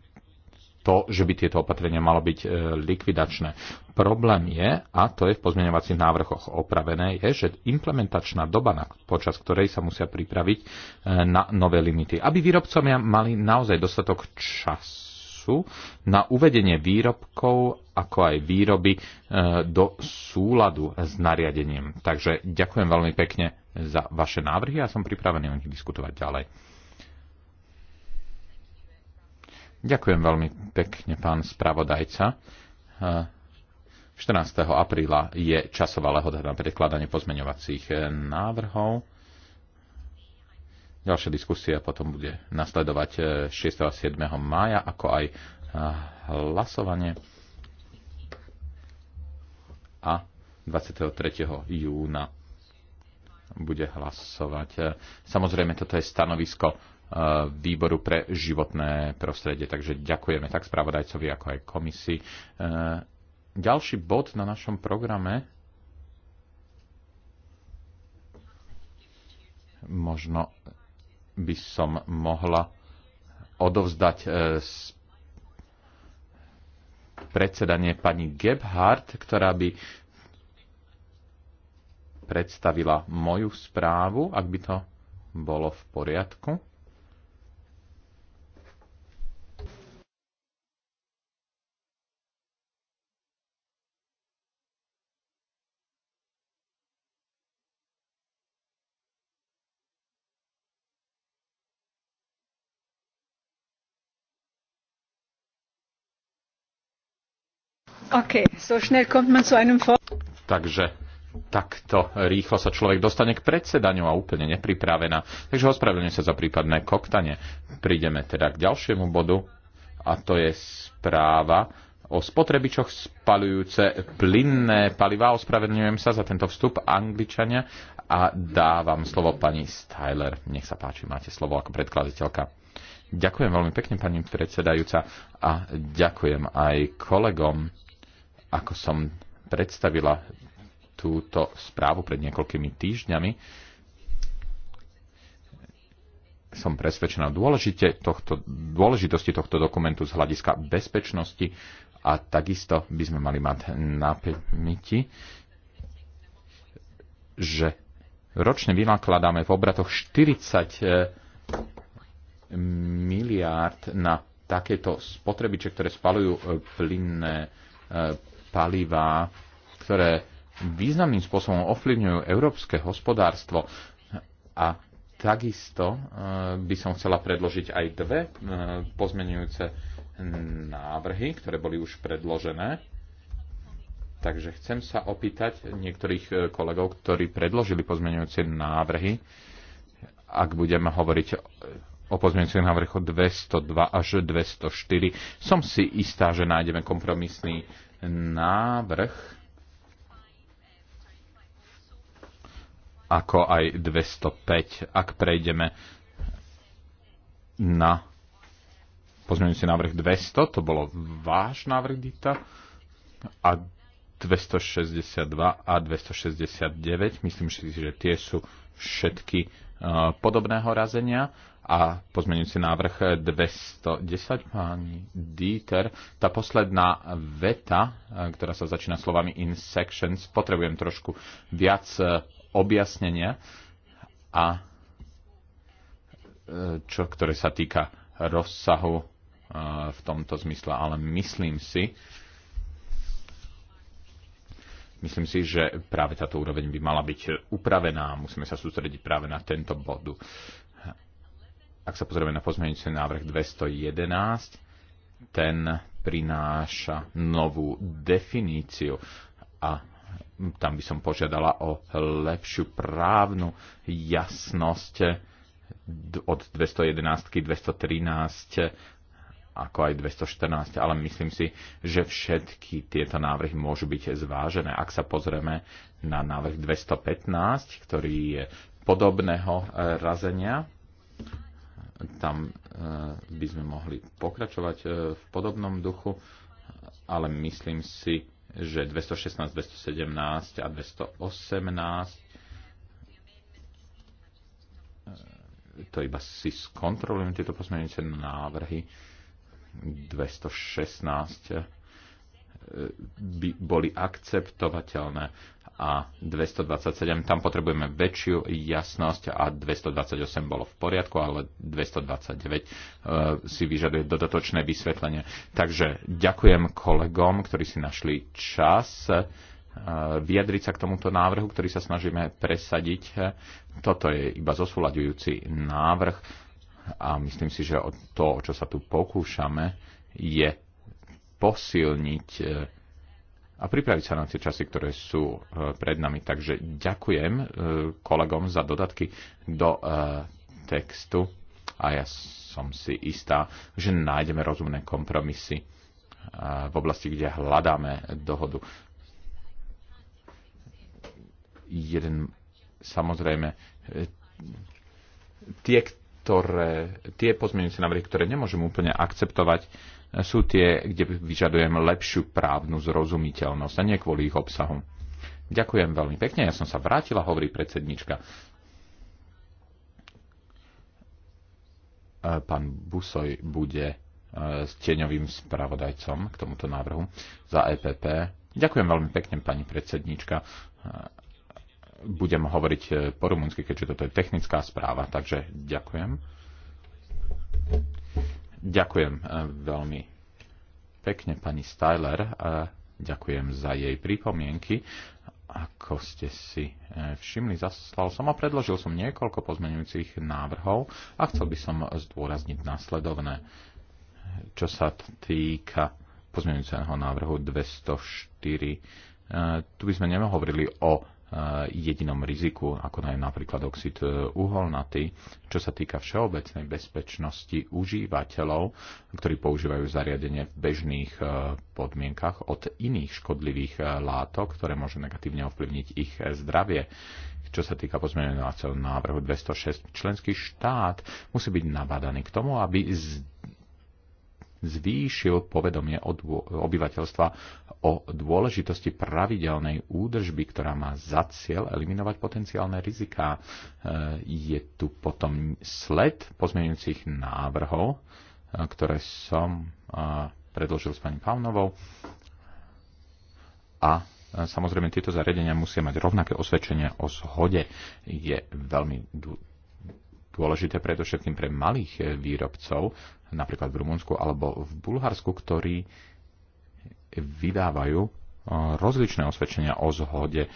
to, že by tieto opatrenia malo byť e, likvidačné. Problém je, a to je v pozmeňovacích návrhoch opravené, je, že implementačná doba, počas ktorej sa musia pripraviť e, na nové limity, aby výrobcovia mali naozaj dostatok času na uvedenie výrobkov ako aj výroby e, do súladu s nariadením. Takže ďakujem veľmi pekne za vaše návrhy a som pripravený o nich diskutovať ďalej. Ďakujem veľmi pekne, pán spravodajca. 14. E, apríla je časová lehoda na predkladanie pozmeňovacích e, návrhov. Ďalšia diskusia potom bude nasledovať 6. E, a 7. mája, ako aj hlasovanie. A 23. júna bude hlasovať. Samozrejme, toto je stanovisko výboru pre životné prostredie. Takže ďakujeme tak spravodajcovi, ako aj komisii. E, ďalší bod na našom programe možno by som mohla odovzdať e, predsedanie pani Gebhardt, ktorá by predstavila moju správu, ak by to bolo v poriadku. Okay, so schnell kommt man zu einem Vor Takže takto rýchlo sa človek dostane k predsedaniu a úplne nepripravená. Takže ospravedlňujem sa za prípadné koktanie. Prídeme teda k ďalšiemu bodu a to je správa o spotrebičoch spalujúce plynné palivá. Ospravedlňujem sa za tento vstup angličania a dávam slovo pani Styler. Nech sa páči, máte slovo ako predkladateľka. Ďakujem veľmi pekne, pani predsedajúca, a ďakujem aj kolegom ako som predstavila túto správu pred niekoľkými týždňami, som presvedčená o tohto, dôležitosti tohto dokumentu z hľadiska bezpečnosti a takisto by sme mali mať na pamäti, že ročne vynakladáme v obratoch 40 e, miliárd na takéto spotrebiče, ktoré spalujú e, plynné e, palivá, ktoré významným spôsobom ovplyvňujú európske hospodárstvo. A takisto e, by som chcela predložiť aj dve e, pozmenujúce návrhy, ktoré boli už predložené. Takže chcem sa opýtať niektorých e, kolegov, ktorí predložili pozmenujúce návrhy, ak budeme hovoriť o pozmenujúcich návrhoch 202 až 204. Som si istá, že nájdeme kompromisný návrh, ako aj 205, ak prejdeme na pozmeňujúci návrh 200, to bolo váš návrh, Dita, a 262 a 269, myslím si, že tie sú všetky eh, podobného razenia a pozmeňujúci návrh 210, pani Dieter. Tá posledná veta, eh, ktorá sa začína slovami in sections, potrebujem trošku viac eh, objasnenia, a eh, čo, ktoré sa týka rozsahu v tomto zmysle, ale myslím si, Myslím si, že práve táto úroveň by mala byť upravená. Musíme sa sústrediť práve na tento bod. Ak sa pozrieme na pozmeňujúci návrh 211, ten prináša novú definíciu a tam by som požiadala o lepšiu právnu jasnosť od 211, 213 ako aj 214, ale myslím si, že všetky tieto návrhy môžu byť zvážené. Ak sa pozrieme na návrh 215, ktorý je podobného e, razenia, tam e, by sme mohli pokračovať e, v podobnom duchu, ale myslím si, že 216, 217 a 218 e, to iba si skontrolujem tieto pozmeňujúce návrhy 216 by boli akceptovateľné a 227, tam potrebujeme väčšiu jasnosť a 228 bolo v poriadku, ale 229 e, si vyžaduje dodatočné vysvetlenie. Takže ďakujem kolegom, ktorí si našli čas e, vyjadriť sa k tomuto návrhu, ktorý sa snažíme presadiť. Toto je iba zosúľadujúci návrh a myslím si, že to, o čo sa tu pokúšame, je posilniť e, a pripraviť sa na tie časy, ktoré sú e, pred nami. Takže ďakujem e, kolegom za dodatky do e, textu a ja som si istá, že nájdeme rozumné kompromisy v oblasti, kde hľadáme dohodu. Jeden, samozrejme, tie, ktoré, tie pozmienujúce návrhy, ktoré nemôžem úplne akceptovať, sú tie, kde vyžadujem lepšiu právnu zrozumiteľnosť a nie kvôli ich obsahu. Ďakujem veľmi pekne, ja som sa vrátila, hovorí predsednička. E, pán Busoj bude e, s tieňovým spravodajcom k tomuto návrhu za EPP. Ďakujem veľmi pekne, pani predsednička. E, budem hovoriť po rumunsky, keďže toto je technická správa, takže ďakujem. Ďakujem e, veľmi pekne pani Styler a e, ďakujem za jej pripomienky. Ako ste si e, všimli, zaslal som a predložil som niekoľko pozmenujúcich návrhov a chcel by som zdôrazniť následovné, čo sa týka pozmenujúceho návrhu 204. Tu by sme hovorili o E, jedinom riziku, ako je napríklad oxid e, uholnatý, čo sa týka všeobecnej bezpečnosti užívateľov, ktorí používajú zariadenie v bežných e, podmienkach od iných škodlivých látok, ktoré môžu negatívne ovplyvniť ich zdravie. Čo sa týka pozmeňovacieho návrhu 206, členský štát musí byť nabadaný k tomu, aby zvýšil povedomie obyvateľstva o dôležitosti pravidelnej údržby, ktorá má za cieľ eliminovať potenciálne riziká. E, je tu potom sled pozmeňujúcich návrhov, e, ktoré som e, predložil s pani Pavnovou a Samozrejme, tieto zariadenia musia mať rovnaké osvedčenie o zhode. Je veľmi dôležité predovšetkým pre malých výrobcov, napríklad v Rumunsku alebo v Bulharsku, ktorí vydávajú eh, rozličné osvedčenia o zhode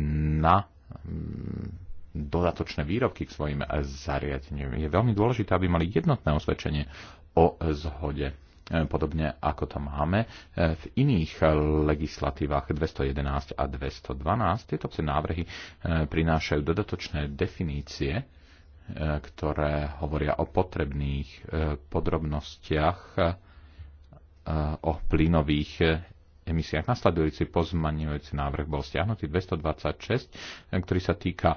na mm, dodatočné výrobky k svojim zariadeniam. Je veľmi dôležité, aby mali jednotné osvedčenie o zhode eh, podobne ako to máme eh, v iných legislatívach 211 a 212. Tieto návrhy prinášajú dodatočné definície ktoré hovoria o potrebných e, podrobnostiach e, o plynových e, emisiách. Nasledujúci pozmaňujúci návrh bol stiahnutý 226, ktorý sa týka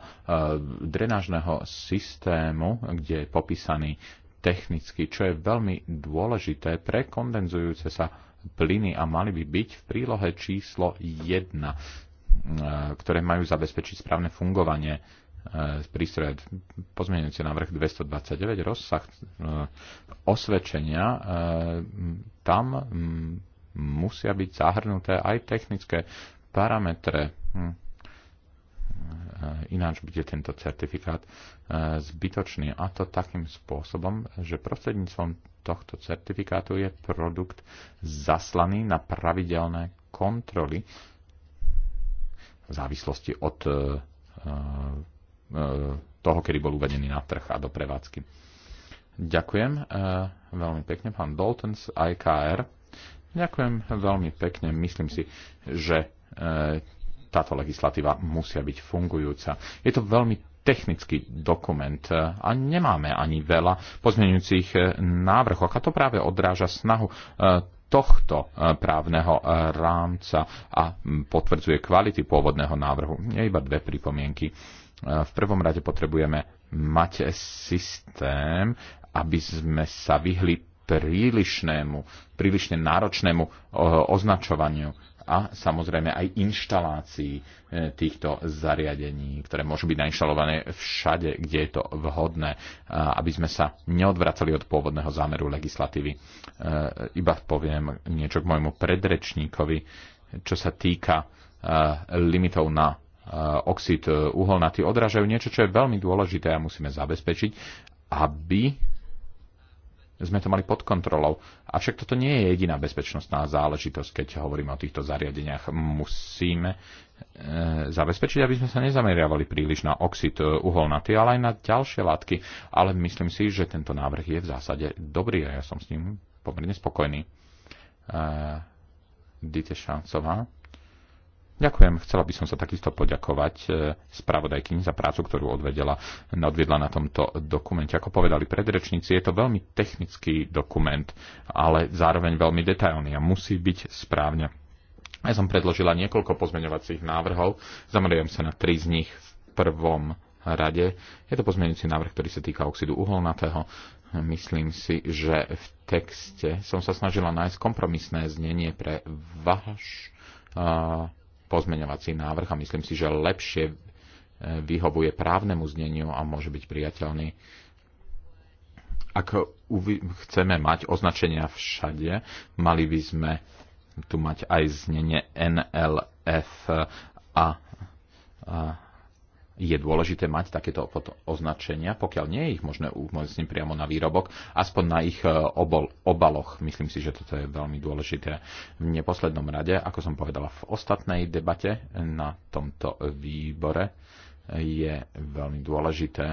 drenážneho systému, kde je popísaný technicky, čo je veľmi dôležité pre kondenzujúce sa plyny a mali by byť v prílohe číslo 1, ktoré majú zabezpečiť správne fungovanie prístroje. na vrch 229, rozsah e, osvedčenia, e, tam musia byť zahrnuté aj technické parametre. Hm. E, ináč bude tento certifikát zbytočný. A to takým spôsobom, že prostredníctvom tohto certifikátu je produkt zaslaný na pravidelné kontroly v závislosti od E, toho, kedy bol uvedený na trh a do prevádzky. Ďakujem e, veľmi pekne, pán Dalton z IKR. Ďakujem veľmi pekne. Myslím si, že e, táto legislatíva musia byť fungujúca. Je to veľmi technický dokument a nemáme ani veľa pozmeňujúcich návrhov. A to práve odráža snahu tohto právneho rámca a potvrdzuje kvality pôvodného návrhu. Je iba dve pripomienky v prvom rade potrebujeme mať systém, aby sme sa vyhli prílišnému, prílišne náročnému e, označovaniu a samozrejme aj inštalácii e, týchto zariadení, ktoré môžu byť nainštalované všade, kde je to vhodné, aby sme sa neodvracali od pôvodného zámeru legislatívy. E, iba poviem niečo k môjmu predrečníkovi, čo sa týka limitov na oxid e, uholnatý odrážajú niečo, čo je veľmi dôležité a musíme zabezpečiť, aby sme to mali pod kontrolou. Avšak toto nie je jediná bezpečnostná záležitosť, keď hovoríme o týchto zariadeniach. Musíme e, zabezpečiť, aby sme sa nezameriavali príliš na oxid e, uholnatý, ale aj na ďalšie látky. Ale myslím si, že tento návrh je v zásade dobrý a ja som s ním pomerne spokojný. E, Dite Šancová. Ďakujem. Chcela by som sa takisto poďakovať e, spravodajkyni za prácu, ktorú odvedela, odvedla na tomto dokumente. Ako povedali predrečníci, je to veľmi technický dokument, ale zároveň veľmi detailný a musí byť správne. Ja som predložila niekoľko pozmeňovacích návrhov. Zamerujem sa na tri z nich v prvom rade. Je to pozmeňujúci návrh, ktorý sa týka oxidu uholnatého. Myslím si, že v texte som sa snažila nájsť kompromisné znenie pre váš uh, pozmeňovací návrh a myslím si, že lepšie e, vyhovuje právnemu zneniu a môže byť priateľný. Ak chceme mať označenia všade, mali by sme tu mať aj znenie NLF a, a je dôležité mať takéto označenia, pokiaľ nie je ich možné umocniť priamo na výrobok, aspoň na ich e, obol, obaloch. Myslím si, že toto je veľmi dôležité. V neposlednom rade, ako som povedala v ostatnej debate na tomto výbore, je veľmi dôležité,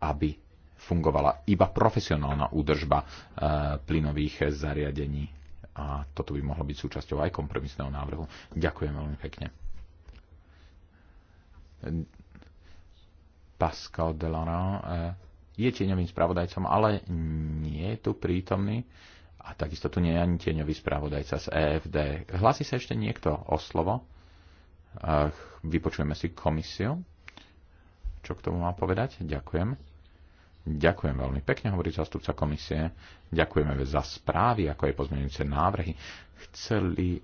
aby fungovala iba profesionálna údržba e, plynových zariadení. A toto by mohlo byť súčasťou aj kompromisného návrhu. Ďakujem veľmi pekne Pascal Delano eh, je tieňovým spravodajcom, ale nie je tu prítomný. A takisto tu nie je ani tieňový spravodajca z EFD. Hlasí sa ešte niekto o slovo? Eh, vypočujeme si komisiu. Čo k tomu má povedať? Ďakujem. Ďakujem veľmi pekne, hovorí zastupca komisie. Ďakujeme za správy, ako aj pozmeňujúce návrhy. Chceli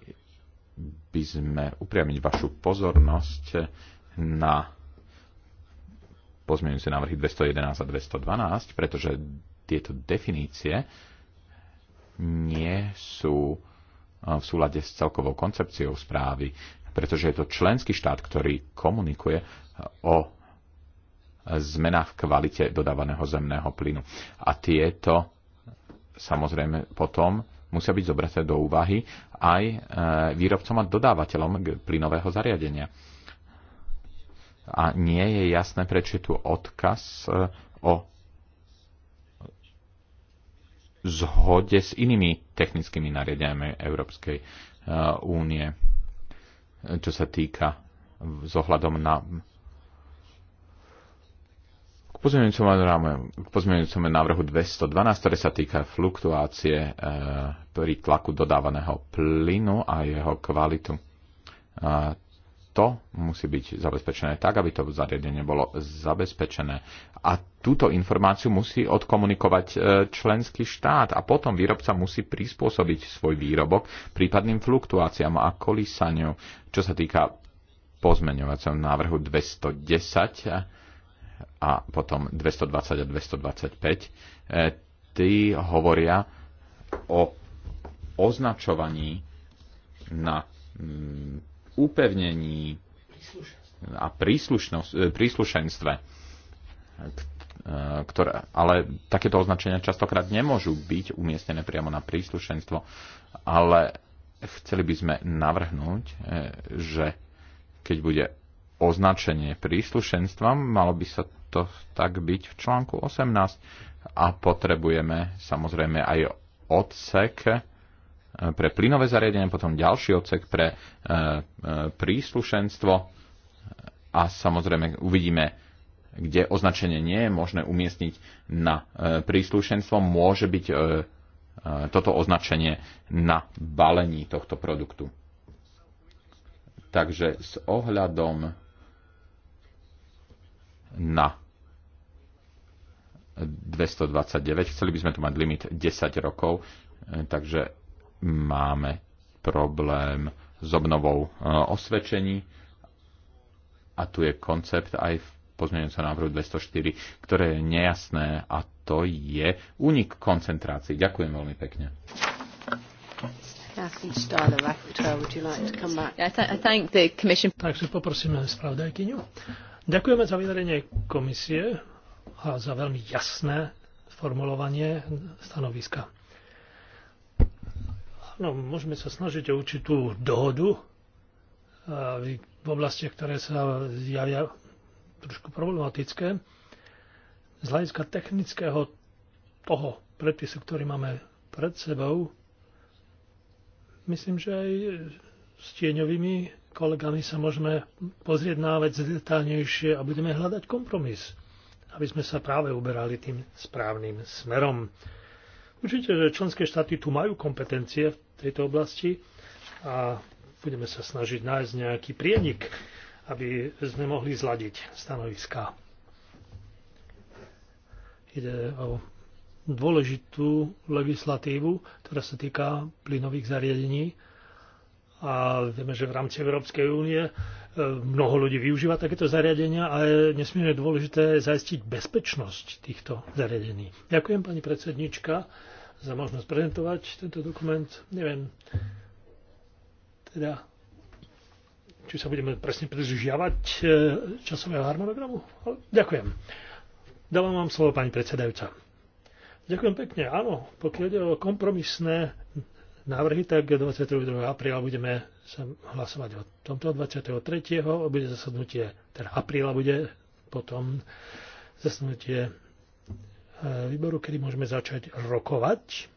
by sme upriamiť vašu pozornosť na pozmeňujúce návrhy 211 a 212, pretože tieto definície nie sú eh, v súlade s celkovou koncepciou správy, pretože je to členský štát, ktorý komunikuje eh, o zmenách v kvalite dodávaného zemného plynu. A tieto samozrejme potom musia byť zobraté do úvahy aj eh, výrobcom a dodávateľom plynového zariadenia a nie je jasné, prečo je tu odkaz e, o zhode s inými technickými nariadeniami Európskej e, únie, e, čo sa týka zohľadom na k pozmeňujúcemu návrhu 212, ktoré sa týka fluktuácie pri tlaku dodávaného plynu a jeho kvalitu to musí byť zabezpečené tak, aby to zariadenie bolo zabezpečené. A túto informáciu musí odkomunikovať e, členský štát a potom výrobca musí prispôsobiť svoj výrobok prípadným fluktuáciám a kolísaniu, čo sa týka pozmeňovacom návrhu 210 a potom 220 a 225. E, tí hovoria o označovaní na upevnení a e, príslušenstve, e, ktoré, ale takéto označenia častokrát nemôžu byť umiestnené priamo na príslušenstvo, ale chceli by sme navrhnúť, e, že keď bude označenie príslušenstva, malo by sa to tak byť v článku 18 a potrebujeme samozrejme aj odsek, pre plynové zariadenie, potom ďalší odsek pre e, e, príslušenstvo a samozrejme uvidíme, kde označenie nie je možné umiestniť na e, príslušenstvo, môže byť toto označenie na balení tohto produktu. Takže s ohľadom na 229, chceli by sme tu mať limit 10 rokov, takže máme problém s obnovou e, osvedčení a tu je koncept aj v pozmeňujúcom návrhu 204, ktoré je nejasné a to je únik koncentrácií. Ďakujem veľmi pekne. Takže poprosíme spravodajkyňu. Ďakujeme za vyverenie komisie a za veľmi jasné formulovanie stanoviska. Áno, môžeme sa snažiť o určitú dohodu v oblasti, ktoré sa zjavia trošku problematické. Z hľadiska technického toho predpisu, ktorý máme pred sebou, myslím, že aj s tieňovými kolegami sa môžeme pozrieť na vec detálnejšie a budeme hľadať kompromis, aby sme sa práve uberali tým správnym smerom. Určite, že členské štáty tu majú kompetencie v tejto oblasti a budeme sa snažiť nájsť nejaký prienik, aby sme mohli zladiť stanoviská. Ide o dôležitú legislatívu, ktorá sa týka plynových zariadení. A vieme, že v rámci Európskej únie e, mnoho ľudí využíva takéto zariadenia a je nesmierne dôležité zaistiť bezpečnosť týchto zariadení. Ďakujem, pani predsednička za možnosť prezentovať tento dokument. Neviem teda, či sa budeme presne pridržiavať e, časového harmonogramu. Ďakujem. Dávam vám slovo pani predsedajúca. Ďakujem pekne. Áno, pokiaľ ide o kompromisné návrhy, tak 22. apríla budeme sa hlasovať o tomto 23. bude zasadnutie, teda apríla bude potom zasadnutie E, výboru, kedy môžeme začať rokovať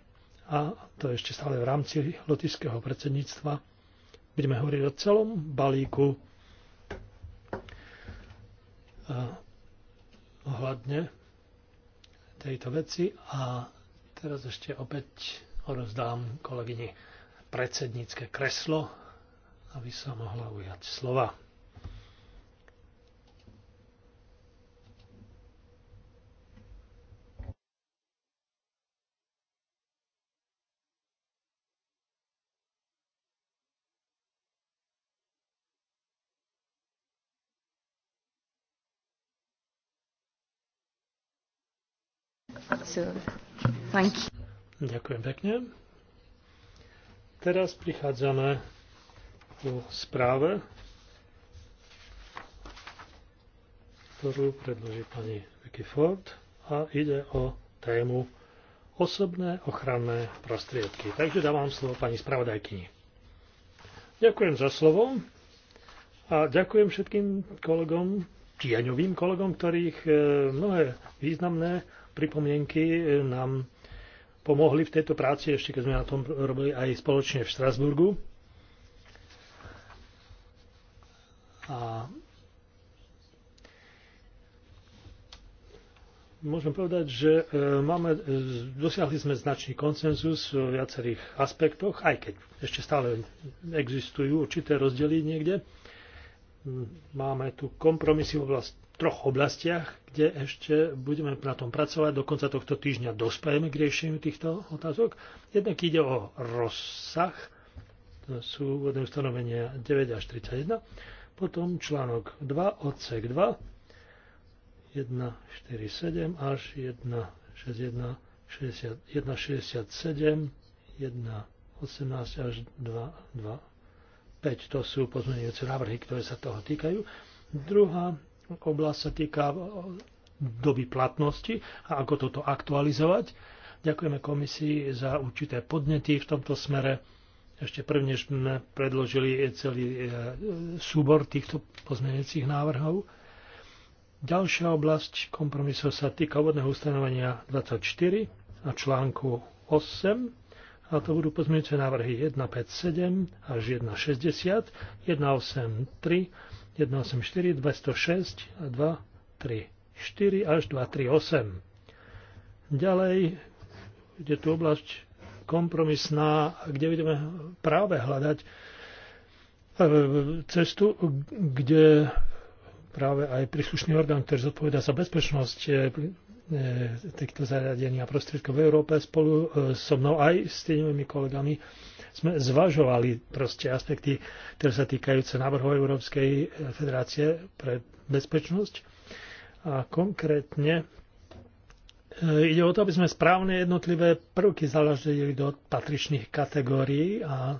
a to ešte stále v rámci lotického predsedníctva. Budeme hovoriť o celom balíku e, ohľadne tejto veci a teraz ešte opäť rozdám kolegyni predsednícke kreslo, aby sa mohla ujať slova. Thank you. Ďakujem pekne. Teraz prichádzame ku správe, ktorú predloží pani Vicky Ford a ide o tému osobné ochranné prostriedky. Takže dávam slovo pani spravodajkyni. Ďakujem za slovo a ďakujem všetkým kolegom, tieňovým kolegom, ktorých eh, mnohé významné pripomienky nám pomohli v tejto práci, ešte keď sme na tom robili aj spoločne v Štrasburgu. A môžem povedať, že e, máme, e, dosiahli sme značný konsenzus v viacerých aspektoch, aj keď ešte stále existujú určité rozdiely niekde. Máme tu kompromisy v oblasti troch oblastiach, kde ešte budeme na tom pracovať. Do konca tohto týždňa dospejeme k riešeniu týchto otázok. Jednak ide o rozsah, to sú úvodné ustanovenia 9 až 31, potom článok 2, odsek 2, 7 až 1, 60, 167, 18 až 2, 2, 5. To sú pozmeňujúce návrhy, ktoré sa toho týkajú. Druhá oblasť sa týka eh, doby platnosti a ako toto aktualizovať. Ďakujeme komisii za určité podnety v tomto smere. Ešte prvne sme predložili celý eh, súbor týchto pozmeňujúcich návrhov. Ďalšia oblasť kompromisov sa týka vodného ustanovenia 24 a článku 8. A to budú pozmeňujúce návrhy 157 až 160, 183, 184, 206 a 2, 3. 4 až 238. Ďalej je tu oblasť kompromisná, kde budeme práve hľadať e, cestu, kde práve aj príslušný orgán, ktorý zodpovedá za bezpečnosť e, e, týchto zariadení a prostriedkov v Európe spolu so mnou aj s tými kolegami sme zvažovali proste aspekty, ktoré sa týkajúce návrhu Európskej federácie pre bezpečnosť. A konkrétne e, ide o to, aby sme správne jednotlivé prvky zalaždili do patričných kategórií a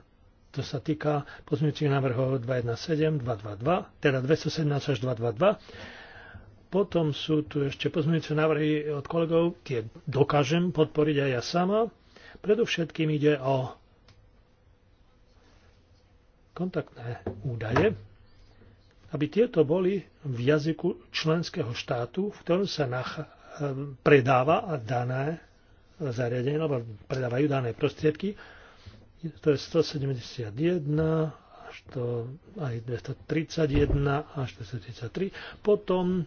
to sa týka pozmeňujúcich návrhov 217, 222, teda 217 až 222. Potom sú tu ešte pozmeňujúce návrhy od kolegov, tie dokážem podporiť aj ja sama. Predovšetkým ide o kontaktné údaje, aby tieto boli v jazyku členského štátu, v ktorom sa nach- ehm, predáva a dané zariadenie, alebo predávajú dané prostriedky. To je 171 až to aj 231 až 233. Potom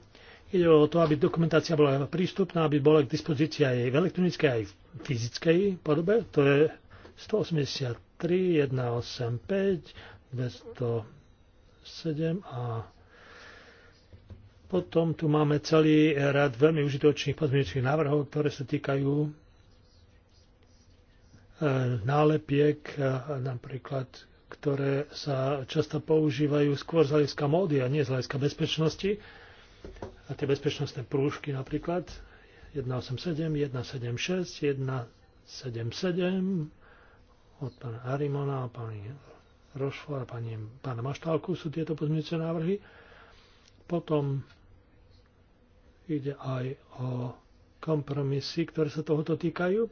ide o to, aby dokumentácia bola prístupná, aby bola k dispozícii aj v elektronickej, aj v fyzickej podobe. To je 183, 185, 207 a potom tu máme celý rad veľmi užitočných pozmeňujúcich návrhov, ktoré sa týkajú e, nálepiek, e, napríklad, ktoré sa často používajú skôr z hľadiska módy a nie z hľadiska bezpečnosti. A tie bezpečnostné prúžky napríklad 187, 176, 177 od pána Arimona a pána Rošfor, pani, pána Maštálku sú tieto pozmeňujúce návrhy. Potom ide aj o kompromisy, ktoré sa tohoto týkajú.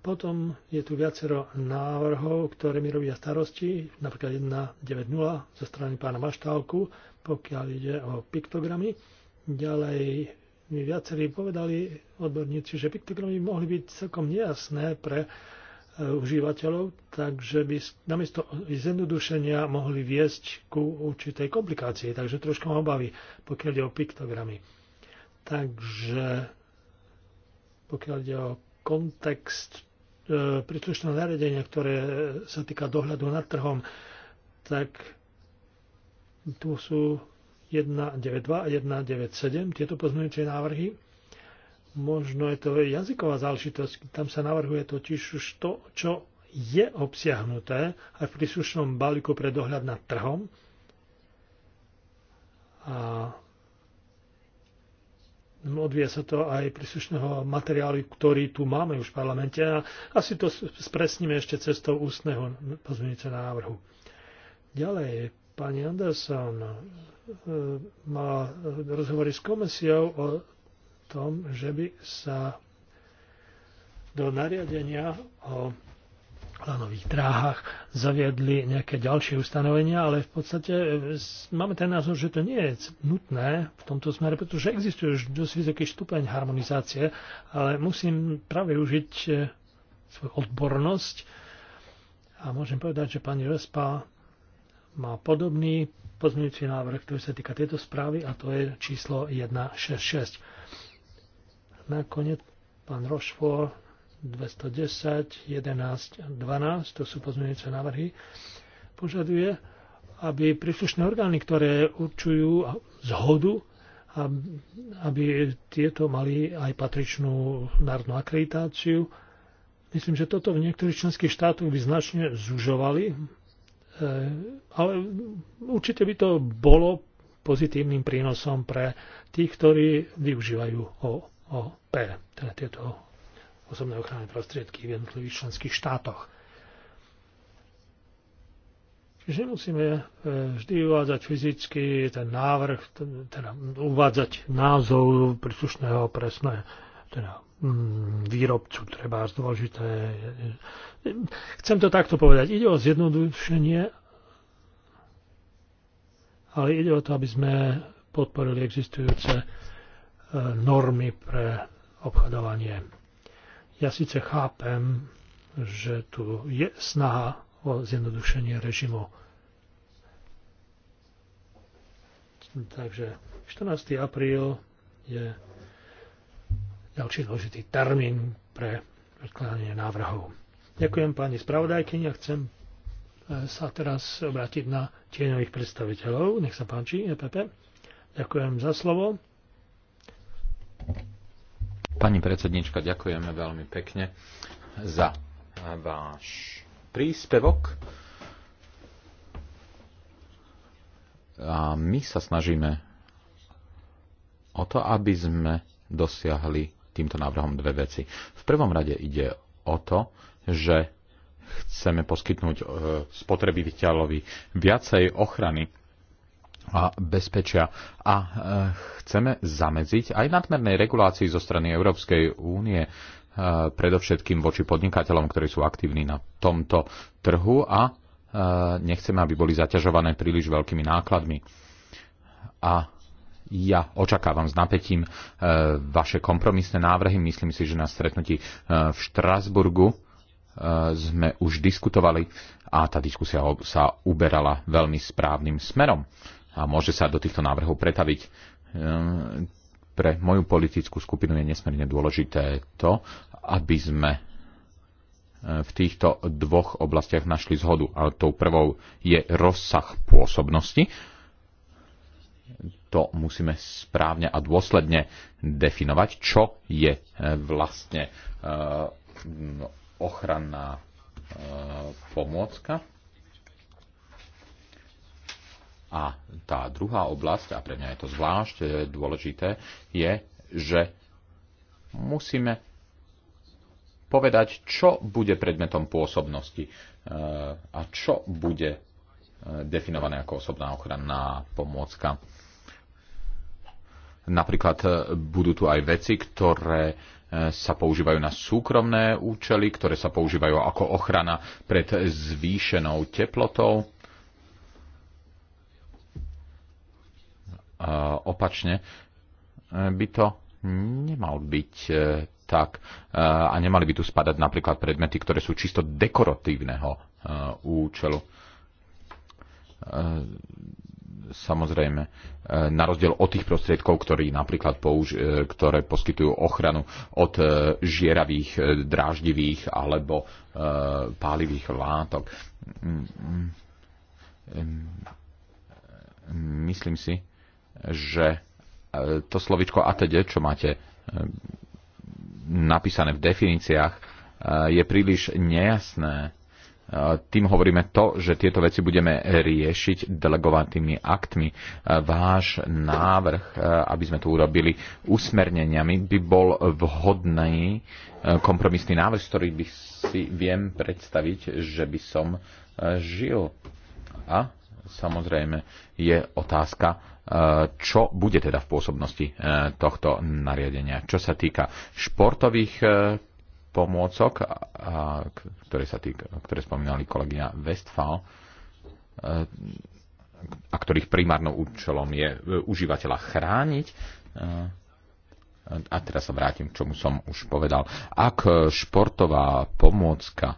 Potom je tu viacero návrhov, ktoré mi robia starosti, napríklad 1.9.0 zo strany pána Maštálku, pokiaľ ide o piktogramy. Ďalej mi viacerí povedali odborníci, že piktogramy mohli byť celkom nejasné pre užívateľov, takže by namiesto zjednodušenia mohli viesť ku určitej komplikácii, takže trošku ma obavy, pokiaľ ide o piktogramy. Takže pokiaľ ide o kontext e, príslušného nariadenia, ktoré sa týka dohľadu nad trhom, tak tu sú 192 a 197 tieto pozmeňujúce návrhy možno je to jazyková záležitosť. Tam sa navrhuje totiž už to, čo je obsiahnuté aj v príslušnom balíku pre dohľad nad trhom. A odvie sa to aj príslušného materiálu, ktorý tu máme už v parlamente a asi to spresníme ešte cestou ústneho pozmeňujúce návrhu. Ďalej, pani Anderson e, má rozhovory s komisiou o tom, že by sa do nariadenia o lanových dráhach zaviedli nejaké ďalšie ustanovenia, ale v podstate e, máme ten názor, že to nie je nutné v tomto smere, pretože existuje už dosť vysoký stupeň harmonizácie, ale musím práve užiť e, svoju odbornosť a môžem povedať, že pani Vespa má podobný pozmeňujúci návrh, ktorý sa týka tejto správy a to je číslo 166. Nakoniec pán Rošfor 210, 11, 12, to sú pozmeňujúce návrhy, požaduje, aby príslušné orgány, ktoré určujú zhodu, aby tieto mali aj patričnú národnú akreditáciu. Myslím, že toto v niektorých členských štátoch by značne zužovali, e, ale určite by to bolo pozitívnym prínosom pre tých, ktorí využívajú Ho. P, teda tieto osobné ochranné prostriedky v jednotlivých členských štátoch. Čiže musíme e, vždy uvádzať fyzicky ten návrh, teda uvádzať názov príslušného presné, teda mm, výrobcu, treba dôležité. Chcem to takto povedať. Ide o zjednodušenie, ale ide o to, aby sme podporili existujúce E, normy pre obchodovanie. Ja síce chápem, že tu je snaha o zjednodušenie režimu. Takže 14. apríl je ďalší dôležitý termín pre predkladanie návrhov. Ďakujem pani spravodajkyni a chcem e, sa teraz obrátiť na tieňových predstaviteľov. Nech sa páči, EPP. Ďakujem za slovo. Pani predsednička, ďakujeme veľmi pekne za váš príspevok. A my sa snažíme o to, aby sme dosiahli týmto návrhom dve veci. V prvom rade ide o to, že chceme poskytnúť e, spotrebiteľovi viacej ochrany a bezpečia. A e, chceme zamedziť aj nadmernej regulácii zo strany Európskej únie, e, predovšetkým voči podnikateľom, ktorí sú aktívni na tomto trhu a e, nechceme, aby boli zaťažované príliš veľkými nákladmi. A ja očakávam s napätím vaše kompromisné návrhy. Myslím si, že na stretnutí v Štrasburgu sme už diskutovali a tá diskusia sa uberala veľmi správnym smerom a môže sa do týchto návrhov pretaviť. Ehm, pre moju politickú skupinu je nesmierne dôležité to, aby sme e, v týchto dvoch oblastiach našli zhodu. A tou prvou je rozsah pôsobnosti. To musíme správne a dôsledne definovať, čo je e, vlastne e, ochranná pomôcka a tá druhá oblasť, a pre mňa je to zvlášť e, dôležité, je, že musíme povedať, čo bude predmetom pôsobnosti e, a čo bude e, definované ako osobná ochranná pomôcka. Napríklad budú tu aj veci, ktoré sa používajú na súkromné účely, ktoré sa používajú ako ochrana pred zvýšenou teplotou opačne e, by to nemal byť e, tak e, a nemali by tu spadať napríklad predmety, ktoré sú čisto dekoratívneho účelu. Samozrejme, na rozdiel od tých prostriedkov, ktorí napríklad použ- ktoré poskytujú ochranu od žieravých, dráždivých alebo pálivých látok. Mm, mm, mm. Myslím si, že e, to slovičko ATD, čo máte e, napísané v definíciách, e, je príliš nejasné. Tým hovoríme to, že tieto veci budeme riešiť delegovanými aktmi. Váš návrh, aby sme to urobili usmerneniami, by bol vhodný kompromisný návrh, ktorý by si viem predstaviť, že by som žil. A samozrejme je otázka, čo bude teda v pôsobnosti e, tohto nariadenia. Čo sa týka športových e, pomôcok, ktoré, sa týka, ktoré spomínali kolegyňa Westfall, e, a ktorých primárnou účelom je užívateľa chrániť, a teraz sa vrátim k čomu som už povedal. Ak športová pomôcka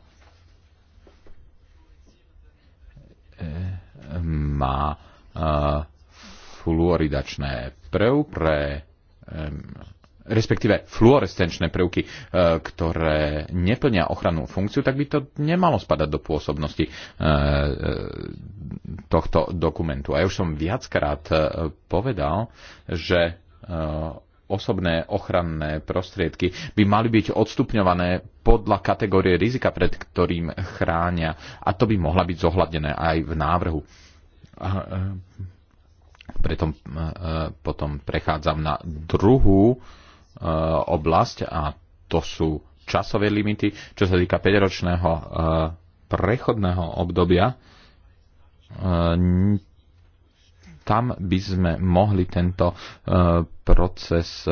má fluoridačné prv pre respektíve fluorescenčné prvky, eh, ktoré neplnia ochrannú funkciu, tak by to nemalo spadať do pôsobnosti eh, eh, tohto dokumentu. A ja už som viackrát povedal, že osobné ochranné prostriedky by mali byť odstupňované podľa kategórie rizika, pred ktorým chránia. A to by mohla byť zohľadené aj v návrhu preto e, e, potom prechádzam na druhú e, oblasť a to sú časové limity. Čo sa týka 5-ročného prechodného obdobia, tam by sme mohli tento proces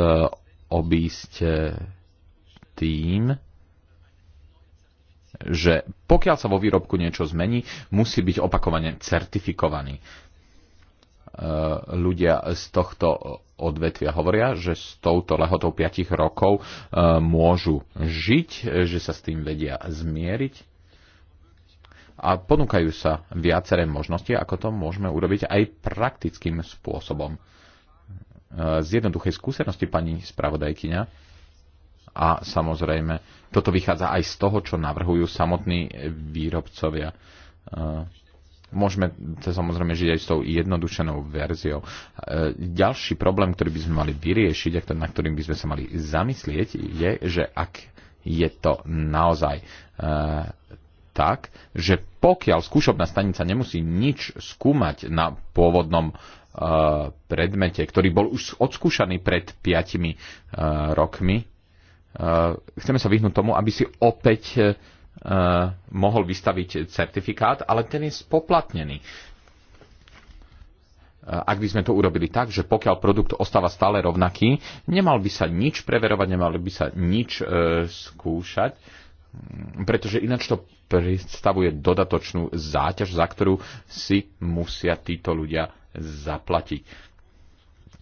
obísť tým, že pokiaľ sa vo výrobku niečo zmení, musí byť opakovane certifikovaný. E, ľudia z tohto odvetvia hovoria, že s touto lehotou 5 rokov e, môžu žiť, že sa s tým vedia zmieriť a ponúkajú sa viaceré možnosti, ako to môžeme urobiť aj praktickým spôsobom. E, z jednoduchej skúsenosti pani spravodajkyňa a samozrejme toto vychádza aj z toho, čo navrhujú samotní výrobcovia Môžeme to samozrejme žiť aj s tou jednodušenou verziou. E, ďalší problém, ktorý by sme mali vyriešiť a na ktorým by sme sa mali zamyslieť, je, že ak je to naozaj e, tak, že pokiaľ skúšobná stanica nemusí nič skúmať na pôvodnom e, predmete, ktorý bol už odskúšaný pred 5 rokmi, chceme sa vyhnúť tomu, aby si opäť Eh, mohol vystaviť certifikát, ale ten je spoplatnený. Eh, ak by sme to urobili tak, že pokiaľ produkt ostáva stále rovnaký, nemal by sa nič preverovať, nemal by sa nič e, skúšať, mm, pretože ináč to predstavuje dodatočnú záťaž, za ktorú si musia títo ľudia zaplatiť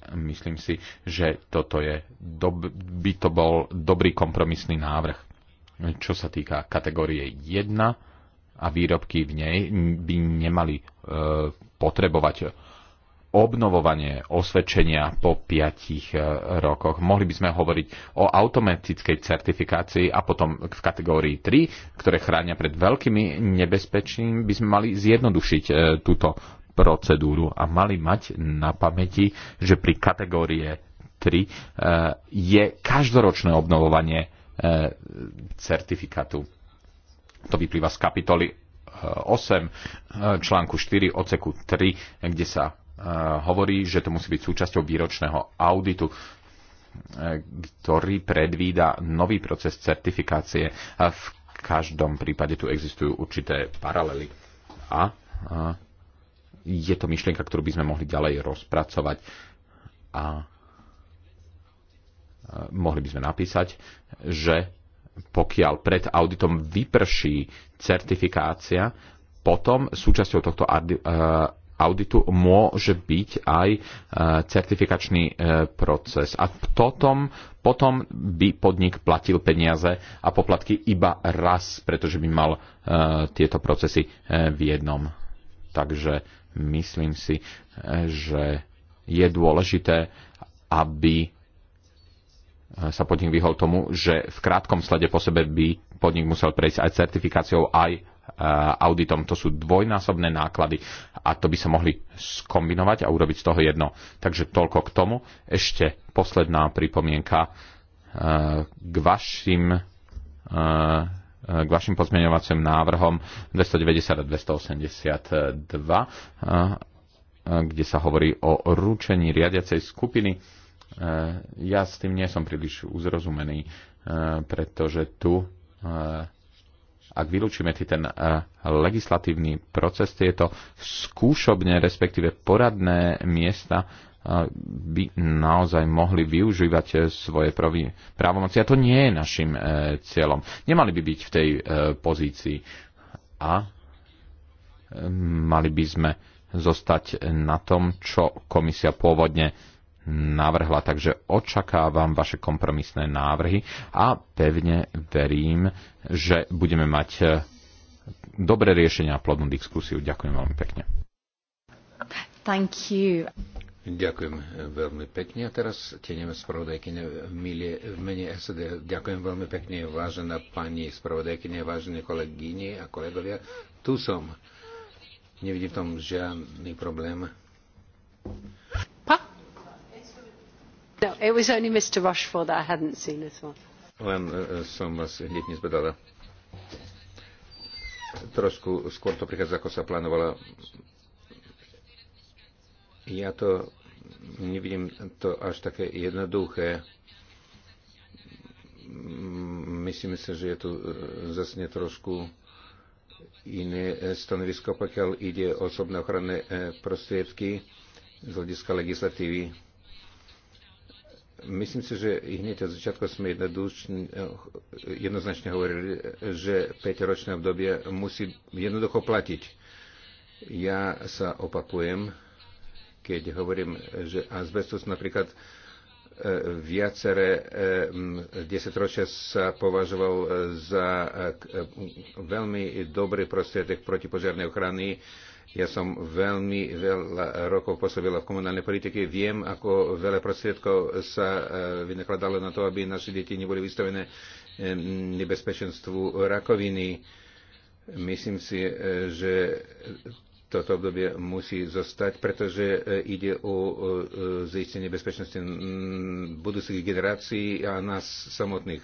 myslím si, že toto je, dob, by to bol dobrý kompromisný návrh čo sa týka kategórie 1 a výrobky v nej by nemali e, potrebovať obnovovanie osvedčenia po 5 e, rokoch. Mohli by sme hovoriť o automatickej certifikácii a potom v kategórii 3, ktoré chránia pred veľkými nebezpečím, by sme mali zjednodušiť e, túto procedúru a mali mať na pamäti, že pri kategórie 3 e, je každoročné obnovovanie Eh, certifikátu. To vyplýva z kapitoly 8 eh, eh, článku 4 oceku 3, kde sa hovorí, že to musí byť súčasťou výročného auditu ktorý predvída nový proces certifikácie. V každom prípade tu existujú určité paralely. A je to myšlienka, ktorú by sme mohli ďalej rozpracovať. A mohli by sme napísať, že pokiaľ pred auditom vyprší certifikácia, potom súčasťou tohto e, auditu môže byť aj e, certifikačný e, proces. A potom, potom by podnik platil peniaze a poplatky iba raz, pretože by mal tieto procesy v jednom. Takže myslím si, že je dôležité, aby sa podnik vyhol tomu, že v krátkom slede po sebe by podnik musel prejsť aj certifikáciou, aj e, auditom. To sú dvojnásobné náklady a to by sa mohli skombinovať a urobiť z toho jedno. Takže toľko k tomu. Ešte posledná pripomienka e, k vašim e, k vašim pozmeňovacím návrhom 290 a 282, kde sa hovorí o ručení riadiacej skupiny Eh, ja s tým nie som príliš uzrozumený, eh, pretože tu, eh, ak vylúčime ten legislatívny proces, tieto skúšobne, respektíve poradné miesta by naozaj mohli využívať svoje právomoci. A to nie je našim cieľom. Nemali by byť v tej pozícii a mali by sme zostať na tom, čo komisia pôvodne navrhla. Takže očakávam vaše kompromisné návrhy a pevne verím, že budeme mať e, dobré riešenia a plodnú diskusiu. Ďakujem veľmi pekne. Thank you. Ďakujem e, veľmi pekne. A teraz teneme spravodajkyne Milie v mene SD. Ďakujem veľmi pekne, vážená pani spravodajkyne, vážené kolegyne a kolegovia. Tu som. Nevidím v tom žiadny problém. It was only Mr. Rushford that I hadn't seen as well. Len uh, som vás hneď nezbedala. Trošku skôr to prichádza, ako sa plánovala. Ja to nevidím to až také jednoduché. Myslím si, že je tu e, zase trošku iné stanovisko, pokiaľ ide o osobné ochranné prostriedky z hľadiska legislatívy Myslím si, že hneď od začiatku sme eh, jednoznačne hovorili, že 5-ročné obdobie musí jednoducho platiť. Ja sa opakujem, keď hovorím, že azbestus napríklad eh, viaceré eh, desetročia sa považoval za veľmi dobrý prostriedek protipožiarnej ochrany ja som veľmi veľa rokov pôsobila v komunálnej politike. Viem, ako veľa prostriedkov sa e, vynakladalo na to, aby naše deti neboli vystavené e, nebezpečenstvu rakoviny. Myslím si, e, že toto obdobie musí zostať, pretože ide o zistenie bezpečnosti budúcich generácií a nás samotných.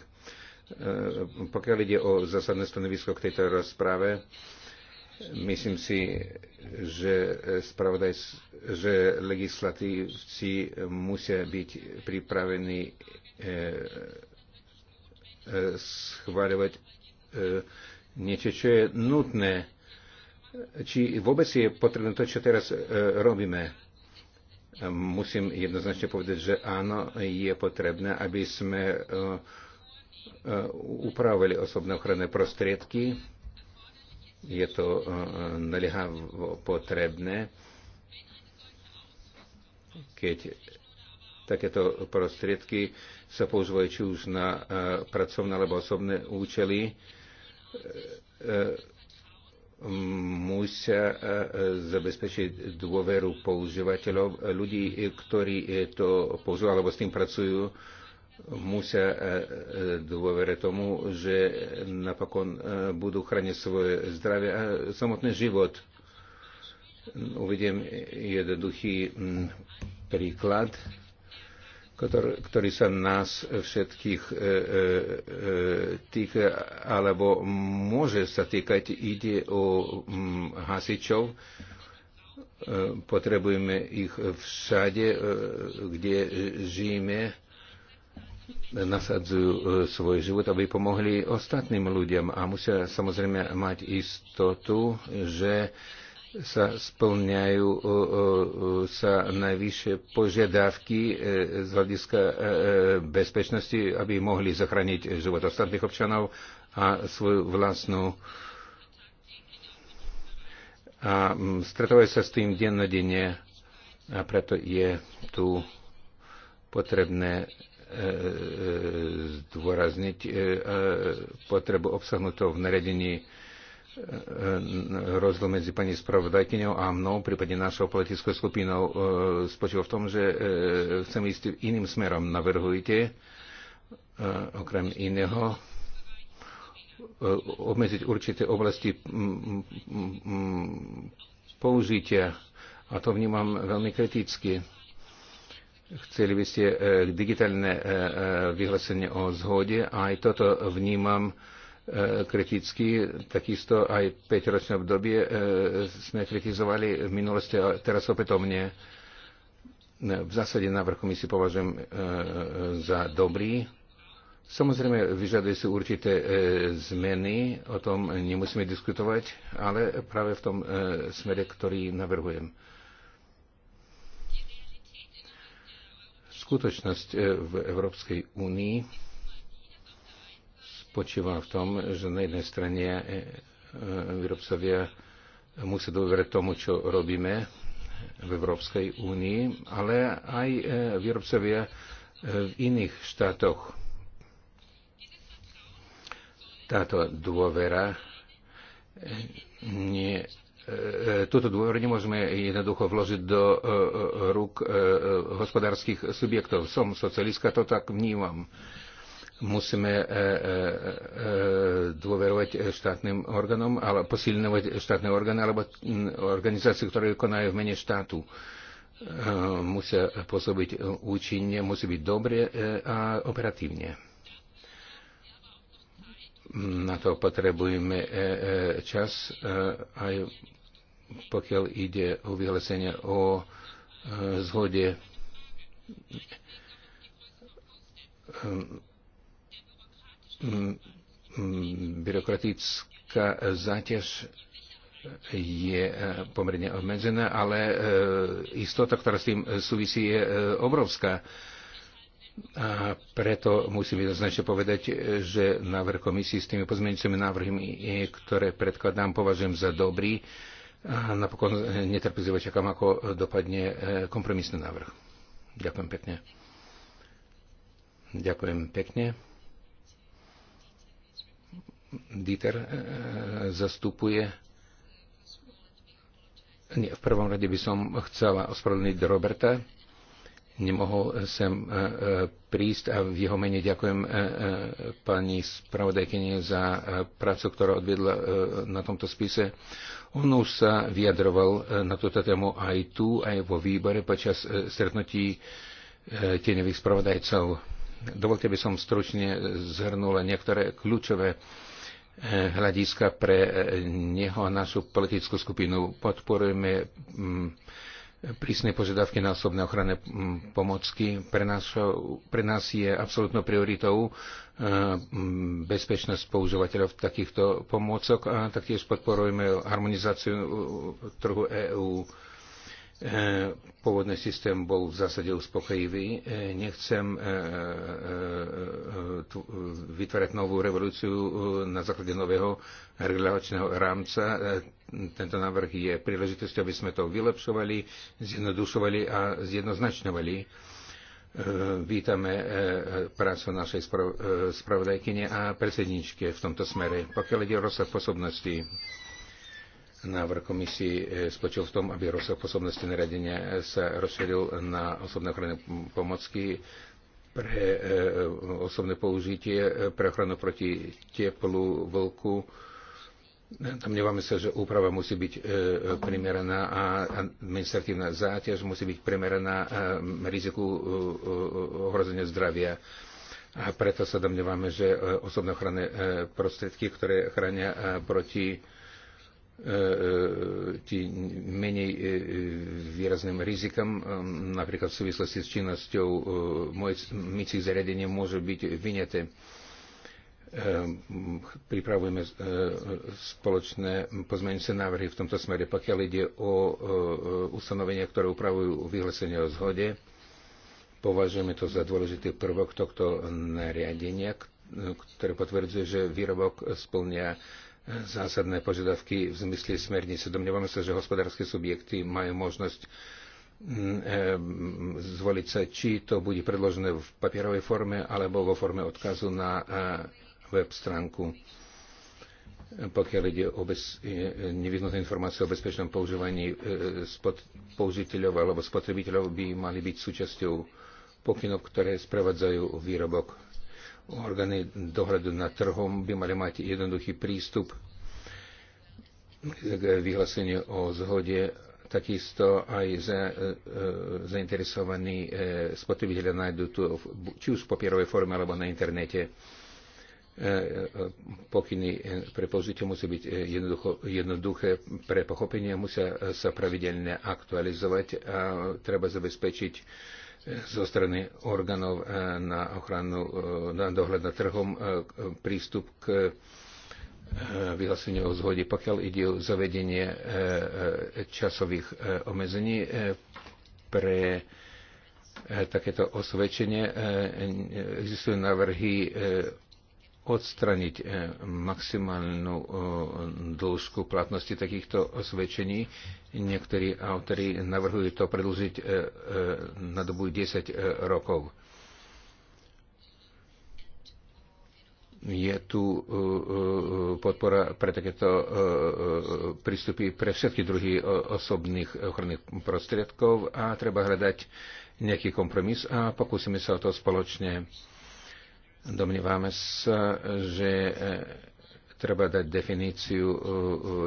Pokiaľ ide o zásadné stanovisko k tejto rozprave, Myslím si, že, spravodaj, že legislatívci musia byť pripravení eh, eh, schváľovať eh, niečo, čo je nutné. Či vôbec je potrebné to, čo teraz robíme? Musím jednoznačne povedať, že áno, je potrebné, aby sme upravili osobné ochranné prostriedky je to eh, eh, naliehavo potrebné, keď takéto prostriedky sa používajú či už na eh, pracovné alebo osobné účely, musia zabezpečiť dôveru používateľov, ľudí, ktorí to používajú alebo s tým pracujú, musia e, e, dôvere tomu, že napokon e, budú chrániť svoje zdravie a samotný život. Uvidím jednoduchý príklad, ktorý, ktorý sa nás všetkých e, e, týka, alebo môže sa týkať, ide o m, hasičov, potrebujeme ich všade, kde žijeme nasadzujú e, svoj život, aby pomohli ostatným ľuďom a musia samozrejme mať istotu, že sa splňajú e, e, sa najvyššie požiadavky z hľadiska bezpečnosti, aby mohli zachrániť život ostatných občanov a svoju vlastnú a stretávajú sa s tým dennodenne a preto je tu potrebné zdôrazniť e, e, potrebu obsahnutú v naredení e, rozdiel medzi pani spravodajkyňou a mnou, prípadne našou politickou skupinou, spočíva v tom, že chceme ísť iným smerom. Navrhujte, okrem iného obmedziť určité oblasti použitia a to vnímam veľmi kriticky Chceli by ste e, digitálne e, e, vyhlásenie o zhode. Aj toto vnímam kriticky. Takisto aj 5-ročné obdobie sme kritizovali v minulosti a teraz opätovne. V zásade návrh komisie považujem za dobrý. Samozrejme, vyžaduje si určité zmeny, o tom nemusíme diskutovať, ale práve v tom smere, ktorý navrhujem. Skutočnosť e, v Európskej únii spočíva v tom, že na jednej strane e, e, výrobcovia musia dôverať tomu, čo robíme v Európskej únii, ale aj výrobcovia v iných štátoch. Táto dôvera nie E, e, túto dôveru nemôžeme jednoducho vložiť do e, rúk hospodárskych subjektov. Som socialistka, to tak vnímam. Musíme dôverovať štátnym orgánom, ale posilňovať štátne orgány alebo organizácie, ktoré konajú v mene štátu musia pôsobiť účinne, musí byť dobre a operatívne. Na to potrebujeme čas aj pokiaľ ide o vyhlásenie o e, zhode e, byrokratická záťaž je e, pomerne obmedzená, ale istota, ktorá s tým súvisí, je obrovská. A preto musím jednoznačne povedať, že návrh komisie s tými pozmeňujúcimi návrhmi, ktoré predkladám, považujem za dobrý. A napokon eh, netrpezlivo čakám, ako eh, dopadne eh, kompromisný návrh. Ďakujem pekne. Ďakujem pekne. Dieter zastupuje. Nie, v prvom rade by som chcela ospravedlniť Roberta. Nemohol sem prísť a v jeho mene ďakujem pani spravodajkyni za prácu, ktorá odviedla na tomto spise. On už sa vyjadroval e, na túto tému aj tu, aj vo výbore počas e, stretnutí e, tieňových spravodajcov. Dovolte by som stručne zhrnula niektoré kľúčové hľadiska pre neho a našu politickú skupinu. Podporujeme prísne požiadavky na osobné ochranné pomocky. Pre nás, pre nás je absolútnou prioritou e, bezpečnosť používateľov takýchto pomôcok a taktiež podporujeme harmonizáciu e, trhu EÚ. E, pôvodný systém bol v zásade uspokojivý. E, nechcem e, vytvárať novú revolúciu na základe nového regulačného rámca. Tento návrh je príležitosť, aby sme to vylepšovali, zjednodušovali a zjednoznačňovali. Vítame prácu našej spravodajkyne a predsedničke v tomto smere. Pokiaľ ide o rozsah posobnosti, Návrh komisie e, spočil v tom, aby rozsah pôsobnosti naradenia sa rozšíril na osobné ochranné pomocky pre e, osobné použitie, e, pre ochranu proti teplu, vlku. Domnievame sa, že úprava musí byť primeraná a administratívna záťaž musí byť primeraná riziku ohrozenia zdravia. A preto sa domnievame, že osobné ochranné prostriedky, ktoré chránia proti E, e, tí menej e, výrazným rizikom, napríklad v súvislosti s činnosťou mycích zariadení môže byť vyňaté. Pripravujeme spoločné pozmeňujúce návrhy v tomto smere, pokiaľ ide o ustanovenia, ktoré upravujú vyhlásenie o zhode. Považujeme to za dôležitý prvok tohto nariadenia, ktoré potvrdzuje, že výrobok splňa zásadné požiadavky v zmysle smernice. Domnievame sa, že hospodárske subjekty majú možnosť mm, e, zvoliť sa, či to bude predložené v papierovej forme alebo vo forme odkazu na e, web stránku pokiaľ ide o bez, e, nevyhnutné informácie o bezpečnom používaní spod, použiteľov alebo spotrebiteľov, by mali byť súčasťou pokynov, ktoré sprevádzajú výrobok. Orgány dohľadu nad trhom by mali mať jednoduchý prístup k vyhláseniu o zhode takisto aj za, e, e zainteresovaní e, spotrebitelia nájdú tu či už v papierovej forme alebo na internete. E, e pokyny e, pre použitie musí byť jednoduché pre pochopenie, musia sa pravidelne aktualizovať a treba zabezpečiť zo strany orgánov e, na ochranu, e, na dohľad na trhom e, prístup k vyhláseniu o zhode, pokiaľ ide o zavedenie časových obmedzení pre takéto osvedčenie. Existujú návrhy odstraniť eh, maximálnu eh, dĺžku platnosti takýchto osvedčení. Niektorí autori navrhujú to predlžiť eh, na dobu 10 rokov. Je tu podpora pre takéto prístupy pre všetky druhy osobných ochranných prostriedkov a treba hľadať nejaký kompromis a pokúsime sa o to spoločne Domnievame sa, že e, treba dať definíciu e, e,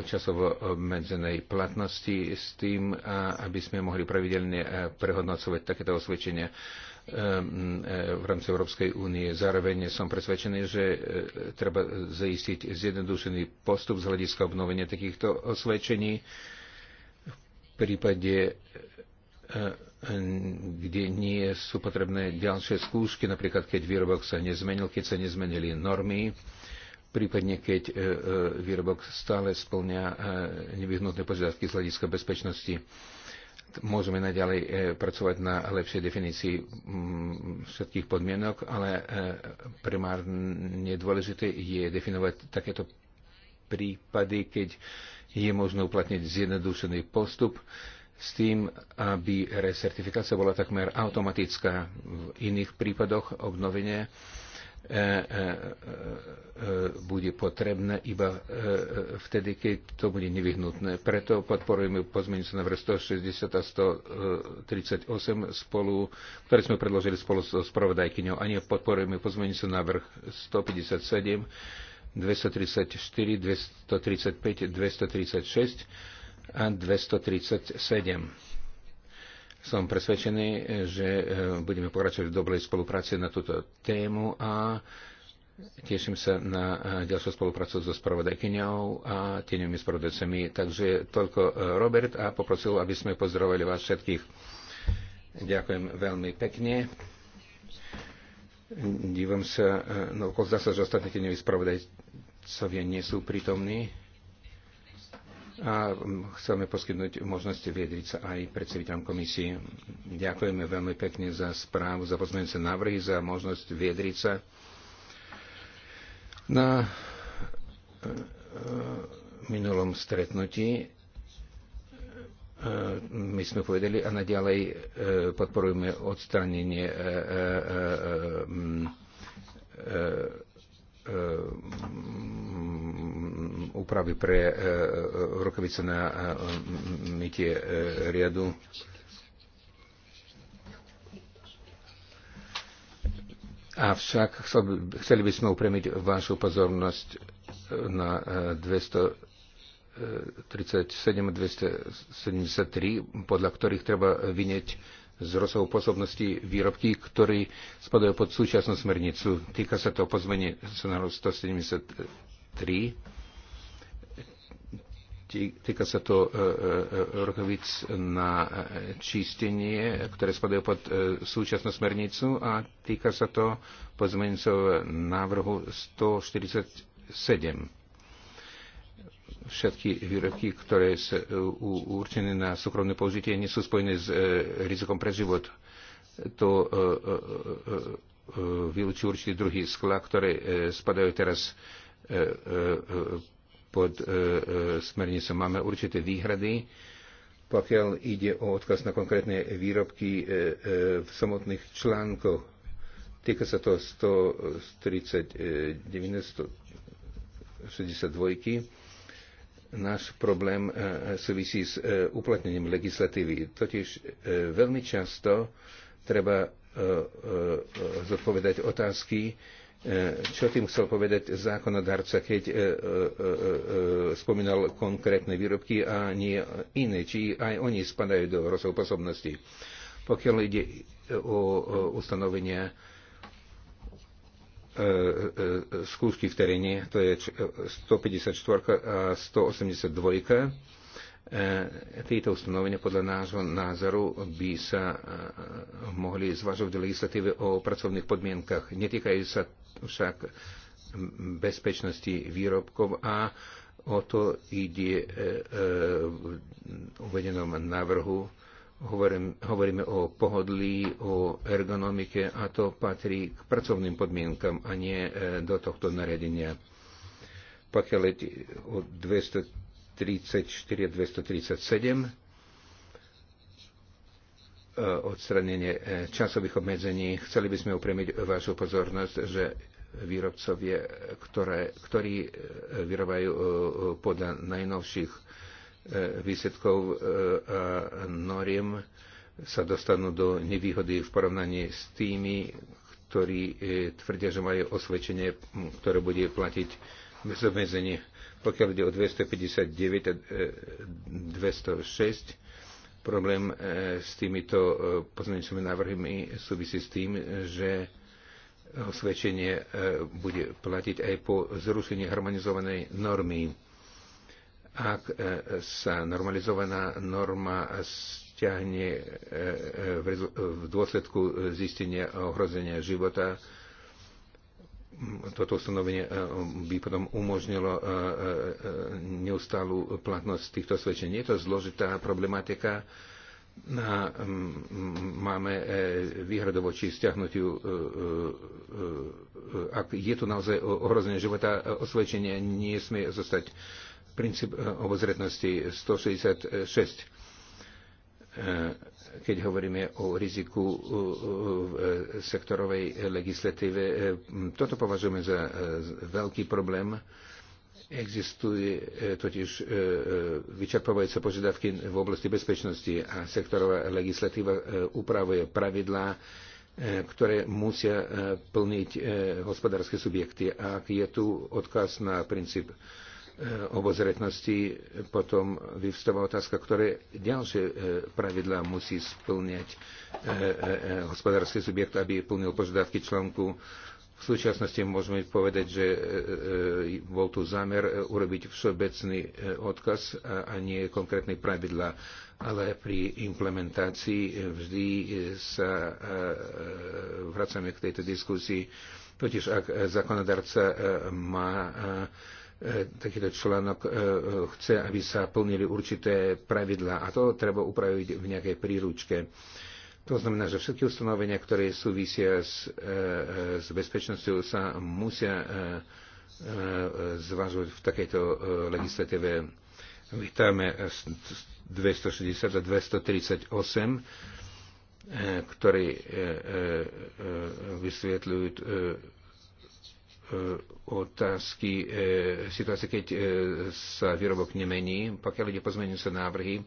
časovo obmedzenej platnosti s tým, aby sme mohli pravidelne prehodnocovať takéto osvedčenia v rámci Európskej únie. Zároveň som presvedčený, že treba zaistiť zjednodušený postup z hľadiska obnovenia takýchto osvedčení v prípade kde nie sú potrebné ďalšie skúšky, napríklad keď výrobok sa nezmenil, keď sa nezmenili normy, prípadne keď e, e, výrobok stále splňa e, nevyhnutné požiadavky z hľadiska bezpečnosti. Môžeme naďalej pracovať na lepšej definícii mm, všetkých podmienok, ale primárne dôležité je definovať takéto prípady, keď je možné uplatniť zjednodušený postup, s tým, aby recertifikácia bola takmer automatická. V iných prípadoch obnovenie e, e, e, bude potrebné iba vtedy, keď to bude nevyhnutné. Preto podporujeme pozmeňujúce návrh 160 a 138 spolu, ktoré sme predložili spolu so spravodajkyňou. A nie podporujeme pozmeňujúce návrh 157, 234, 235, 236 a 237. Som presvedčený, že eh, budeme pokračovať v dobrej spolupráci na túto tému a Teším sa na eh, ďalšiu spoluprácu so spravodajkyňou a tieňovými spravodajcami. Takže toľko eh, Robert a poprosil, aby sme pozdravili vás všetkých. Ďakujem veľmi pekne. Dívam sa, no zdá sa, že ostatní tieňoví spravodajcovia nie sú prítomní a um, chceme poskytnúť možnosti viedriť sa aj predstaviteľom komisie. Ďakujeme veľmi pekne za správu, za pozmeňujúce návrhy, za možnosť viedriť sa. Na e, e, minulom stretnutí e, my sme povedali a naďalej podporujeme odstranenie Eh, úpravy pre eh, eh, rukavice na mytie riadu. Avšak chceli by sme upremiť vašu pozornosť na 237 a 273, podľa ktorých treba vynieť z rozsahu pôsobnosti výrobky, ktorý spadajú pod súčasnú smernicu. Týka sa to pozmenie scenáru 173. Týka sa to e, e, rokovic na e, čistenie, ktoré spadajú pod súčasnú smernicu a týka sa to pozmenicov návrhu 147 všetky výrobky, ktoré sú e, určené na súkromné použitie, nie sú spojené s e, rizikom pre život. To e, vylúči určitý druhý skla, ktoré spadajú teraz pod smernicu. Máme určité výhrady, pokiaľ ide o odkaz na konkrétne výrobky v samotných článkoch. Týka sa to 139 162 náš problém e, súvisí s e, uplatnením legislatívy. Totiž e, veľmi často treba zodpovedať otázky, čo tým chcel povedať zákonodárca, keď spomínal konkrétne výrobky a nie iné, či aj oni spadajú do rozhodu posobnosti. Pokiaľ ide o ustanovenia E, e, skúšky v teréne, to je 154 e, a 182. Tieto ustanovenia podľa nášho názoru by sa mohli zvažovať do legislatívy o pracovných podmienkach. Netýkajú sa však bezpečnosti výrobkov a o to ide v uvedenom návrhu hovorím, hovoríme o pohodlí, o ergonomike a to patrí k pracovným podmienkam a nie e, do tohto nariadenia. Pokiaľ je o 234 237 e, odstranenie e, časových obmedzení, chceli by sme upriamiť vašu pozornosť, že výrobcovie, ktoré, ktorí vyrobajú podľa najnovších E, výsledkov e, a noriem sa dostanú do nevýhody v porovnaní s tými, ktorí e, tvrdia, že majú osvedčenie, ktoré bude platiť bez obmedzení. Pokiaľ ide o 259 a 206, problém s týmito pozmeňujúcimi návrhmi súvisí s tým, že osvedčenie bude platiť aj po zrušení harmonizovanej normy ak e, sa normalizovaná norma stiahne e, e, v dôsledku zistenia ohrozenia života, toto ustanovenie by potom umožnilo neustálu platnosť týchto svedčení. Je to zložitá problematika. Mm, máme výhradu voči stiahnutiu, ak je tu naozaj ohrozenie života, osvedčenie nesmie zostať princíp e, obozretnosti 166 e, keď hovoríme o riziku e, v sektorovej legislatíve. Toto považujeme za veľký problém. Existuje totiž vyčerpávajúce požiadavky v oblasti bezpečnosti a sektorová legislatíva upravuje pravidlá, ktoré musia plniť hospodárske subjekty. A je tu odkaz na princíp Eh, obozretnosti potom vyvstáva otázka, ktoré ďalšie eh, pravidlá musí splňať eh, hospodársky subjekt, aby plnil požiadavky článku. V súčasnosti môžeme povedať, že bol tu zámer urobiť všeobecný odkaz a nie konkrétne pravidlá, ale pri implementácii vždy sa vracame k tejto diskusii. Totiž ak zákonodárca má E, takýto článok e, e, chce, aby sa plnili určité pravidlá a to treba upraviť v nejakej príručke. To znamená, že všetky ustanovenia, ktoré súvisia s, s bezpečnosťou, sa musia zvažovať v takejto legislatíve. Vítame 260 a 238 ktorí vysvetľujú E, otázky e, situácie, keď e, sa výrobok nemení. Pokiaľ ide sa návrhy,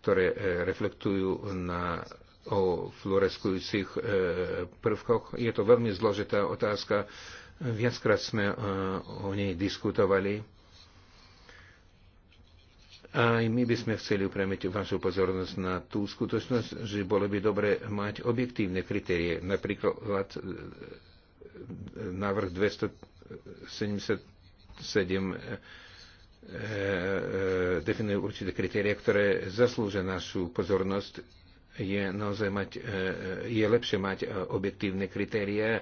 ktoré reflektujú na o fluoreskujúcich prvkoch. Je to veľmi zložitá otázka. Viackrát sme o nej diskutovali. Aj my by sme chceli upremiť vašu pozornosť na tú skutočnosť, že bolo by dobre mať objektívne kritérie, napríklad návrh 277 e, e, definuje určité kritéria, ktoré zaslúžia našu pozornosť. Je, naozaj mať, e, je lepšie mať objektívne kritéria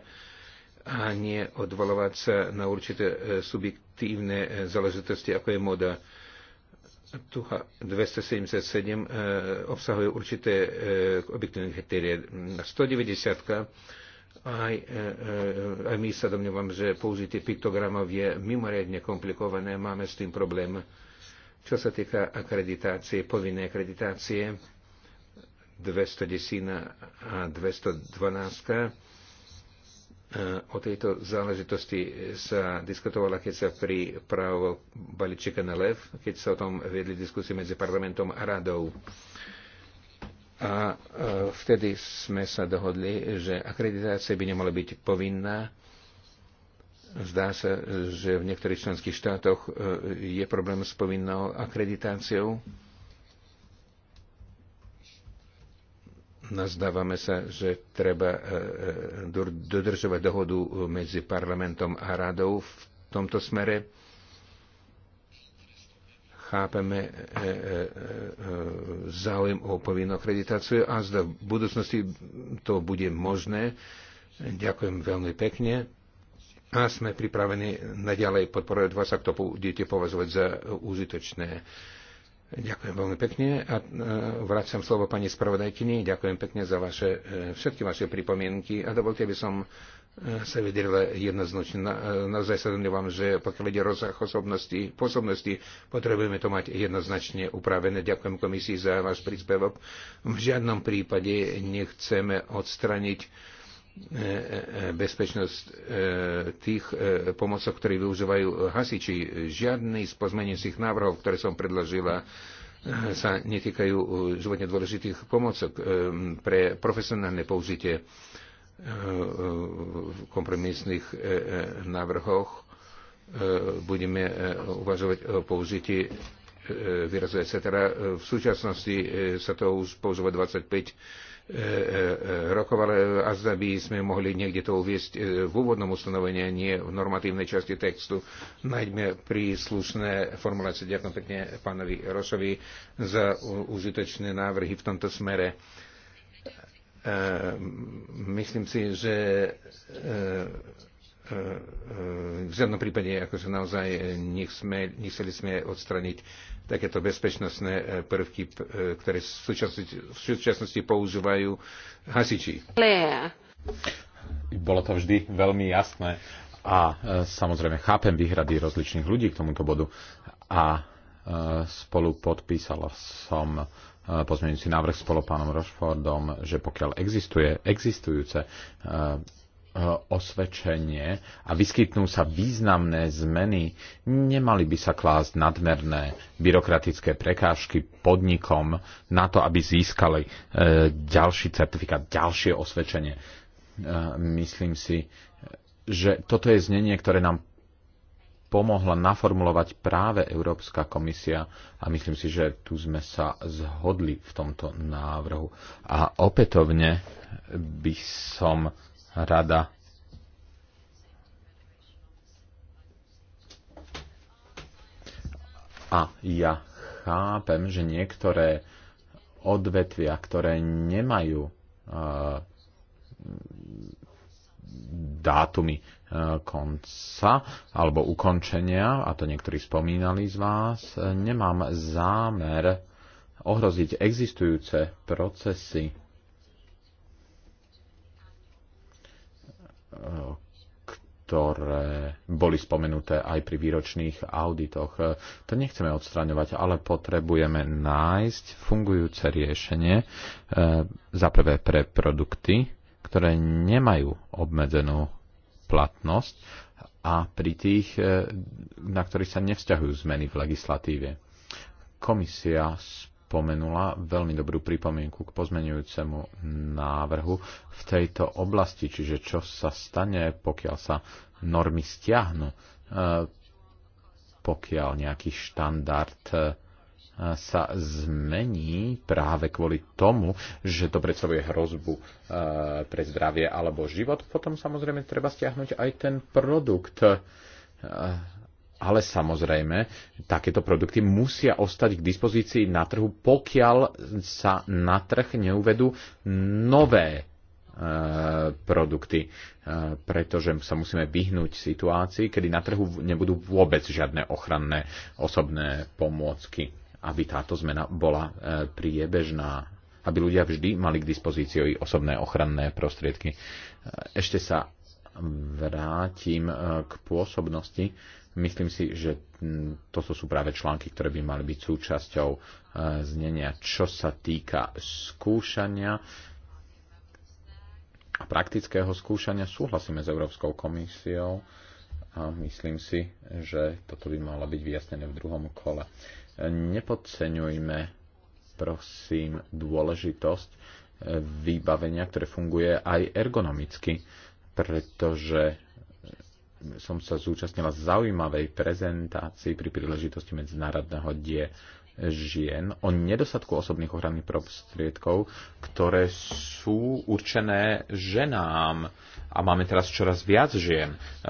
a nie odvalovať sa na určité subjektívne záležitosti, ako je moda. Tu 277 obsahuje určité objektívne kritéria. 190 aj, e, e, aj my sa domnievam, že použitie piktogramov je mimoriadne komplikované, máme s tým problém. Čo sa týka akreditácie, povinnej akreditácie 210 a 212, e, o tejto záležitosti sa diskutovala, keď sa pripravoval balíček NLF, keď sa o tom vedli diskusie medzi parlamentom a radou. A e, vtedy sme sa dohodli, že akreditácia by nemala byť povinná. Zdá sa, že v niektorých členských štátoch e, je problém s povinnou akreditáciou. nazdávame sa, že treba e, dodržovať dohodu medzi parlamentom a radou v tomto smere chápeme e, e, e, záujem o povinnú akreditáciu a zda v budúcnosti to bude možné. Ďakujem veľmi pekne a sme pripravení naďalej podporovať vás, ak to budete považovať za užitočné. Ďakujem veľmi pekne a vraciam slovo pani spravodajkyni. Ďakujem pekne za vaše, všetky vaše pripomienky a dovolte, aby som sa vydelila jednoznačne. E, naozaj sa domnievam, že pokiaľ ide rozsah osobnosti, pôsobnosti, potrebujeme to mať jednoznačne upravené. Ďakujem komisii za váš príspevok. V žiadnom prípade nechceme odstraniť e, e, bezpečnosť tých pomocov, ktoré využívajú hasiči. Žiadny z pozmeniacich návrhov, ktoré som predložila, sa netýkajú životne dôležitých pomocok pre profesionálne použitie v kompromisných e, e, návrhoch e, budeme uvažovať o použití výrazu etc. V súčasnosti sa to už používa 25 rokov, ale a by sme mohli niekde to uviesť v úvodnom ustanovení, nie v normatívnej časti textu. Najmä príslušné formulácie. Ďakujem pekne pánovi Rošovi za užitočné návrhy v tomto smere. Ehm, myslím si, že ehm, ehm, v žiadnom prípade akože naozaj nechceme, nechceli sme odstraniť takéto bezpečnostné e, prvky, e, ktoré v súčasnosti, v súčasnosti používajú hasiči. Bolo to vždy veľmi jasné a e, samozrejme chápem výhrady rozličných ľudí k tomuto bodu a spolu podpísala som pozmeňujúci návrh spolu pánom Rošfordom, že pokiaľ existuje existujúce e, e, osvedčenie a vyskytnú sa významné zmeny, nemali by sa klásť nadmerné byrokratické prekážky podnikom na to, aby získali e, ďalší certifikát, ďalšie osvedčenie. Myslím si, že toto je znenie, ktoré nám pomohla naformulovať práve Európska komisia a myslím si, že tu sme sa zhodli v tomto návrhu. A opätovne by som rada a ja chápem, že niektoré odvetvia, ktoré nemajú eh, dátumy konca alebo ukončenia, a to niektorí spomínali z vás, nemám zámer ohroziť existujúce procesy, ktoré boli spomenuté aj pri výročných auditoch. To nechceme odstraňovať, ale potrebujeme nájsť fungujúce riešenie eh, za prvé pre produkty, ktoré nemajú obmedzenú platnosť a pri tých, e, na ktorých sa nevzťahujú zmeny v legislatíve. Komisia spomenula veľmi dobrú pripomienku k pozmenujúcemu návrhu v tejto oblasti, čiže čo sa stane, pokiaľ sa normy stiahnu, e, pokiaľ nejaký štandard e, sa zmení práve kvôli tomu, že to predstavuje hrozbu eh, pre zdravie alebo život, potom samozrejme treba stiahnuť aj ten produkt. Eh, ale samozrejme, takéto produkty musia ostať k dispozícii na trhu, pokiaľ sa na trh neuvedú nové eh, produkty, pretože sa musíme vyhnúť situácii, kedy na trhu nebudú vôbec žiadne ochranné osobné pomôcky aby táto zmena bola e, priebežná, aby ľudia vždy mali k dispozícii osobné ochranné prostriedky. E, ešte sa vrátim e, k pôsobnosti. Myslím si, že toto sú práve články, ktoré by mali byť súčasťou znenia. Čo sa týka skúšania a praktického skúšania, súhlasíme s Európskou komisiou a myslím si, že toto by malo byť vyjasnené v druhom kole. Nepodceňujme, prosím, dôležitosť eh, vybavenia, ktoré funguje aj ergonomicky, pretože som sa zúčastnila zaujímavej prezentácii pri príležitosti Medzinárodného die žien o nedostatku osobných ochranných prostriedkov, ktoré sú určené ženám. A máme teraz čoraz viac žien eh,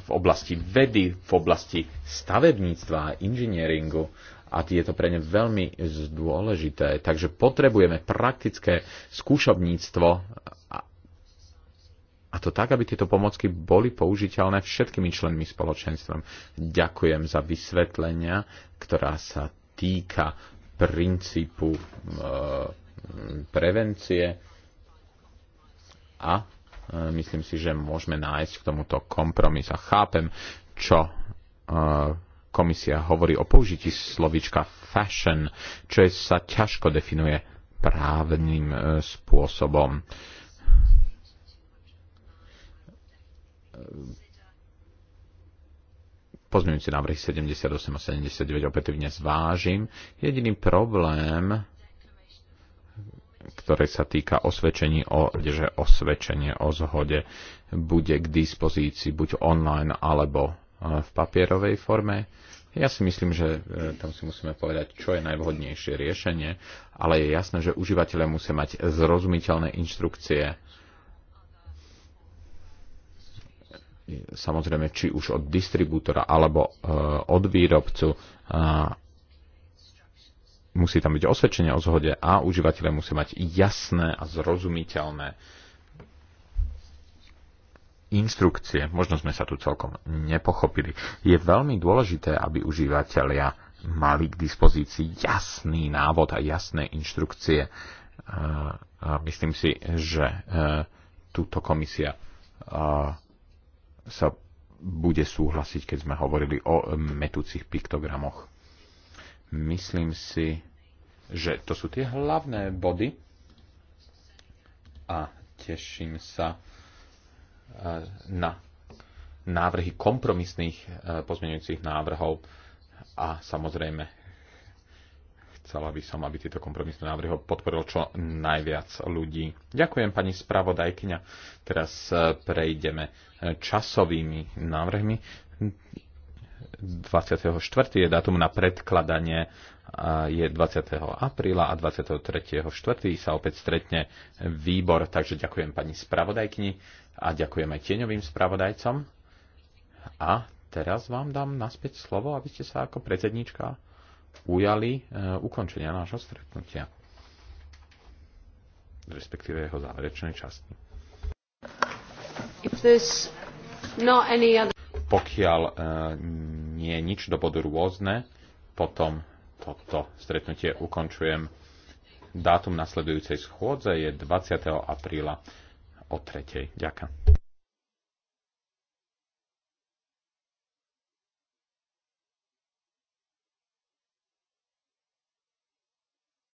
v oblasti vedy, v oblasti stavebníctva a inžinieringu a je to pre ne veľmi dôležité. Takže potrebujeme praktické skúšobníctvo a to tak, aby tieto pomocky boli použiteľné všetkými členmi spoločenstvom. Ďakujem za vysvetlenia, ktorá sa týka princípu e, prevencie a e, myslím si, že môžeme nájsť k tomuto kompromis a chápem, čo e, Komisia hovorí o použití slovička fashion, čo je, sa ťažko definuje právnym e, spôsobom. Pozmeňujúci návrhy 78 a 79 opätovne zvážim. Jediný problém, ktoré sa týka osvedčení o, že osvedčenie o zhode bude k dispozícii buď online alebo v papierovej forme. Ja si myslím, že e, tam si musíme povedať, čo je najvhodnejšie riešenie, ale je jasné, že užívateľe musia mať zrozumiteľné inštrukcie. Samozrejme, či už od distribútora alebo e, od výrobcu musí tam byť osvedčenie o zhode a užívateľe musia mať jasné a zrozumiteľné inštrukcie. Možno sme sa tu celkom nepochopili. Je veľmi dôležité, aby užívateľia mali k dispozícii jasný návod a jasné inštrukcie. Myslím si, že e, túto komisia e, sa bude súhlasiť, keď sme hovorili o e, metúcich piktogramoch. Myslím si, že to sú tie hlavné body a teším sa E, na návrhy kompromisných e, pozmeňujúcich návrhov a samozrejme chcela by som, aby tieto kompromisné návrhy podporil čo najviac ľudí. Ďakujem pani spravodajkyňa. Teraz e, prejdeme časovými návrhmi. 24. je dátum na predkladanie je 20. apríla a 23. 4. sa opäť stretne výbor, takže ďakujem pani spravodajkyni a ďakujem aj tieňovým spravodajcom. A teraz vám dám naspäť slovo, aby ste sa ako predsednička ujali e, ukončenia nášho stretnutia, respektíve jeho záverečnej časti. Other... Pokiaľ e, nie je nič do bodu rôzne, potom toto stretnutie ukončujem. Dátum nasledujúcej schôdze je 20. apríla o tretej. Ďakujem.